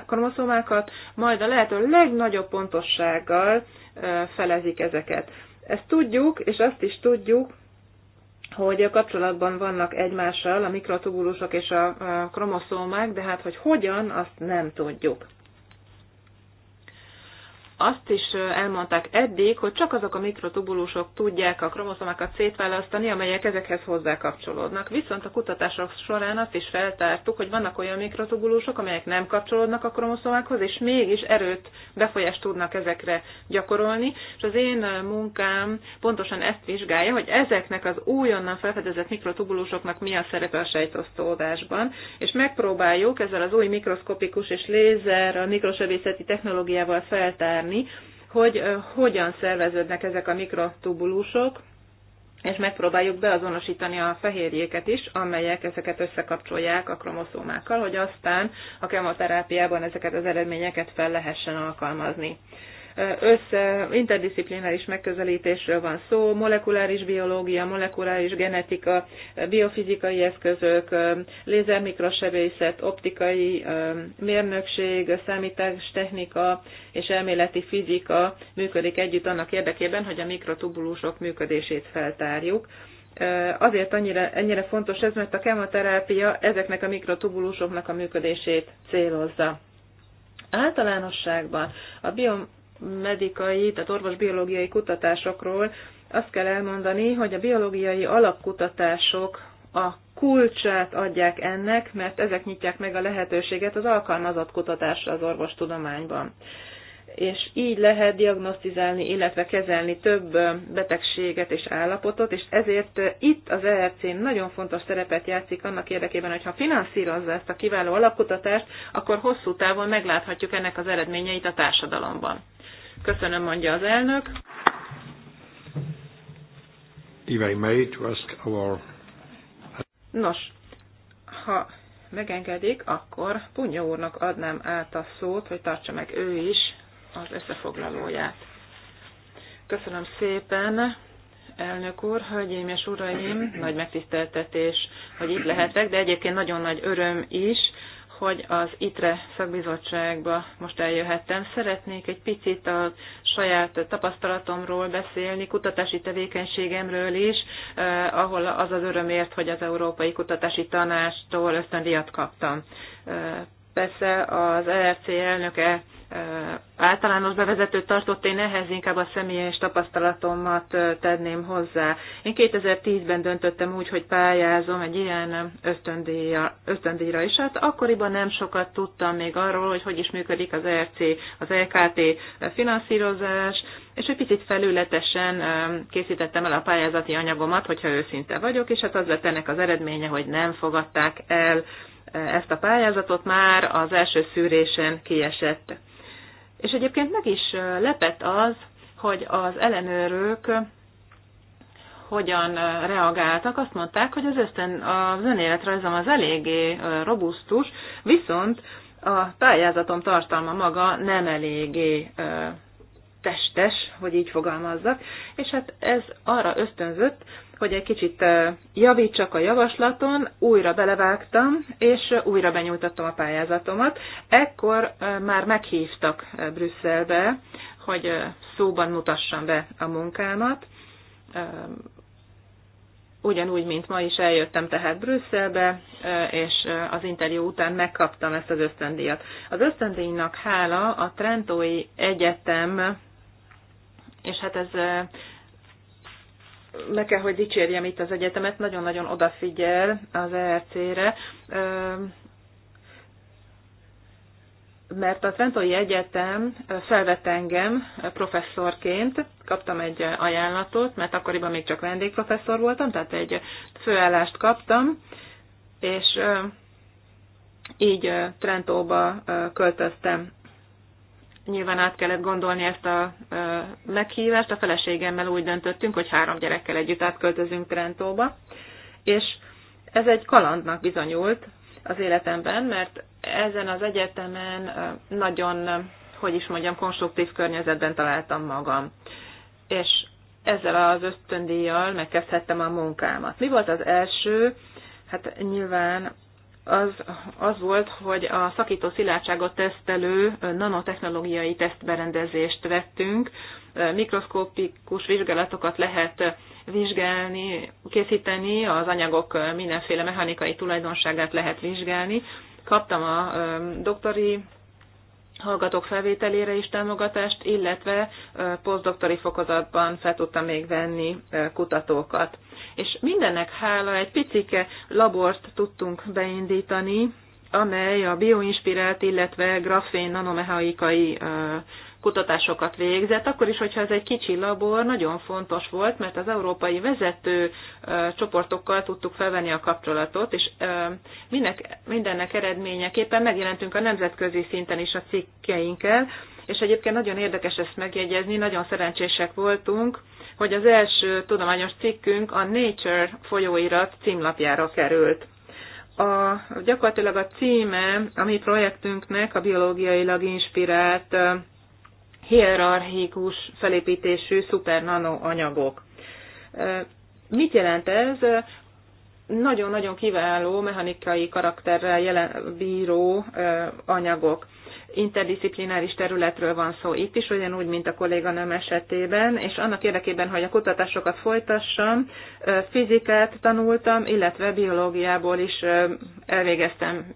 kromoszómákat, majd a lehető legnagyobb pontossággal felezik ezeket. Ezt tudjuk, és azt is tudjuk, hogy kapcsolatban vannak egymással a mikrotubulusok és a kromoszómák, de hát hogy hogyan, azt nem tudjuk azt is elmondták eddig, hogy csak azok a mikrotubulusok tudják a kromoszomákat szétválasztani, amelyek ezekhez hozzá kapcsolódnak. Viszont a kutatások során azt is feltártuk, hogy vannak olyan mikrotubulusok, amelyek nem kapcsolódnak a kromoszomákhoz, és mégis erőt, befolyást tudnak ezekre gyakorolni. És az én munkám pontosan ezt vizsgálja, hogy ezeknek az újonnan felfedezett mikrotubulusoknak mi a szerepe a sejtosztódásban, és megpróbáljuk ezzel az új mikroszkopikus és lézer, a mikrosebészeti technológiával feltárni, tenni, hogy hogyan szerveződnek ezek a mikrotubulusok, és megpróbáljuk beazonosítani a fehérjéket is, amelyek ezeket összekapcsolják a kromoszómákkal, hogy aztán a kemoterápiában ezeket az eredményeket fel lehessen alkalmazni össze interdisziplináris megközelítésről van szó, molekuláris biológia, molekuláris genetika, biofizikai eszközök, lézermikrosebészet, optikai mérnökség, számítástechnika és elméleti fizika működik együtt annak érdekében, hogy a mikrotubulusok működését feltárjuk azért annyira, ennyire fontos ez, mert a kemoterápia ezeknek a mikrotubulusoknak a működését célozza. Általánosságban a biom medikai, tehát orvosbiológiai kutatásokról, azt kell elmondani, hogy a biológiai alapkutatások a kulcsát adják ennek, mert ezek nyitják meg a lehetőséget az alkalmazott kutatásra az orvostudományban. És így lehet diagnosztizálni, illetve kezelni több betegséget és állapotot, és ezért itt az ERC nagyon fontos szerepet játszik annak érdekében, hogyha finanszírozza ezt a kiváló alapkutatást, akkor hosszú távon megláthatjuk ennek az eredményeit a társadalomban. Köszönöm, mondja az elnök. Nos, ha megengedik, akkor Punya úrnak adnám át a szót, hogy tartsa meg ő is az összefoglalóját. Köszönöm szépen, elnök úr, hölgyeim és uraim, nagy megtiszteltetés, hogy itt lehetek, de egyébként nagyon nagy öröm is, hogy az ITRE szakbizottságba most eljöhettem. Szeretnék egy picit a saját tapasztalatomról beszélni, kutatási tevékenységemről is, eh, ahol az az örömért, hogy az Európai Kutatási Tanástól ösztöndíjat kaptam. Eh, persze az ERC elnöke általános bevezetőt tartott, én ehhez inkább a személyes tapasztalatomat tenném hozzá. Én 2010-ben döntöttem úgy, hogy pályázom egy ilyen ösztöndíjra, ösztöndíjra is. Hát akkoriban nem sokat tudtam még arról, hogy hogy is működik az RC, az LKT finanszírozás, és egy picit felületesen készítettem el a pályázati anyagomat, hogyha őszinte vagyok, és hát az lett ennek az eredménye, hogy nem fogadták el ezt a pályázatot, már az első szűrésen kiesett és egyébként meg is lepett az, hogy az ellenőrök hogyan reagáltak, azt mondták, hogy az, ösztön, az önéletrajzom az eléggé robusztus, viszont a pályázatom tartalma maga nem eléggé testes, hogy így fogalmazzak, és hát ez arra ösztönzött, hogy egy kicsit javítsak a javaslaton, újra belevágtam, és újra benyújtottam a pályázatomat. Ekkor már meghívtak Brüsszelbe, hogy szóban mutassam be a munkámat. Ugyanúgy, mint ma is eljöttem tehát Brüsszelbe, és az interjú után megkaptam ezt az ösztöndíjat. Az ösztöndíjnak hála a Trentói Egyetem, és hát ez meg kell, hogy dicsérjem itt az egyetemet, nagyon-nagyon odafigyel az ERC-re, mert a Trentói Egyetem felvett engem professzorként, kaptam egy ajánlatot, mert akkoriban még csak vendégprofesszor voltam, tehát egy főállást kaptam, és így Trentóba költöztem nyilván át kellett gondolni ezt a meghívást. A feleségemmel úgy döntöttünk, hogy három gyerekkel együtt átköltözünk Trentóba, és ez egy kalandnak bizonyult az életemben, mert ezen az egyetemen nagyon, hogy is mondjam, konstruktív környezetben találtam magam. És ezzel az ösztöndíjjal megkezdhettem a munkámat. Mi volt az első? Hát nyilván az, az volt, hogy a szakító szilárdságot tesztelő nanotechnológiai tesztberendezést vettünk. Mikroszkópikus vizsgálatokat lehet vizsgálni, készíteni, az anyagok mindenféle mechanikai tulajdonságát lehet vizsgálni. Kaptam a doktori hallgatók felvételére is támogatást, illetve posztdoktori fokozatban fel tudtam még venni kutatókat. És mindennek hála egy picike labort tudtunk beindítani, amely a bioinspirált, illetve grafén nanomechanikai kutatásokat végzett, akkor is, hogyha ez egy kicsi labor, nagyon fontos volt, mert az európai vezető csoportokkal tudtuk felvenni a kapcsolatot, és mindennek, mindennek eredményeképpen megjelentünk a nemzetközi szinten is a cikkeinkkel, és egyébként nagyon érdekes ezt megjegyezni, nagyon szerencsések voltunk, hogy az első tudományos cikkünk a Nature folyóirat címlapjára került. A, gyakorlatilag a címe a mi projektünknek a biológiailag inspirált hierarchikus felépítésű szupernano anyagok. Mit jelent ez? Nagyon-nagyon kiváló mechanikai karakterrel jelen, bíró anyagok interdisziplináris területről van szó itt is, ugyanúgy, mint a kolléganőm esetében, és annak érdekében, hogy a kutatásokat folytassam, fizikát tanultam, illetve biológiából is elvégeztem,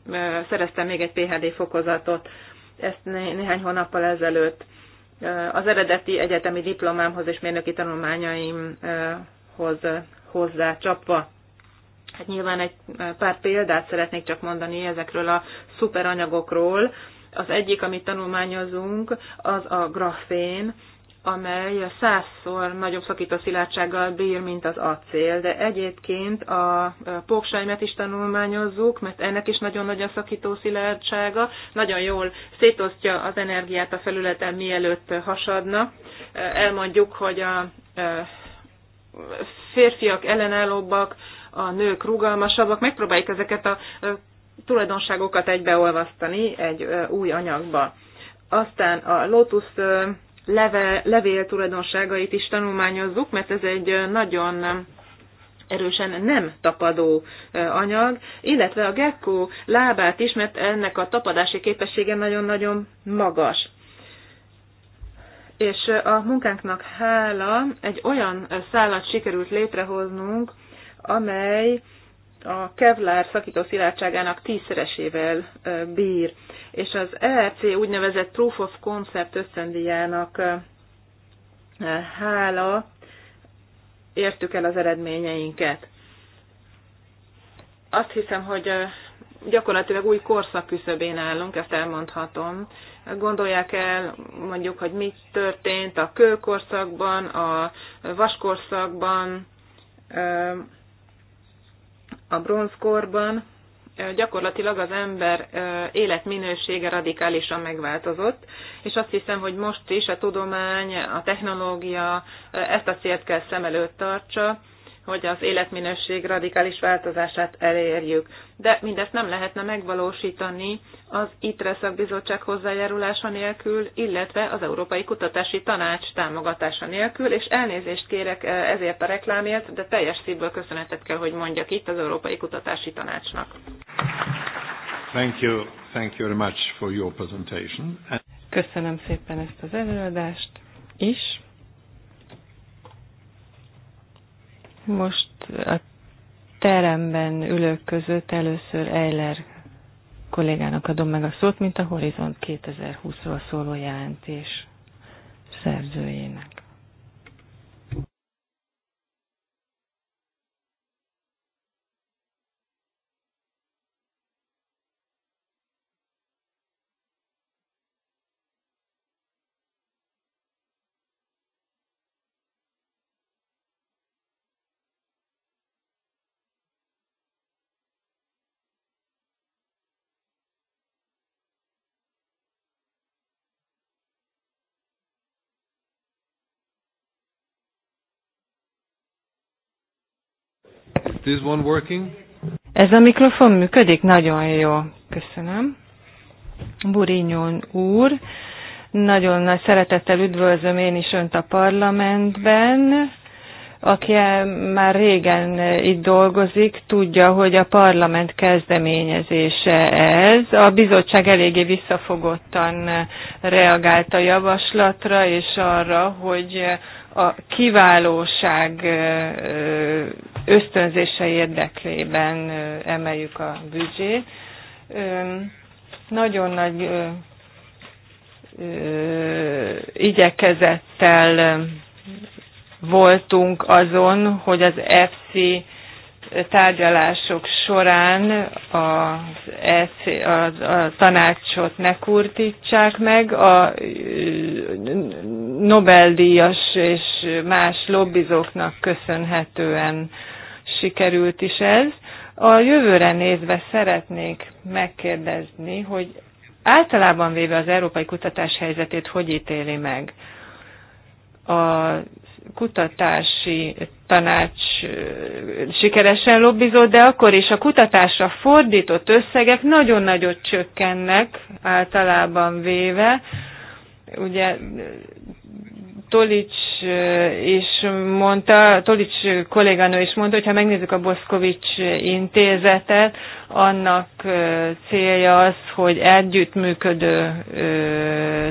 szereztem még egy PhD fokozatot, ezt né- néhány hónappal ezelőtt az eredeti egyetemi diplomámhoz és mérnöki tanulmányaimhoz hozzá csapva. Hát nyilván egy pár példát szeretnék csak mondani ezekről a szuperanyagokról. Az egyik, amit tanulmányozunk, az a grafén, amely százszor nagyobb szakító szilárdsággal bír, mint az acél, de egyébként a póksajmet is tanulmányozzuk, mert ennek is nagyon nagy a szakító szilárdsága, nagyon jól szétosztja az energiát a felületen, mielőtt hasadna. Elmondjuk, hogy a e, férfiak ellenállóbbak, a nők rugalmasabbak, megpróbáljuk ezeket a e, tulajdonságokat egybeolvasztani egy e, új anyagba. Aztán a Lotus leve, levél tulajdonságait is tanulmányozzuk, mert ez egy nagyon erősen nem tapadó anyag, illetve a gekkó lábát is, mert ennek a tapadási képessége nagyon-nagyon magas. És a munkánknak hála egy olyan szállat sikerült létrehoznunk, amely a kevlár szakító szilárdságának tízszeresével bír, és az ERC úgynevezett Proof of Concept összendíjának hála értük el az eredményeinket. Azt hiszem, hogy gyakorlatilag új korszak küszöbén állunk, ezt elmondhatom. Gondolják el mondjuk, hogy mi történt a kőkorszakban, a vaskorszakban, a bronzkorban gyakorlatilag az ember életminősége radikálisan megváltozott, és azt hiszem, hogy most is a tudomány, a technológia ezt a célt kell szem előtt tartsa, hogy az életminőség radikális változását elérjük. De mindezt nem lehetne megvalósítani az ITRE szakbizottság hozzájárulása nélkül, illetve az Európai Kutatási Tanács támogatása nélkül, és elnézést kérek eh, ezért a reklámért, de teljes szívből köszönetet kell, hogy mondjak itt az Európai Kutatási Tanácsnak. Thank you. Thank you very much for your presentation. Köszönöm szépen ezt az előadást is. Most a teremben ülők között először Eiler kollégának adom meg a szót, mint a Horizont 2020-ról szóló jelentés szerzőjének. this one working? Ez a mikrofon működik? Nagyon jó. Köszönöm. Burinyon úr, nagyon nagy szeretettel üdvözlöm én is Önt a parlamentben aki már régen itt dolgozik, tudja, hogy a parlament kezdeményezése ez. A bizottság eléggé visszafogottan reagált a javaslatra, és arra, hogy a kiválóság ösztönzése érdeklében emeljük a büdzsét. Nagyon nagy igyekezettel voltunk azon, hogy az FC tárgyalások során a, a, a tanácsot ne kurtítsák meg, a Nobel-díjas és más lobbizóknak köszönhetően sikerült is ez. A jövőre nézve szeretnék megkérdezni, hogy általában véve az európai kutatás helyzetét hogy ítéli meg? A kutatási tanács sikeresen lobbizott, de akkor is a kutatásra fordított összegek nagyon nagyot csökkennek általában véve. Ugye Tolics is mondta, Tolics kolléganő is mondta, hogy ha megnézzük a Boszkovics intézetet, annak célja az, hogy együttműködő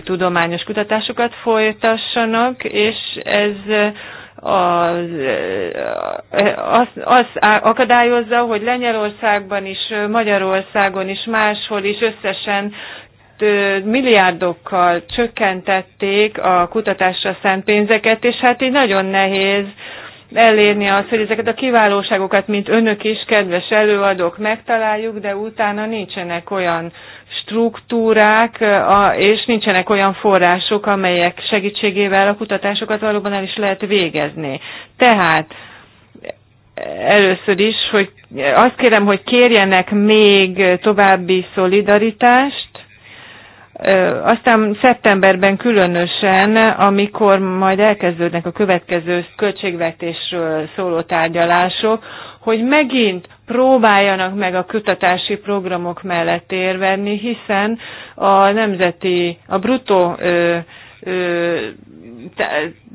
tudományos kutatásokat folytassanak, és ez az, az, az akadályozza, hogy Lengyelországban is, Magyarországon is, máshol is összesen milliárdokkal csökkentették a kutatásra szánt pénzeket, és hát így nagyon nehéz elérni azt, hogy ezeket a kiválóságokat, mint önök is, kedves előadók, megtaláljuk, de utána nincsenek olyan struktúrák, és nincsenek olyan források, amelyek segítségével a kutatásokat valóban el is lehet végezni. Tehát először is, hogy azt kérem, hogy kérjenek még további szolidaritást, aztán szeptemberben különösen, amikor majd elkezdődnek a következő költségvetésről szóló tárgyalások, hogy megint próbáljanak meg a kutatási programok mellett érvenni, hiszen a nemzeti, a bruttó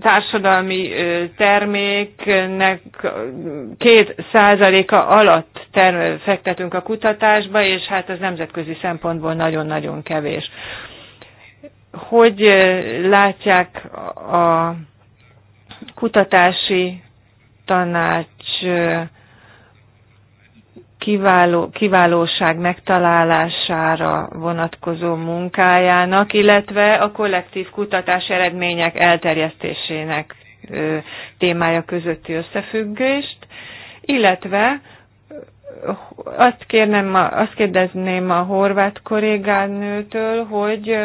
társadalmi terméknek két százaléka alatt fektetünk a kutatásba, és hát ez nemzetközi szempontból nagyon-nagyon kevés. Hogy látják a kutatási tanács kiváló, kiválóság megtalálására vonatkozó munkájának, illetve a kollektív kutatás eredmények elterjesztésének témája közötti összefüggést, illetve azt, kérnem, azt kérdezném a horvát kollégánőtől, hogy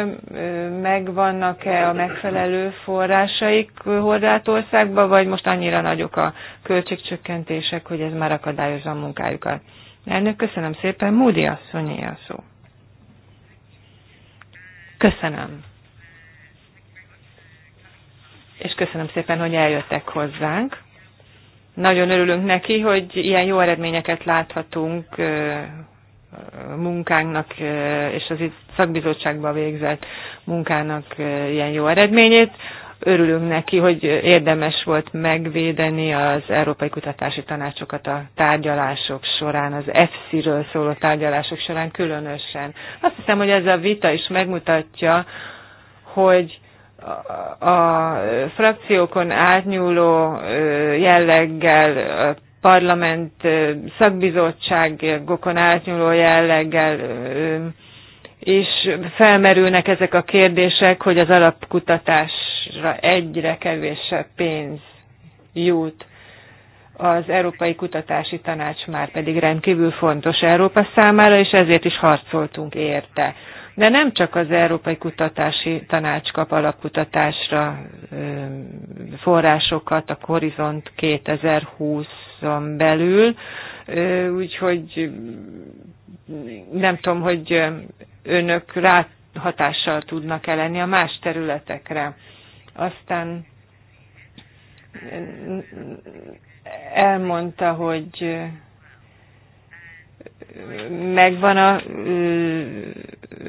megvannak-e a megfelelő forrásaik Horvátországban, vagy most annyira nagyok a költségcsökkentések, hogy ez már akadályozza a munkájukat. Elnök, köszönöm szépen. Múdi asszonyé a szó. Köszönöm. És köszönöm szépen, hogy eljöttek hozzánk. Nagyon örülünk neki, hogy ilyen jó eredményeket láthatunk munkánknak és az itt szakbizottságban végzett munkának ilyen jó eredményét örülünk neki, hogy érdemes volt megvédeni az Európai Kutatási Tanácsokat a tárgyalások során, az EFSZ-ről szóló tárgyalások során különösen. Azt hiszem, hogy ez a vita is megmutatja, hogy a frakciókon átnyúló jelleggel, a parlament szakbizottságokon átnyúló jelleggel és felmerülnek ezek a kérdések, hogy az alapkutatás kutatásra egyre kevésebb pénz jut. Az Európai Kutatási Tanács már pedig rendkívül fontos Európa számára, és ezért is harcoltunk érte. De nem csak az Európai Kutatási Tanács kap alapkutatásra forrásokat a Horizont 2020-on belül, úgyhogy nem tudom, hogy önök rá hatással tudnak elenni a más területekre. Aztán elmondta, hogy megvan a,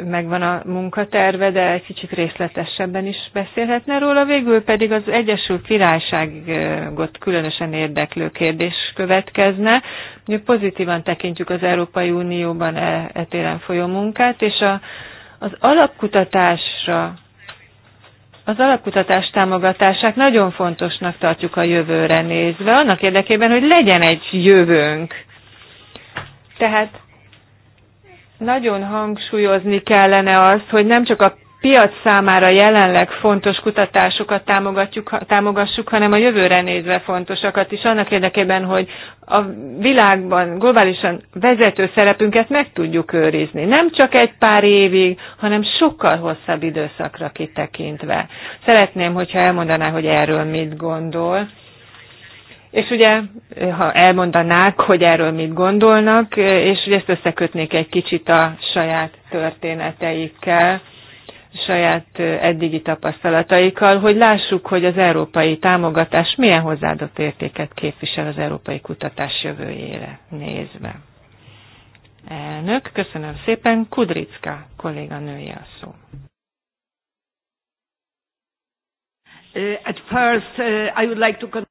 megvan a munkaterve, de egy kicsit részletesebben is beszélhetne róla. Végül pedig az Egyesült Királyságot különösen érdeklő kérdés következne. Mi pozitívan tekintjük az Európai Unióban etéren e folyó munkát, és a, az alapkutatásra az alapkutatás támogatását nagyon fontosnak tartjuk a jövőre nézve, annak érdekében, hogy legyen egy jövőnk. Tehát nagyon hangsúlyozni kellene azt, hogy nem csak a piac számára jelenleg fontos kutatásokat támogatjuk, támogassuk, hanem a jövőre nézve fontosakat is, annak érdekében, hogy a világban globálisan vezető szerepünket meg tudjuk őrizni. Nem csak egy pár évig, hanem sokkal hosszabb időszakra kitekintve. Szeretném, hogyha elmondaná, hogy erről mit gondol. És ugye, ha elmondanák, hogy erről mit gondolnak, és ugye ezt összekötnék egy kicsit a saját történeteikkel saját eddigi tapasztalataikkal, hogy lássuk, hogy az európai támogatás milyen hozzáadott értéket képvisel az európai kutatás jövőjére nézve. Elnök, köszönöm szépen. Kudricka kolléganője a szó. Uh, uh,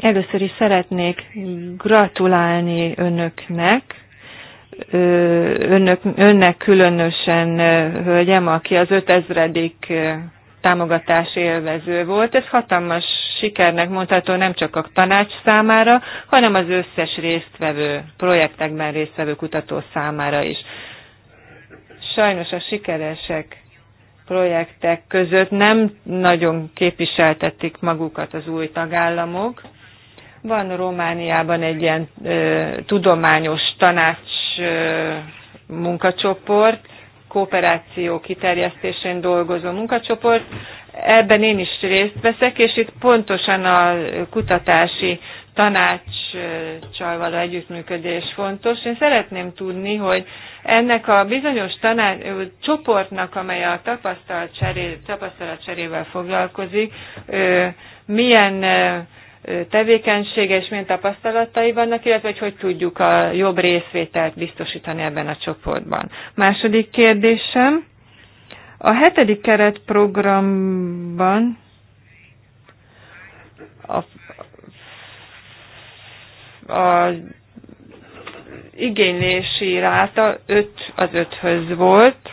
Először is szeretnék gratulálni önöknek önök, önnek különösen, hölgyem, aki az 5000 támogatás élvező volt. Ez hatalmas sikernek mondható nem csak a tanács számára, hanem az összes résztvevő, projektekben résztvevő kutató számára is. Sajnos a sikeresek projektek között nem nagyon képviseltetik magukat az új tagállamok. Van Romániában egy ilyen ö, tudományos tanács munkacsoport, kooperáció kiterjesztésén dolgozó munkacsoport. Ebben én is részt veszek, és itt pontosan a kutatási tanácssal való együttműködés fontos. Én szeretném tudni, hogy ennek a bizonyos tanács, csoportnak, amely a tapasztalatcserével foglalkozik, milyen tevékenysége és milyen tapasztalatai vannak, illetve hogy hogy tudjuk a jobb részvételt biztosítani ebben a csoportban. Második kérdésem. A hetedik keretprogramban a, a igénylési ráta 5 az 5-höz volt,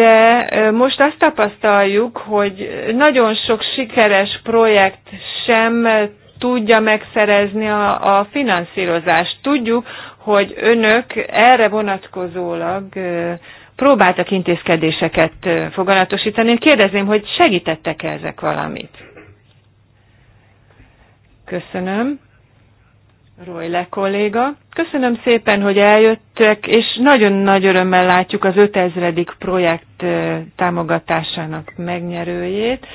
de most azt tapasztaljuk, hogy nagyon sok sikeres projekt sem tudja megszerezni a, a finanszírozást. Tudjuk, hogy önök erre vonatkozólag próbáltak intézkedéseket foganatosítani. Én kérdezném, hogy segítettek -e ezek valamit? Köszönöm. Royle kolléga. Köszönöm szépen, hogy eljöttek, és nagyon nagy örömmel látjuk az 5000. projekt támogatásának megnyerőjét,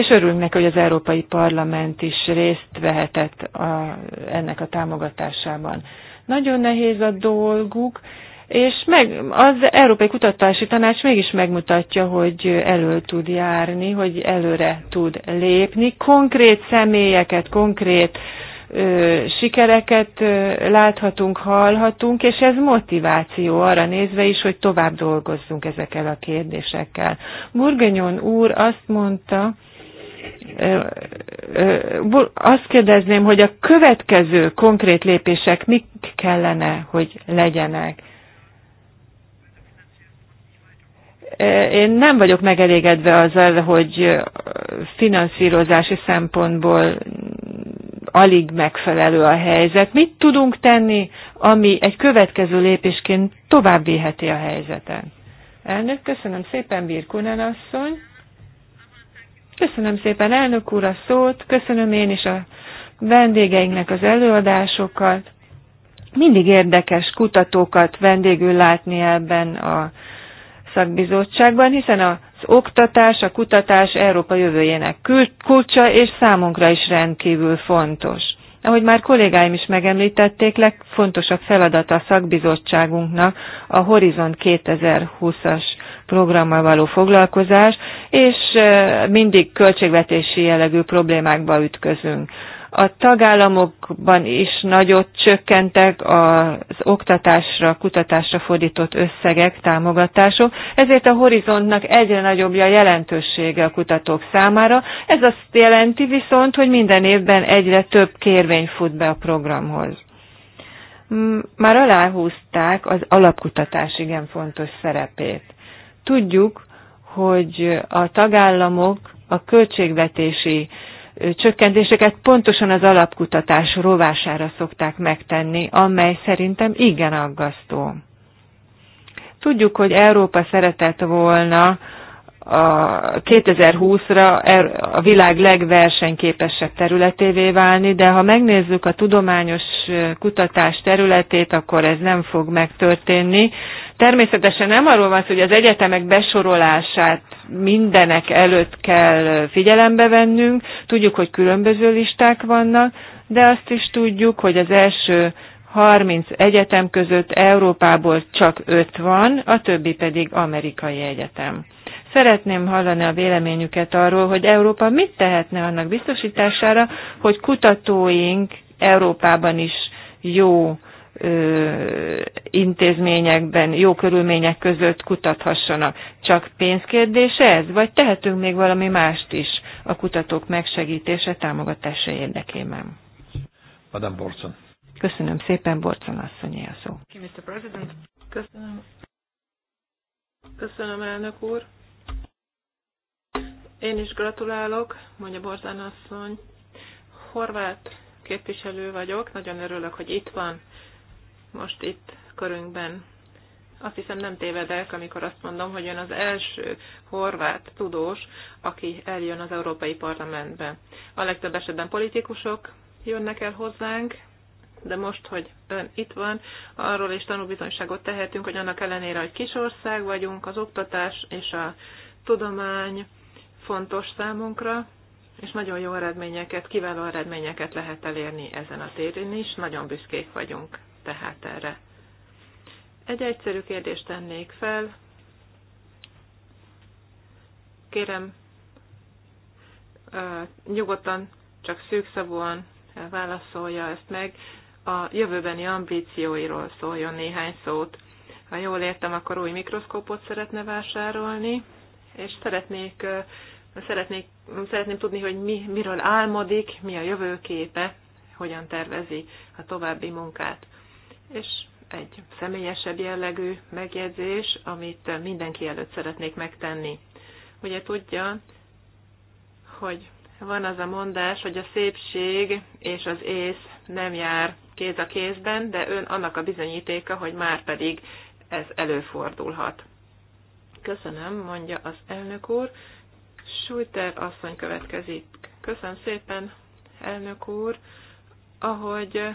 és örülünk neki, hogy az Európai Parlament is részt vehetett a, ennek a támogatásában. Nagyon nehéz a dolguk, és meg, az Európai Kutatási Tanács mégis megmutatja, hogy elő tud járni, hogy előre tud lépni. Konkrét személyeket, konkrét uh, sikereket láthatunk, hallhatunk, és ez motiváció arra nézve is, hogy tovább dolgozzunk ezekkel a kérdésekkel. Burgonyon úr azt mondta, azt kérdezném, hogy a következő konkrét lépések mik kellene, hogy legyenek Én nem vagyok megelégedve azzal, hogy finanszírozási szempontból alig megfelelő a helyzet. Mit tudunk tenni, ami egy következő lépésként tovább viheti a helyzeten? Elnök, köszönöm szépen, Birkunen asszony. Köszönöm szépen, elnök úr, a szót. Köszönöm én is a vendégeinknek az előadásokat. Mindig érdekes kutatókat vendégül látni ebben a szakbizottságban, hiszen az oktatás, a kutatás Európa jövőjének kulcsa, és számunkra is rendkívül fontos. Ahogy már kollégáim is megemlítették, legfontosabb feladata a szakbizottságunknak a Horizont 2020-as programmal való foglalkozás, és eh, mindig költségvetési jellegű problémákba ütközünk. A tagállamokban is nagyot csökkentek az oktatásra, kutatásra fordított összegek, támogatások, ezért a horizontnak egyre nagyobb a jelentősége a kutatók számára. Ez azt jelenti viszont, hogy minden évben egyre több kérvény fut be a programhoz. Már aláhúzták az alapkutatás igen fontos szerepét. Tudjuk, hogy a tagállamok a költségvetési csökkentéseket pontosan az alapkutatás rovására szokták megtenni, amely szerintem igen aggasztó. Tudjuk, hogy Európa szeretett volna a 2020-ra er, a világ legversenyképesebb területévé válni, de ha megnézzük a tudományos kutatás területét, akkor ez nem fog megtörténni. Természetesen nem arról van szó, hogy az egyetemek besorolását mindenek előtt kell figyelembe vennünk. Tudjuk, hogy különböző listák vannak, de azt is tudjuk, hogy az első 30 egyetem között Európából csak 5 van, a többi pedig amerikai egyetem. Szeretném hallani a véleményüket arról, hogy Európa mit tehetne annak biztosítására, hogy kutatóink Európában is jó intézményekben, jó körülmények között kutathassanak. Csak pénzkérdése ez, vagy tehetünk még valami mást is a kutatók megsegítése, támogatása érdekében? Madam Borson. Köszönöm szépen, Borcon asszonyé a szó. Mr. President. Köszönöm. Köszönöm, elnök úr. Én is gratulálok, mondja Borzán asszony. Horvát képviselő vagyok, nagyon örülök, hogy itt van most itt körünkben. Azt hiszem nem tévedek, amikor azt mondom, hogy ön az első horvát tudós, aki eljön az Európai Parlamentbe. A legtöbb esetben politikusok jönnek el hozzánk, de most, hogy ön itt van, arról is tanúbizonyságot tehetünk, hogy annak ellenére, hogy kis ország vagyunk, az oktatás és a tudomány fontos számunkra, és nagyon jó eredményeket, kiváló eredményeket lehet elérni ezen a téren is, nagyon büszkék vagyunk tehát erre. Egy egyszerű kérdést tennék fel. Kérem, nyugodtan, csak szűkszavúan válaszolja ezt meg. A jövőbeni ambícióiról szóljon néhány szót. Ha jól értem, akkor új mikroszkópot szeretne vásárolni, és szeretnék, szeretnék, szeretném tudni, hogy mi, miről álmodik, mi a jövőképe, hogyan tervezi a további munkát. És egy személyesebb jellegű megjegyzés, amit mindenki előtt szeretnék megtenni. Ugye tudja, hogy van az a mondás, hogy a szépség és az ész nem jár kéz a kézben, de ön annak a bizonyítéka, hogy már pedig ez előfordulhat. Köszönöm, mondja az elnök úr. Schulter asszony következik. Köszönöm szépen, elnök úr. Ahogy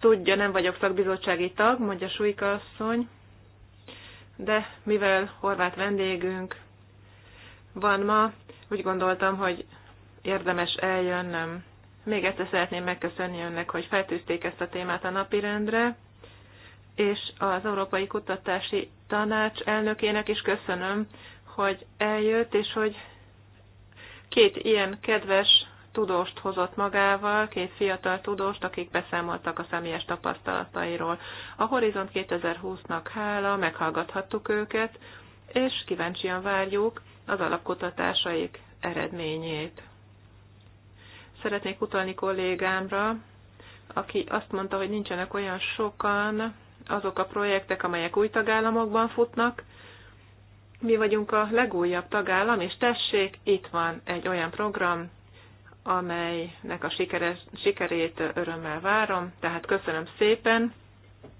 tudja, nem vagyok szakbizottsági tag, mondja Suika asszony, de mivel horvát vendégünk van ma, úgy gondoltam, hogy érdemes eljönnöm. Még egyszer szeretném megköszönni önnek, hogy feltűzték ezt a témát a napirendre, és az Európai Kutatási Tanács elnökének is köszönöm, hogy eljött, és hogy két ilyen kedves tudóst hozott magával, két fiatal tudóst, akik beszámoltak a személyes tapasztalatairól. A Horizont 2020-nak hála, meghallgathattuk őket, és kíváncsian várjuk az alapkutatásaik eredményét. Szeretnék utalni kollégámra, aki azt mondta, hogy nincsenek olyan sokan azok a projektek, amelyek új tagállamokban futnak, mi vagyunk a legújabb tagállam, és tessék, itt van egy olyan program, amelynek a sikeres, sikerét örömmel várom. Tehát köszönöm szépen.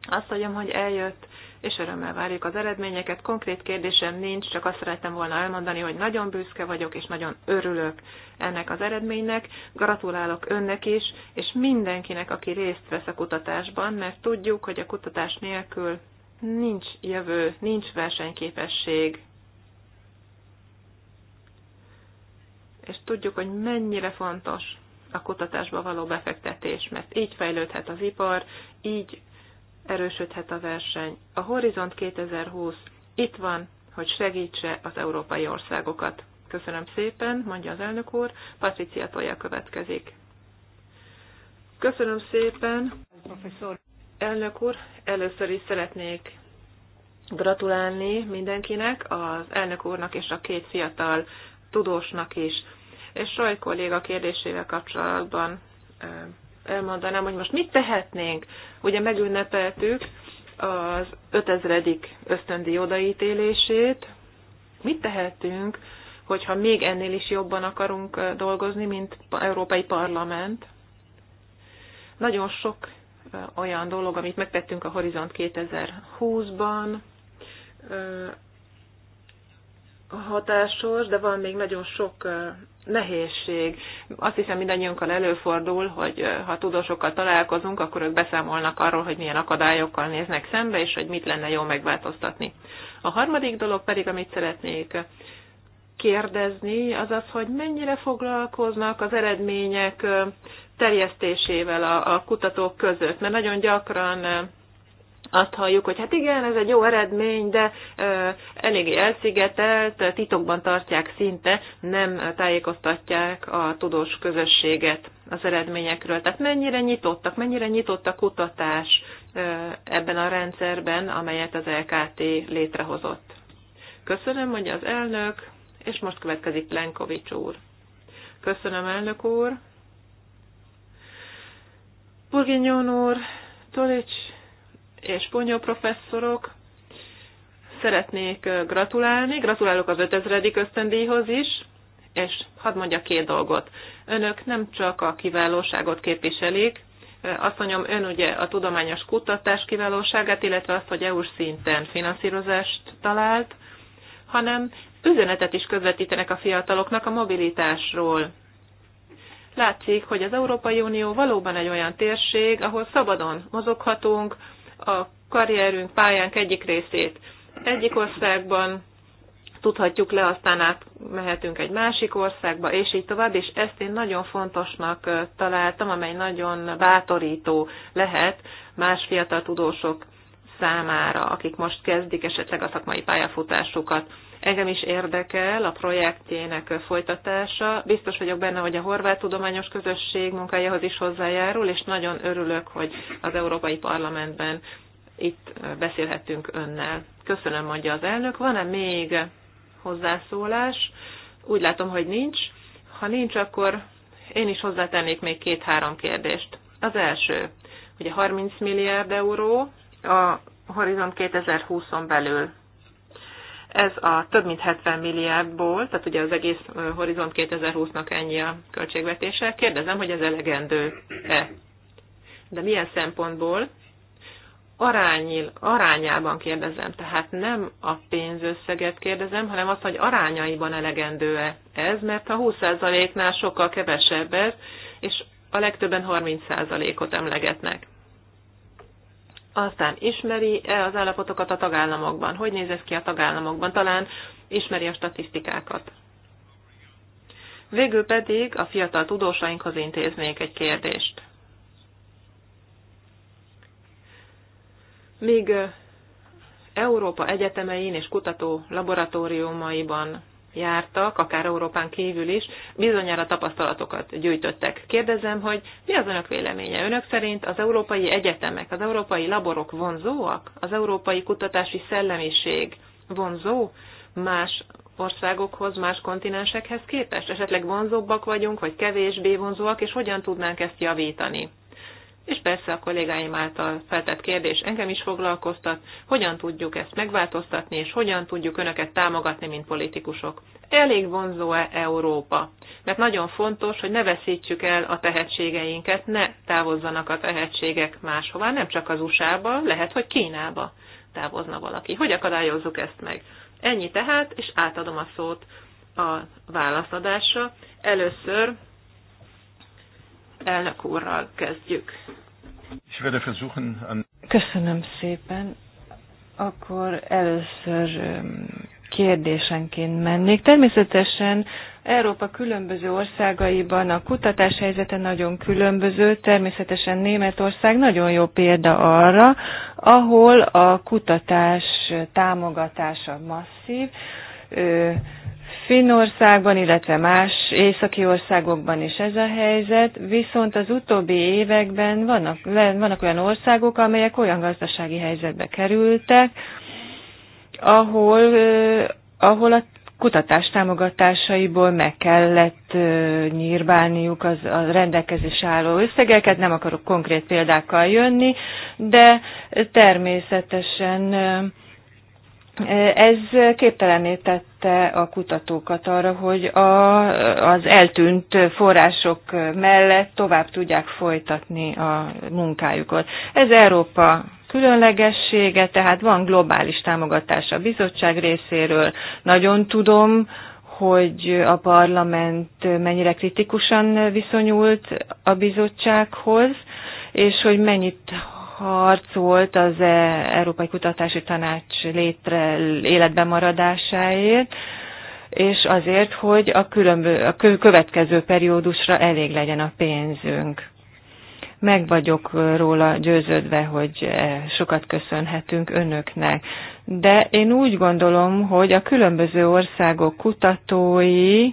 Azt mondjam, hogy eljött, és örömmel várjuk az eredményeket. Konkrét kérdésem nincs, csak azt szerettem volna elmondani, hogy nagyon büszke vagyok, és nagyon örülök ennek az eredménynek. Gratulálok önnek is, és mindenkinek, aki részt vesz a kutatásban, mert tudjuk, hogy a kutatás nélkül nincs jövő, nincs versenyképesség és tudjuk, hogy mennyire fontos a kutatásba való befektetés, mert így fejlődhet az ipar, így erősödhet a verseny. A Horizont 2020 itt van, hogy segítse az európai országokat. Köszönöm szépen, mondja az elnök úr, Patricia Tolja következik. Köszönöm szépen, professzor. Elnök úr, először is szeretnék gratulálni mindenkinek, az elnök úrnak és a két fiatal tudósnak is. És Roy kolléga kérdésével kapcsolatban elmondanám, hogy most mit tehetnénk. Ugye megünnepeltük az 5000. ösztöndi odaítélését. Mit tehetünk, hogyha még ennél is jobban akarunk dolgozni, mint Európai Parlament? Nagyon sok olyan dolog, amit megtettünk a Horizont 2020-ban, hatásos, de van még nagyon sok nehézség. Azt hiszem mindannyiunkkal előfordul, hogy ha tudósokkal találkozunk, akkor ők beszámolnak arról, hogy milyen akadályokkal néznek szembe, és hogy mit lenne jó megváltoztatni. A harmadik dolog pedig, amit szeretnék kérdezni, az az, hogy mennyire foglalkoznak az eredmények terjesztésével a, a kutatók között, mert nagyon gyakran azt halljuk, hogy hát igen, ez egy jó eredmény, de ö, eléggé elszigetelt, titokban tartják szinte, nem tájékoztatják a tudós közösséget az eredményekről. Tehát mennyire nyitottak, mennyire nyitott a kutatás ö, ebben a rendszerben, amelyet az LKT létrehozott. Köszönöm, hogy az elnök, és most következik Lenkovics úr. Köszönöm, elnök úr. Burginyon úr, Tolics és Ponyó professzorok. Szeretnék gratulálni, gratulálok az 5000. ösztöndíjhoz is, és hadd mondja két dolgot. Önök nem csak a kiválóságot képviselik, azt mondjam, ön ugye a tudományos kutatás kiválóságát, illetve azt, hogy EU-s szinten finanszírozást talált, hanem üzenetet is közvetítenek a fiataloknak a mobilitásról. Látszik, hogy az Európai Unió valóban egy olyan térség, ahol szabadon mozoghatunk, a karrierünk, pályánk egyik részét egyik országban tudhatjuk le, aztán át mehetünk egy másik országba, és így tovább, és ezt én nagyon fontosnak találtam, amely nagyon bátorító lehet más fiatal tudósok számára, akik most kezdik esetleg a szakmai pályafutásukat. Engem is érdekel a projektjének folytatása. Biztos vagyok benne, hogy a horvát tudományos közösség munkájához is hozzájárul, és nagyon örülök, hogy az Európai Parlamentben itt beszélhetünk önnel. Köszönöm, mondja az elnök. Van-e még hozzászólás? Úgy látom, hogy nincs. Ha nincs, akkor én is hozzátennék még két-három kérdést. Az első, ugye 30 milliárd euró a Horizont 2020-on belül ez a több mint 70 milliárdból, tehát ugye az egész Horizont 2020-nak ennyi a költségvetése. Kérdezem, hogy ez elegendő-e? De milyen szempontból? arányil, arányában kérdezem, tehát nem a pénzösszeget kérdezem, hanem azt, hogy arányaiban elegendő-e ez, mert a 20%-nál sokkal kevesebb ez, és a legtöbben 30%-ot emlegetnek. Aztán ismeri-e az állapotokat a tagállamokban? Hogy néz ez ki a tagállamokban? Talán ismeri a statisztikákat. Végül pedig a fiatal tudósainkhoz intéznék egy kérdést. Míg Európa egyetemein és kutató laboratóriumaiban jártak, akár Európán kívül is, bizonyára tapasztalatokat gyűjtöttek. Kérdezem, hogy mi az önök véleménye? Önök szerint az európai egyetemek, az európai laborok vonzóak? Az európai kutatási szellemiség vonzó más országokhoz, más kontinensekhez képest? Esetleg vonzóbbak vagyunk, vagy kevésbé vonzóak, és hogyan tudnánk ezt javítani? és persze a kollégáim által feltett kérdés engem is foglalkoztat, hogyan tudjuk ezt megváltoztatni, és hogyan tudjuk önöket támogatni, mint politikusok. Elég vonzó-e Európa? Mert nagyon fontos, hogy ne veszítsük el a tehetségeinket, ne távozzanak a tehetségek máshová, nem csak az USA-ba, lehet, hogy Kínába távozna valaki. Hogy akadályozzuk ezt meg? Ennyi tehát, és átadom a szót a válaszadásra. Először elnök úrral kezdjük. Köszönöm szépen. Akkor először kérdésenként mennék. Természetesen Európa különböző országaiban a kutatás helyzete nagyon különböző, természetesen Németország nagyon jó példa arra, ahol a kutatás támogatása masszív, Finnországban, illetve más északi országokban is ez a helyzet, viszont az utóbbi években vannak, vannak olyan országok, amelyek olyan gazdasági helyzetbe kerültek, ahol, ahol a kutatás támogatásaiból meg kellett nyírbálniuk az a rendelkezés álló összegeket, nem akarok konkrét példákkal jönni, de természetesen ez képtelenített tett felkérte a kutatókat arra, hogy a, az eltűnt források mellett tovább tudják folytatni a munkájukat. Ez Európa különlegessége, tehát van globális támogatás a bizottság részéről. Nagyon tudom, hogy a parlament mennyire kritikusan viszonyult a bizottsághoz, és hogy mennyit harcolt az e- Európai Kutatási Tanács létre életben maradásáért, és azért, hogy a, különbö, a következő periódusra elég legyen a pénzünk. Meg vagyok róla győződve, hogy e sokat köszönhetünk önöknek. De én úgy gondolom, hogy a különböző országok kutatói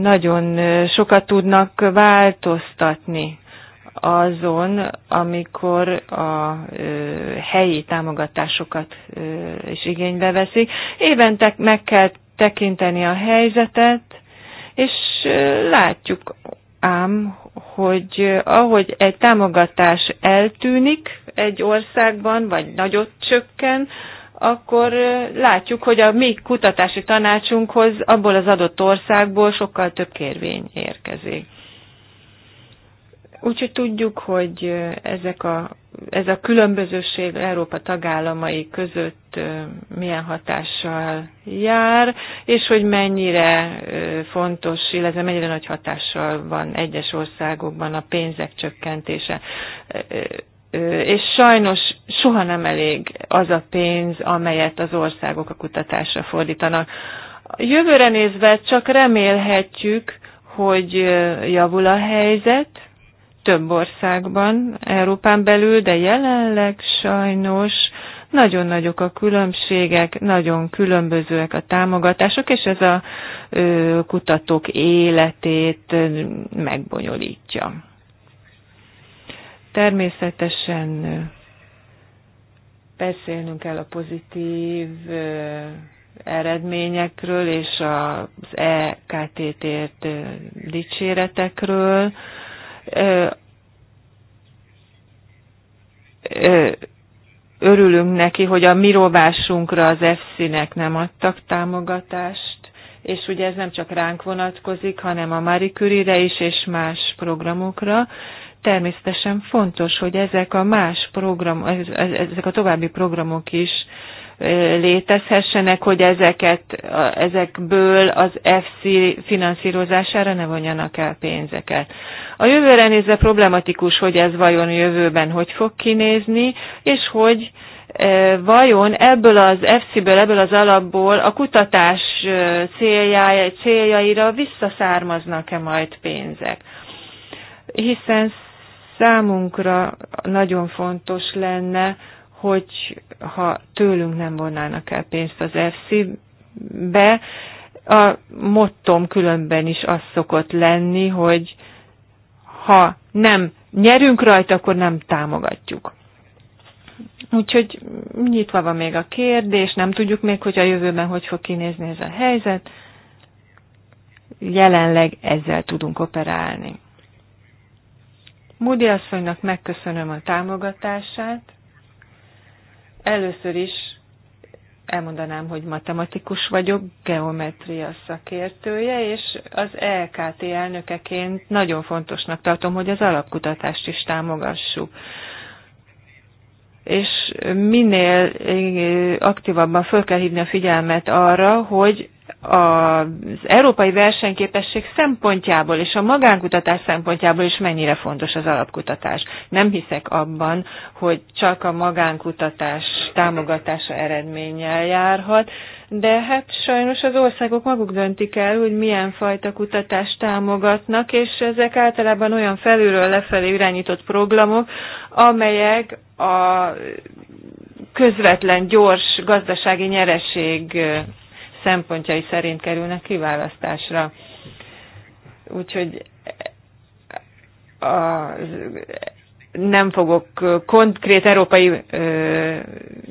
nagyon sokat tudnak változtatni azon, amikor a helyi támogatásokat is igénybe veszik. Évente meg kell tekinteni a helyzetet, és látjuk ám, hogy ahogy egy támogatás eltűnik egy országban, vagy nagyot csökken, akkor látjuk, hogy a mi kutatási tanácsunkhoz abból az adott országból sokkal több kérvény érkezik. Úgyhogy tudjuk, hogy ezek a, ez a különbözőség Európa tagállamai között milyen hatással jár, és hogy mennyire fontos, illetve mennyire nagy hatással van egyes országokban a pénzek csökkentése. És sajnos soha nem elég az a pénz, amelyet az országok a kutatásra fordítanak. Jövőre nézve csak remélhetjük, hogy javul a helyzet, több országban, Európán belül, de jelenleg sajnos nagyon nagyok a különbségek, nagyon különbözőek a támogatások, és ez a ö, kutatók életét megbonyolítja. Természetesen beszélnünk kell a pozitív eredményekről és az EKTT-ért dicséretekről, örülünk neki, hogy a mi rovásunkra az EFSZ-nek nem adtak támogatást, és ugye ez nem csak ránk vonatkozik, hanem a Marie Curie-re is, és más programokra. Természetesen fontos, hogy ezek a más program, ezek a további programok is létezhessenek, hogy ezeket, ezekből az FC finanszírozására ne vonjanak el pénzeket. A jövőre nézve problematikus, hogy ez vajon jövőben hogy fog kinézni, és hogy vajon ebből az fc ből ebből az alapból a kutatás céljája, céljaira visszaszármaznak-e majd pénzek. Hiszen számunkra nagyon fontos lenne, hogy ha tőlünk nem vonnának el pénzt az FC-be, a mottom különben is az szokott lenni, hogy ha nem nyerünk rajta, akkor nem támogatjuk. Úgyhogy nyitva van még a kérdés, nem tudjuk még, hogy a jövőben hogy fog kinézni ez a helyzet. Jelenleg ezzel tudunk operálni. Múdi asszonynak megköszönöm a támogatását, Először is elmondanám, hogy matematikus vagyok, geometria szakértője, és az LKT e elnökeként nagyon fontosnak tartom, hogy az alapkutatást is támogassuk. És minél eh, aktívabban föl kell hívni a figyelmet arra, hogy az európai versenyképesség szempontjából és a magánkutatás szempontjából is mennyire fontos az alapkutatás. Nem hiszek abban, hogy csak a magánkutatás támogatása eredménnyel járhat, de hát sajnos az országok maguk döntik el, hogy milyen fajta kutatást támogatnak, és ezek általában olyan felülről lefelé irányított programok, amelyek a közvetlen, gyors gazdasági nyereség szempontjai szerint kerülnek kiválasztásra. Úgyhogy a, nem fogok konkrét európai ö,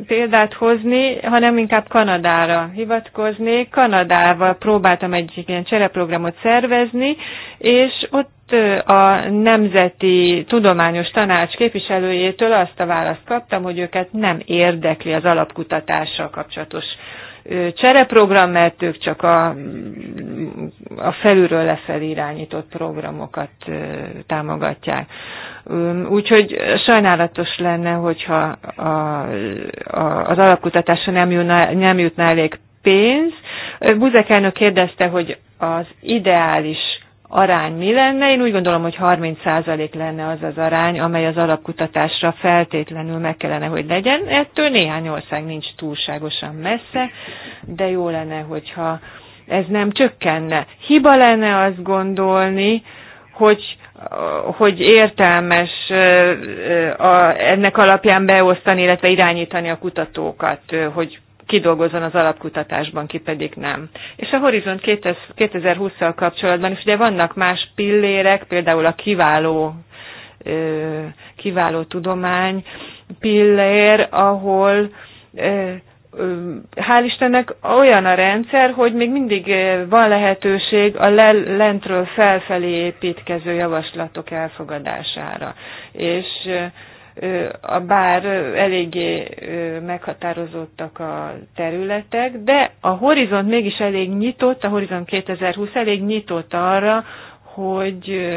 példát hozni, hanem inkább Kanadára hivatkoznék. Kanadával próbáltam egy ilyen csereprogramot szervezni, és ott a Nemzeti Tudományos Tanács képviselőjétől azt a választ kaptam, hogy őket nem érdekli az alapkutatással kapcsolatos csereprogram, mert ők csak a, a felülről lefelé irányított programokat támogatják. Úgyhogy sajnálatos lenne, hogyha a, a, az alapkutatásra nem nem jutna elég pénz. Buzek elnök kérdezte, hogy az ideális arány mi lenne? Én úgy gondolom, hogy 30% lenne az az arány, amely az alapkutatásra feltétlenül meg kellene, hogy legyen. Ettől néhány ország nincs túlságosan messze, de jó lenne, hogyha ez nem csökkenne. Hiba lenne azt gondolni, hogy hogy értelmes ennek alapján beosztani, illetve irányítani a kutatókat, hogy kidolgozzon az alapkutatásban, ki pedig nem. És a Horizont 2020-szal kapcsolatban is ugye vannak más pillérek, például a kiváló kiváló tudomány pillér, ahol hál' Istennek olyan a rendszer, hogy még mindig van lehetőség a lentről felfelé építkező javaslatok elfogadására. És bár eléggé meghatározottak a területek, de a horizont mégis elég nyitott, a horizont 2020 elég nyitott arra, hogy,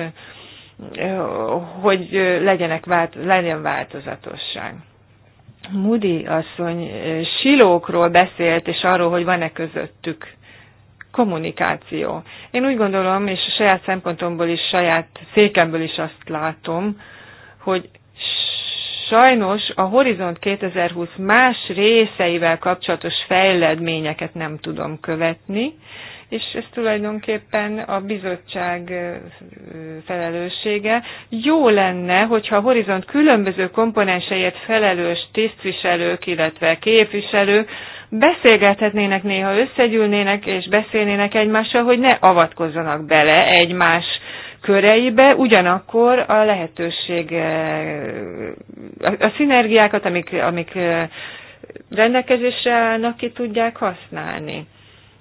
hogy legyenek, legyen változatosság. Mudi asszony silókról beszélt, és arról, hogy van-e közöttük kommunikáció. Én úgy gondolom, és a saját szempontomból is, saját székemből is azt látom, hogy sajnos a Horizont 2020 más részeivel kapcsolatos fejledményeket nem tudom követni, és ez tulajdonképpen a bizottság felelőssége. Jó lenne, hogyha a Horizont különböző komponenseiért felelős tisztviselők, illetve képviselők beszélgethetnének néha, összegyűlnének és beszélnének egymással, hogy ne avatkozzanak bele egymás köreibe, ugyanakkor a lehetőség, eh, a szinergiákat, amik, amik eh, rendelkezésre állnak, ki tudják használni.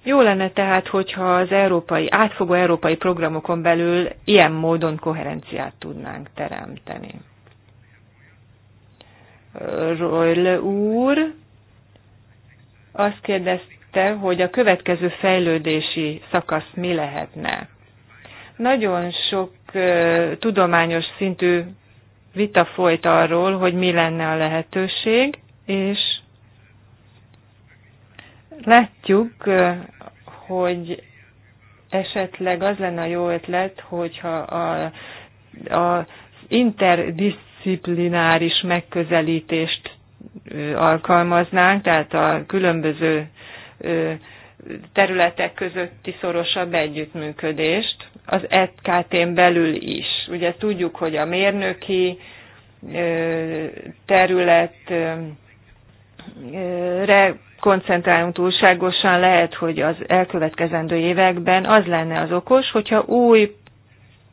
Jó lenne tehát, hogyha az európai, átfogó európai programokon belül ilyen módon koherenciát tudnánk teremteni. Royle úr azt kérdezte, hogy a következő fejlődési szakasz mi lehetne. Nagyon sok tudományos szintű vita folyt arról, hogy mi lenne a lehetőség, és látjuk, hogy esetleg az lenne a jó ötlet, hogyha a, a interdisziplináris megközelítést alkalmaznánk, tehát a különböző területek közötti szorosabb együttműködést, az EKT-n belül is. Ugye tudjuk, hogy a mérnöki területre koncentrálunk túlságosan, lehet, hogy az elkövetkezendő években az lenne az okos, hogyha új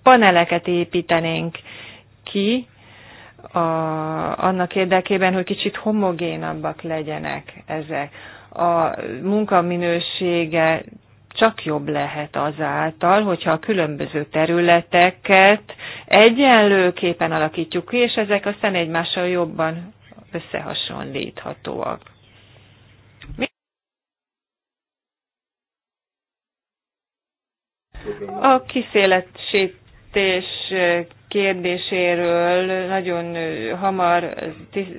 paneleket építenénk ki, a, annak érdekében, hogy kicsit homogénabbak legyenek ezek. A munkaminősége csak jobb lehet azáltal, hogyha a különböző területeket egyenlőképpen alakítjuk ki, és ezek aztán egymással jobban összehasonlíthatóak. A kiszélesítés kérdéséről nagyon hamar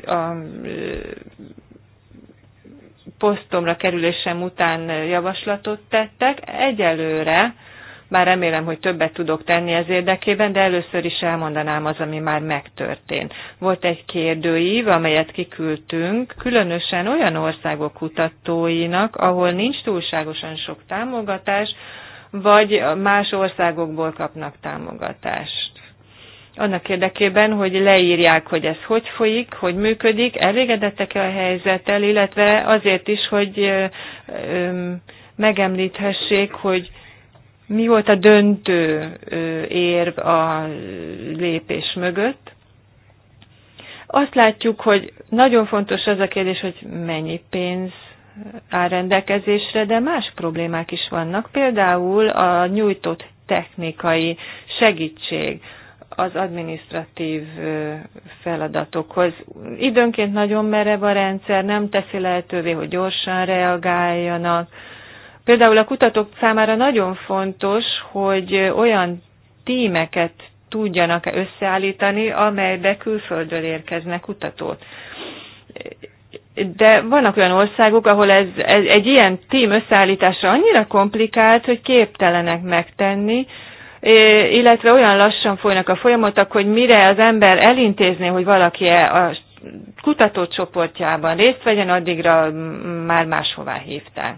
a posztomra kerülésem után javaslatot tettek. Egyelőre, bár remélem, hogy többet tudok tenni ez érdekében, de először is elmondanám az, ami már megtörtént. Volt egy kérdőív, amelyet kiküldtünk, különösen olyan országok kutatóinak, ahol nincs túlságosan sok támogatás, vagy más országokból kapnak támogatást annak érdekében, hogy leírják, hogy ez hogy folyik, hogy működik, elégedettek-e a helyzettel, illetve azért is, hogy megemlíthessék, hogy mi volt a döntő érv a lépés mögött. Azt látjuk, hogy nagyon fontos az a kérdés, hogy mennyi pénz áll rendelkezésre, de más problémák is vannak, például a nyújtott technikai segítség az administratív feladatokhoz. Időnként nagyon merev a rendszer, nem teszi lehetővé, hogy gyorsan reagáljanak. Például a kutatók számára nagyon fontos, hogy olyan tímeket tudjanak összeállítani, amelybe külföldről érkeznek kutatót. De vannak olyan országok, ahol ez, ez egy ilyen tím összeállítása annyira komplikált, hogy képtelenek megtenni, illetve olyan lassan folynak a folyamatok, hogy mire az ember elintézné, hogy valaki -e a kutatócsoportjában részt vegyen, addigra már máshová hívták.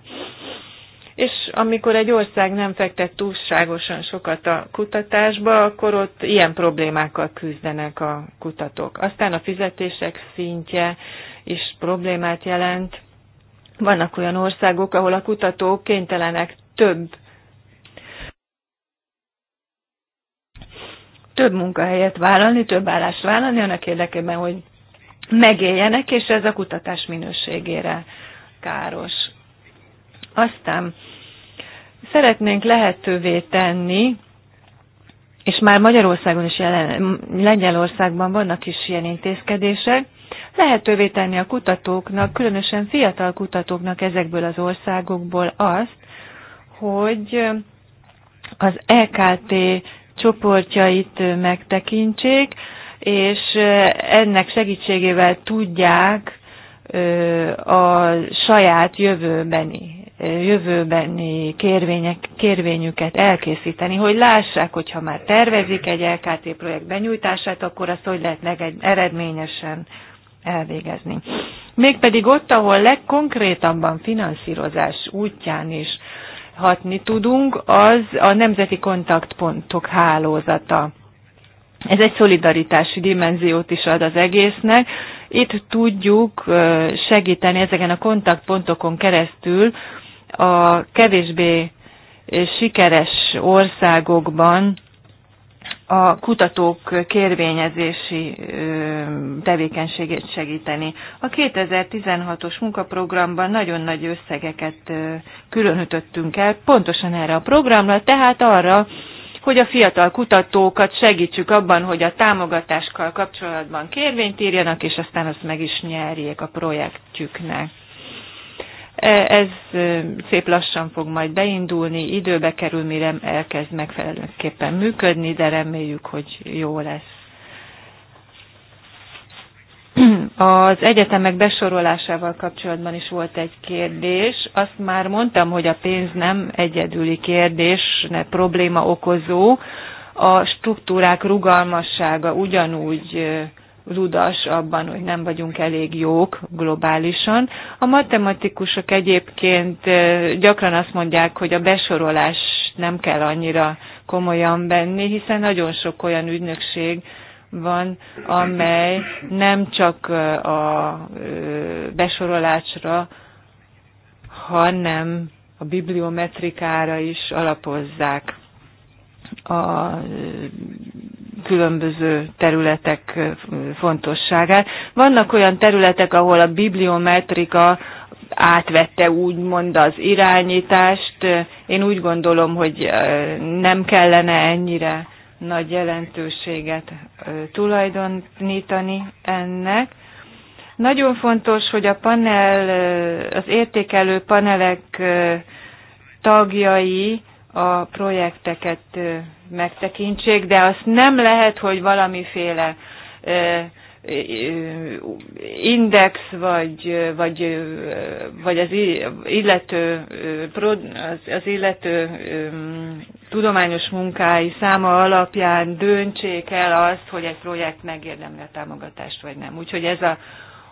És amikor egy ország nem fektet túlságosan sokat a kutatásba, akkor ott ilyen problémákkal küzdenek a kutatók. Aztán a fizetések szintje is problémát jelent. Vannak olyan országok, ahol a kutatók kénytelenek több több munkahelyet vállalni, több állást vállalni, annak érdekében, hogy megéljenek, és ez a kutatás minőségére káros. Aztán szeretnénk lehetővé tenni, és már Magyarországon is jelen, Lengyelországban vannak is ilyen intézkedések, lehetővé tenni a kutatóknak, különösen fiatal kutatóknak ezekből az országokból azt, hogy az EKT csoportjait megtekintsék, és ennek segítségével tudják a saját jövőbeni jövőbeni kérvények, kérvényüket elkészíteni, hogy lássák, hogyha már tervezik egy LKT projekt benyújtását, akkor azt hogy lehet eredményesen elvégezni. Mégpedig ott, ahol legkonkrétabban finanszírozás útján is hatni tudunk, az a Nemzeti Kontaktpontok hálózata. Ez egy szolidaritási dimenziót is ad az egésznek. Itt tudjuk segíteni ezeken a kontaktpontokon keresztül a kevésbé sikeres országokban a kutatók kérvényezési tevékenységét segíteni. A 2016-os munkaprogramban nagyon nagy összegeket különítettünk el pontosan erre a programra, tehát arra, hogy a fiatal kutatókat segítsük abban, hogy a támogatáskal kapcsolatban kérvényt írjanak, és aztán azt meg is nyerjék a projektjüknek. E, ez szép lassan fog majd beindulni, időbe kerül, mire elkezd megfelelőképpen működni, de reméljük, hogy jó lesz. Az egyetemek besorolásával kapcsolatban is volt egy kérdés. Azt már mondtam, hogy a pénz nem egyedüli kérdés, ne probléma okozó. A struktúrák rugalmassága ugyanúgy ludas abban, hogy nem vagyunk elég jók globálisan. A matematikusok egyébként gyakran azt mondják, hogy a besorolás nem kell annyira komolyan venni, hiszen nagyon sok olyan ügynökség van, amely nem csak a besorolásra, hanem a bibliometrikára is alapozzák a különböző területek fontosságát. Vannak olyan területek, ahol a bibliometrika átvette úgymond az irányítást. Én úgy gondolom, hogy nem kellene ennyire nagy jelentőséget tulajdonítani ennek. Nagyon fontos, hogy a panel, az értékelő panelek tagjai a projekteket megtekintsék, de azt nem lehet, hogy valamiféle index, vagy, vagy, vagy az illető, az illető tudományos munkái száma alapján döntsék el azt, hogy egy projekt megérdemli a támogatást, vagy nem. Úgyhogy ez a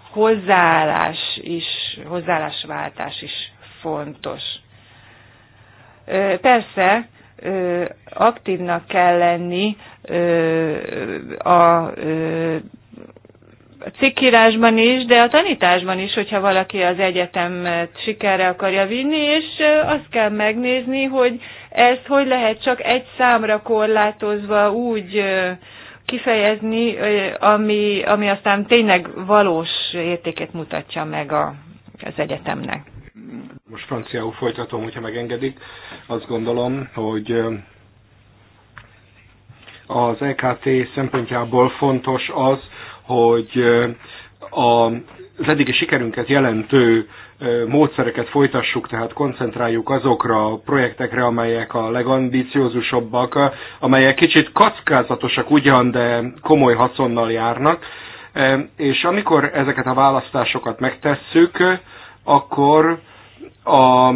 hozzáállás is, hozzáállásváltás is fontos. Persze, aktívnak kell lenni a a cikkírásban is, de a tanításban is, hogyha valaki az egyetemet sikerre akarja vinni, és azt kell megnézni, hogy ezt hogy lehet csak egy számra korlátozva úgy kifejezni, ami, ami aztán tényleg valós értéket mutatja meg a, az egyetemnek most franciául folytatom, hogyha megengedik, azt gondolom, hogy az EKT szempontjából fontos az, hogy az eddigi sikerünket jelentő módszereket folytassuk, tehát koncentráljuk azokra a projektekre, amelyek a legambiciózusabbak, amelyek kicsit kockázatosak ugyan, de komoly haszonnal járnak. És amikor ezeket a választásokat megtesszük, akkor a,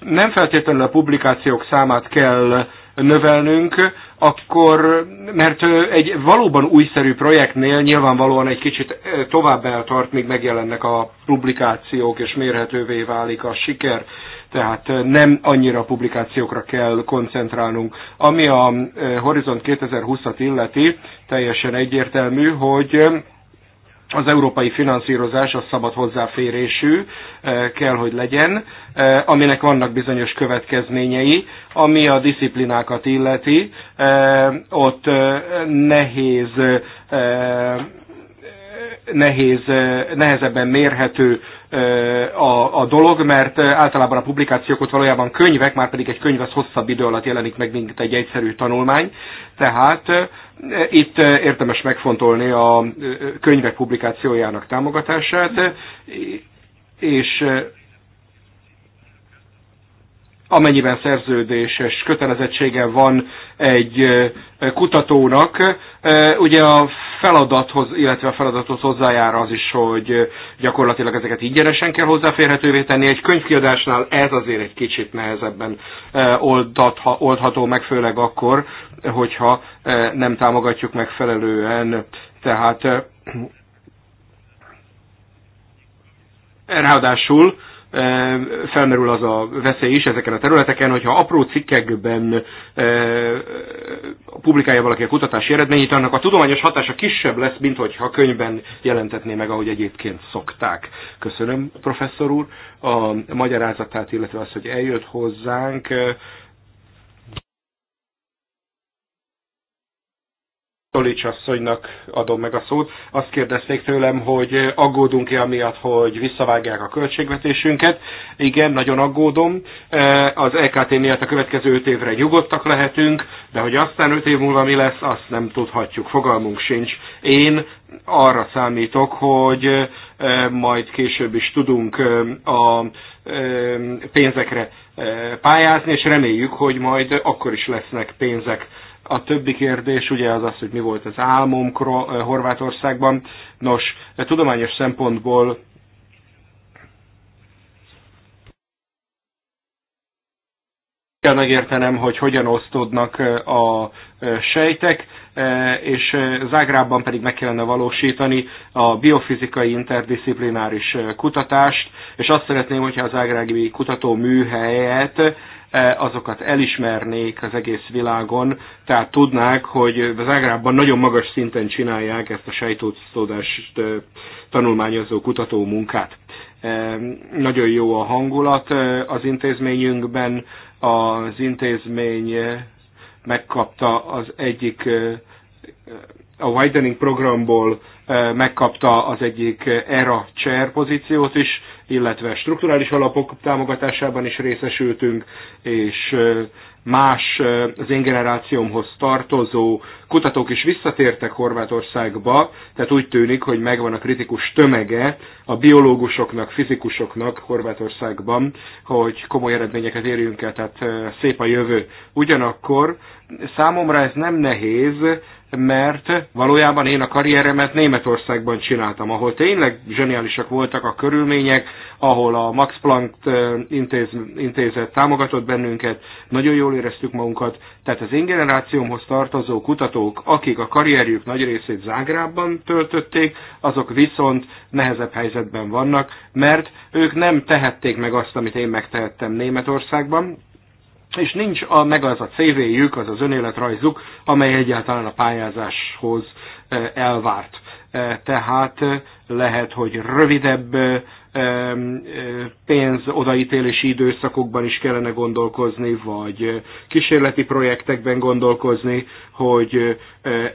nem feltétlenül a publikációk számát kell növelnünk, akkor, mert egy valóban újszerű projektnél nyilvánvalóan egy kicsit tovább eltart, míg megjelennek a publikációk, és mérhetővé válik a siker, tehát nem annyira publikációkra kell koncentrálnunk. Ami a Horizont 2020-at illeti, teljesen egyértelmű, hogy az európai finanszírozás az szabad hozzáférésű eh, kell, hogy legyen, eh, aminek vannak bizonyos következményei, ami a disziplinákat illeti, eh, ott nehéz nehéz, eh, nehezebben mérhető eh, a, a dolog, mert eh, általában a publikációkot valójában könyvek, már pedig egy könyv az hosszabb idő alatt jelenik meg, mint egy egyszerű tanulmány. Tehát itt érdemes megfontolni a könyvek publikációjának támogatását, és amennyiben szerződéses kötelezettsége van egy kutatónak, ugye a feladathoz, illetve a feladathoz hozzájár az is, hogy gyakorlatilag ezeket ingyenesen kell hozzáférhetővé tenni. Egy könyvkiadásnál ez azért egy kicsit nehezebben oldható, oldható meg, főleg akkor, hogyha nem támogatjuk megfelelően. Tehát ráadásul felmerül az a veszély is ezeken a területeken, hogyha apró cikkekben publikálja valaki a kutatási eredményét, annak a tudományos hatása kisebb lesz, mint hogyha könyvben jelentetné meg, ahogy egyébként szokták. Köszönöm, professzor úr, a magyarázatát, illetve azt, hogy eljött hozzánk Tolics asszonynak adom meg a szót. Azt kérdezték tőlem, hogy aggódunk-e amiatt, hogy visszavágják a költségvetésünket. Igen, nagyon aggódom. E, az EKT miatt a következő öt évre nyugodtak lehetünk, de hogy aztán öt év múlva mi lesz, azt nem tudhatjuk. Fogalmunk sincs. Én arra számítok, hogy e, majd később is tudunk e, a pénzekre pályázni, és reméljük, hogy majd akkor is lesznek pénzek a többi kérdés ugye az az, hogy mi volt az álmom eh, Horvátországban. Nos, eh, tudományos szempontból kell megértenem, hogy hogyan osztódnak eh, a sejtek, és Zágrában pedig meg kellene valósítani a biofizikai interdisziplináris kutatást, és azt szeretném, hogyha a zágrági kutatóműhelyet E, azokat elismernék az egész világon, tehát tudnák, hogy az Ágrában nagyon magas szinten csinálják ezt a sajtószódást e, tanulmányozó kutató munkát. E, nagyon jó a hangulat az intézményünkben, az intézmény megkapta az egyik a Widening programból megkapta az egyik ERA chair pozíciót is, illetve strukturális alapok támogatásában is részesültünk, és más az én generációmhoz tartozó kutatók is visszatértek Horvátországba, tehát úgy tűnik, hogy megvan a kritikus tömege a biológusoknak, fizikusoknak Horvátországban, hogy komoly eredményeket érjünk el, tehát szép a jövő. Ugyanakkor számomra ez nem nehéz, mert valójában én a karrieremet Németországban csináltam, ahol tényleg zseniálisak voltak a körülmények, ahol a Max Planck eh, intéz, intézet támogatott bennünket, nagyon jól éreztük magunkat, tehát az én generációmhoz tartozó kutatók, akik a karrierjük nagy részét Zágrában töltötték, azok viszont nehezebb helyzetben vannak, mert ők nem tehették meg azt, amit én megtehettem Németországban, és nincs a, meg az a CV-jük, az az önéletrajzuk, amely egyáltalán a pályázáshoz eh, elvárt. Eh, tehát eh, lehet, hogy rövidebb pénz odaítélési időszakokban is kellene gondolkozni, vagy kísérleti projektekben gondolkozni, hogy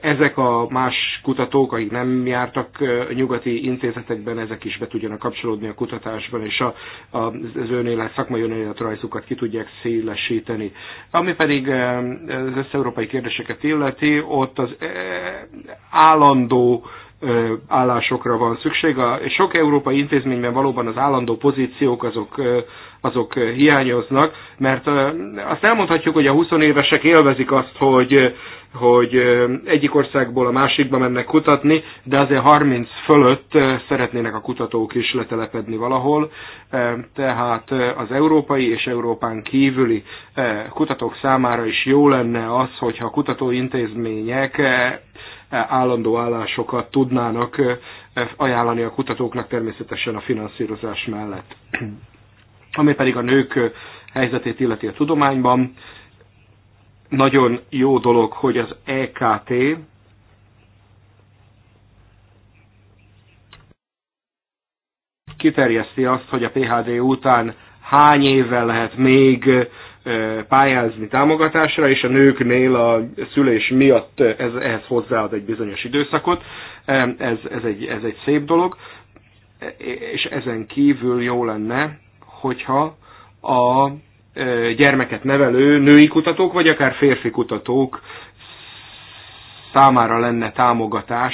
ezek a más kutatók, akik nem jártak nyugati intézetekben, ezek is be tudjanak kapcsolódni a kutatásban, és a, a, az önélet, szakmai rajzukat ki tudják szélesíteni. Ami pedig az összeurópai kérdéseket illeti, ott az állandó állásokra van szükség. A sok európai intézményben valóban az állandó pozíciók azok, azok hiányoznak, mert azt elmondhatjuk, hogy a 20 évesek élvezik azt, hogy, hogy egyik országból a másikba mennek kutatni, de azért 30 fölött szeretnének a kutatók is letelepedni valahol. Tehát az európai és Európán kívüli kutatók számára is jó lenne az, hogyha a kutatóintézmények állandó állásokat tudnának eh, ajánlani a kutatóknak természetesen a finanszírozás mellett. [clears throat] Ami pedig a nők eh, helyzetét illeti a tudományban, nagyon jó dolog, hogy az EKT, kiterjeszti azt, hogy a PHD után hány évvel lehet még eh, pályázni támogatásra, és a nőknél a szülés miatt ez, ehhez hozzáad egy bizonyos időszakot. Ez, ez, egy, ez egy szép dolog, és ezen kívül jó lenne, hogyha a gyermeket nevelő női kutatók, vagy akár férfi kutatók számára lenne támogatás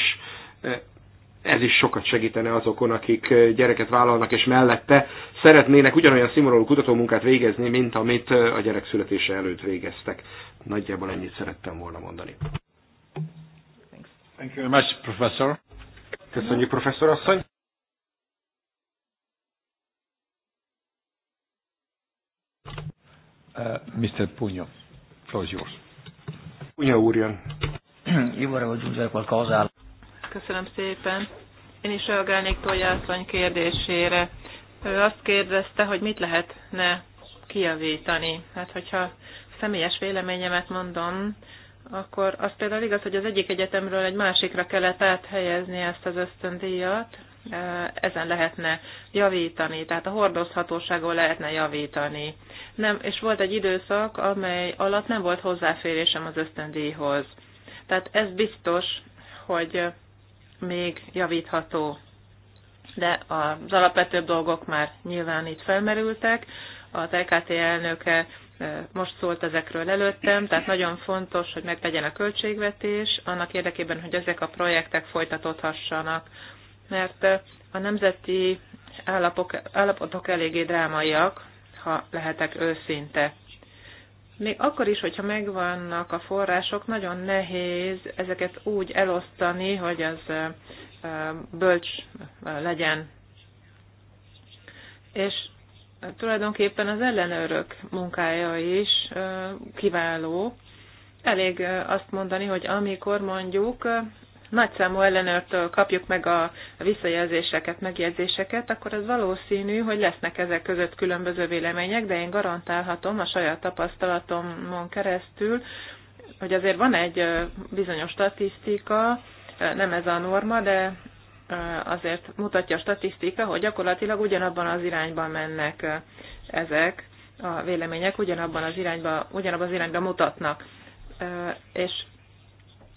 ez is sokat segítene azokon, akik gyereket vállalnak, és mellette szeretnének ugyanolyan színvonalú kutatómunkát végezni, mint amit a gyerek születése előtt végeztek. Nagyjából ennyit szerettem volna mondani. Thank you very much, professor. Köszönjük, professzor asszony. Uh, Mr. Pugno, floor is yours. Pugno úr [clears throat] Io vorrei aggiungere qualcosa Köszönöm szépen. Én is reagálnék Tolyászony kérdésére. Ő azt kérdezte, hogy mit lehetne kijavítani. Hát, hogyha személyes véleményemet mondom, akkor az például igaz, hogy az egyik egyetemről egy másikra kellett áthelyezni ezt az ösztöndíjat, ezen lehetne javítani, tehát a hordozhatóságon lehetne javítani. Nem, és volt egy időszak, amely alatt nem volt hozzáférésem az ösztöndíjhoz. Tehát ez biztos, hogy még javítható. De az alapvetőbb dolgok már nyilván itt felmerültek. A TKT elnöke eh, most szólt ezekről előttem, tehát nagyon fontos, hogy megtegyen a költségvetés, annak érdekében, hogy ezek a projektek folytatódhassanak. Mert eh, a nemzeti állapok, állapotok eléggé drámaiak, ha lehetek őszinte még akkor is, hogyha megvannak a források, nagyon nehéz ezeket úgy elosztani, hogy az bölcs legyen. És tulajdonképpen az ellenőrök munkája is kiváló. Elég azt mondani, hogy amikor mondjuk nagyszámú ellenőrtől kapjuk meg a visszajelzéseket, megjegyzéseket, akkor ez valószínű, hogy lesznek ezek között különböző vélemények, de én garantálhatom a saját tapasztalatomon keresztül, hogy azért van egy bizonyos statisztika, nem ez a norma, de azért mutatja a statisztika, hogy gyakorlatilag ugyanabban az irányban mennek ezek a vélemények, ugyanabban az irányba, ugyanabban az irányba mutatnak. És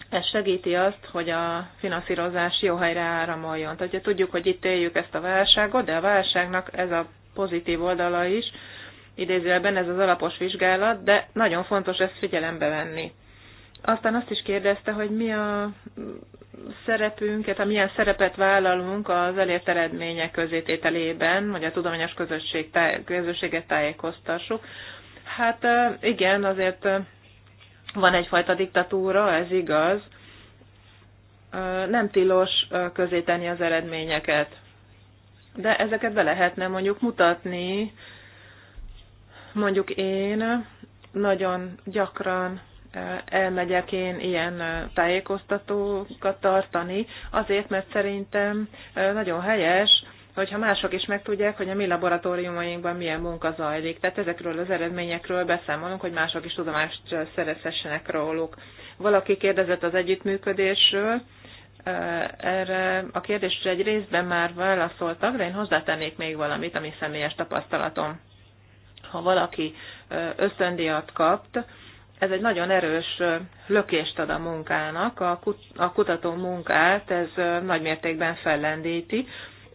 ez segíti azt, hogy a finanszírozás jó helyre áramoljon. Tehát ugye tudjuk, hogy itt éljük ezt a válságot, de a válságnak ez a pozitív oldala is, idézőjelben ez az alapos vizsgálat, de nagyon fontos ezt figyelembe venni. Aztán azt is kérdezte, hogy mi a szerepünket, tehát milyen szerepet vállalunk az elért eredmények közétételében, hogy a tudományos közösség, közösséget tájékoztassuk. Hát igen, azért van egyfajta diktatúra, ez igaz. Nem tilos közéteni az eredményeket. De ezeket be lehetne mondjuk mutatni. Mondjuk én nagyon gyakran elmegyek én ilyen tájékoztatókat tartani, azért, mert szerintem nagyon helyes hogyha mások is megtudják, hogy a mi laboratóriumainkban milyen munka zajlik. Tehát ezekről az eredményekről beszámolunk, hogy mások is tudomást szerezhessenek róluk. Valaki kérdezett az együttműködésről, erre a kérdésre egy részben már válaszoltak, de én hozzátennék még valamit, ami személyes tapasztalatom. Ha valaki ösztöndiat kapt, ez egy nagyon erős lökést ad a munkának, a kutató munkát ez nagymértékben fellendíti,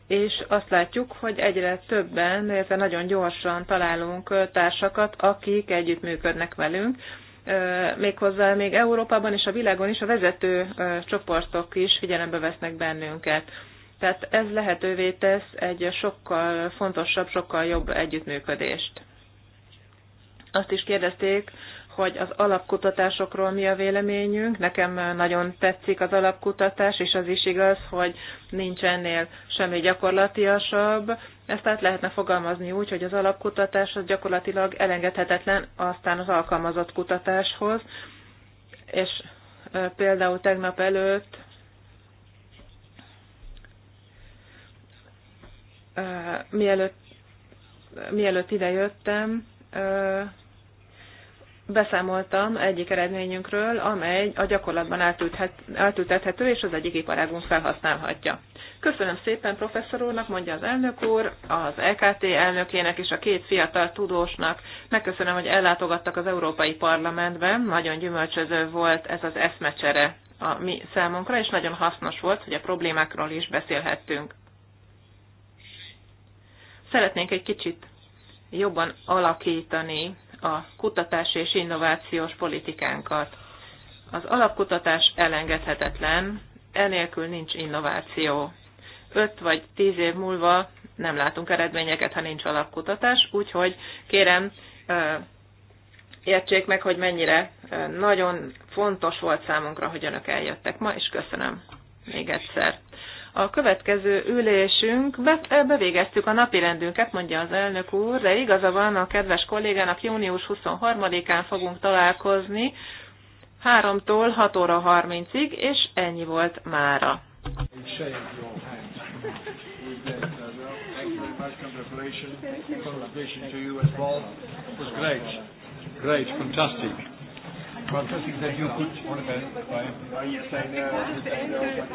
és azt látjuk, hogy egyre többen, illetve nagyon gyorsan találunk társakat, akik együttműködnek velünk, méghozzá még Európában és a világon is a vezető csoportok is figyelembe vesznek bennünket. Tehát ez lehetővé tesz egy sokkal fontosabb, sokkal jobb együttműködést. Azt is kérdezték, hogy az alapkutatásokról mi a véleményünk. Nekem nagyon tetszik az alapkutatás, és az is igaz, hogy nincs ennél semmi gyakorlatiasabb. Ezt át lehetne fogalmazni úgy, hogy az alapkutatás az gyakorlatilag elengedhetetlen aztán az alkalmazott kutatáshoz. És például tegnap előtt mielőtt, mielőtt idejöttem, beszámoltam egyik eredményünkről, amely a gyakorlatban eltültethető, és az egyik iparágunk felhasználhatja. Köszönöm szépen professzor úrnak, mondja az elnök úr, az LKT e elnökének és a két fiatal tudósnak. Megköszönöm, hogy ellátogattak az Európai Parlamentben. Nagyon gyümölcsöző volt ez az eszmecsere a mi számunkra, és nagyon hasznos volt, hogy a problémákról is beszélhettünk. Szeretnénk egy kicsit jobban alakítani a kutatás és innovációs politikánkat. Az alapkutatás elengedhetetlen, enélkül nincs innováció. Öt vagy tíz év múlva nem látunk eredményeket, ha nincs alapkutatás, úgyhogy kérem, értsék meg, hogy mennyire nagyon fontos volt számunkra, hogy önök eljöttek ma, és köszönöm még egyszer. A következő ülésünk, be, eh, bevégeztük a napi rendünket, mondja az elnök úr, de igaza van a kedves kollégának, június 23-án fogunk találkozni, 3-tól 6 óra 30-ig, és ennyi volt mára. fantastic. that you could. Yes, I know.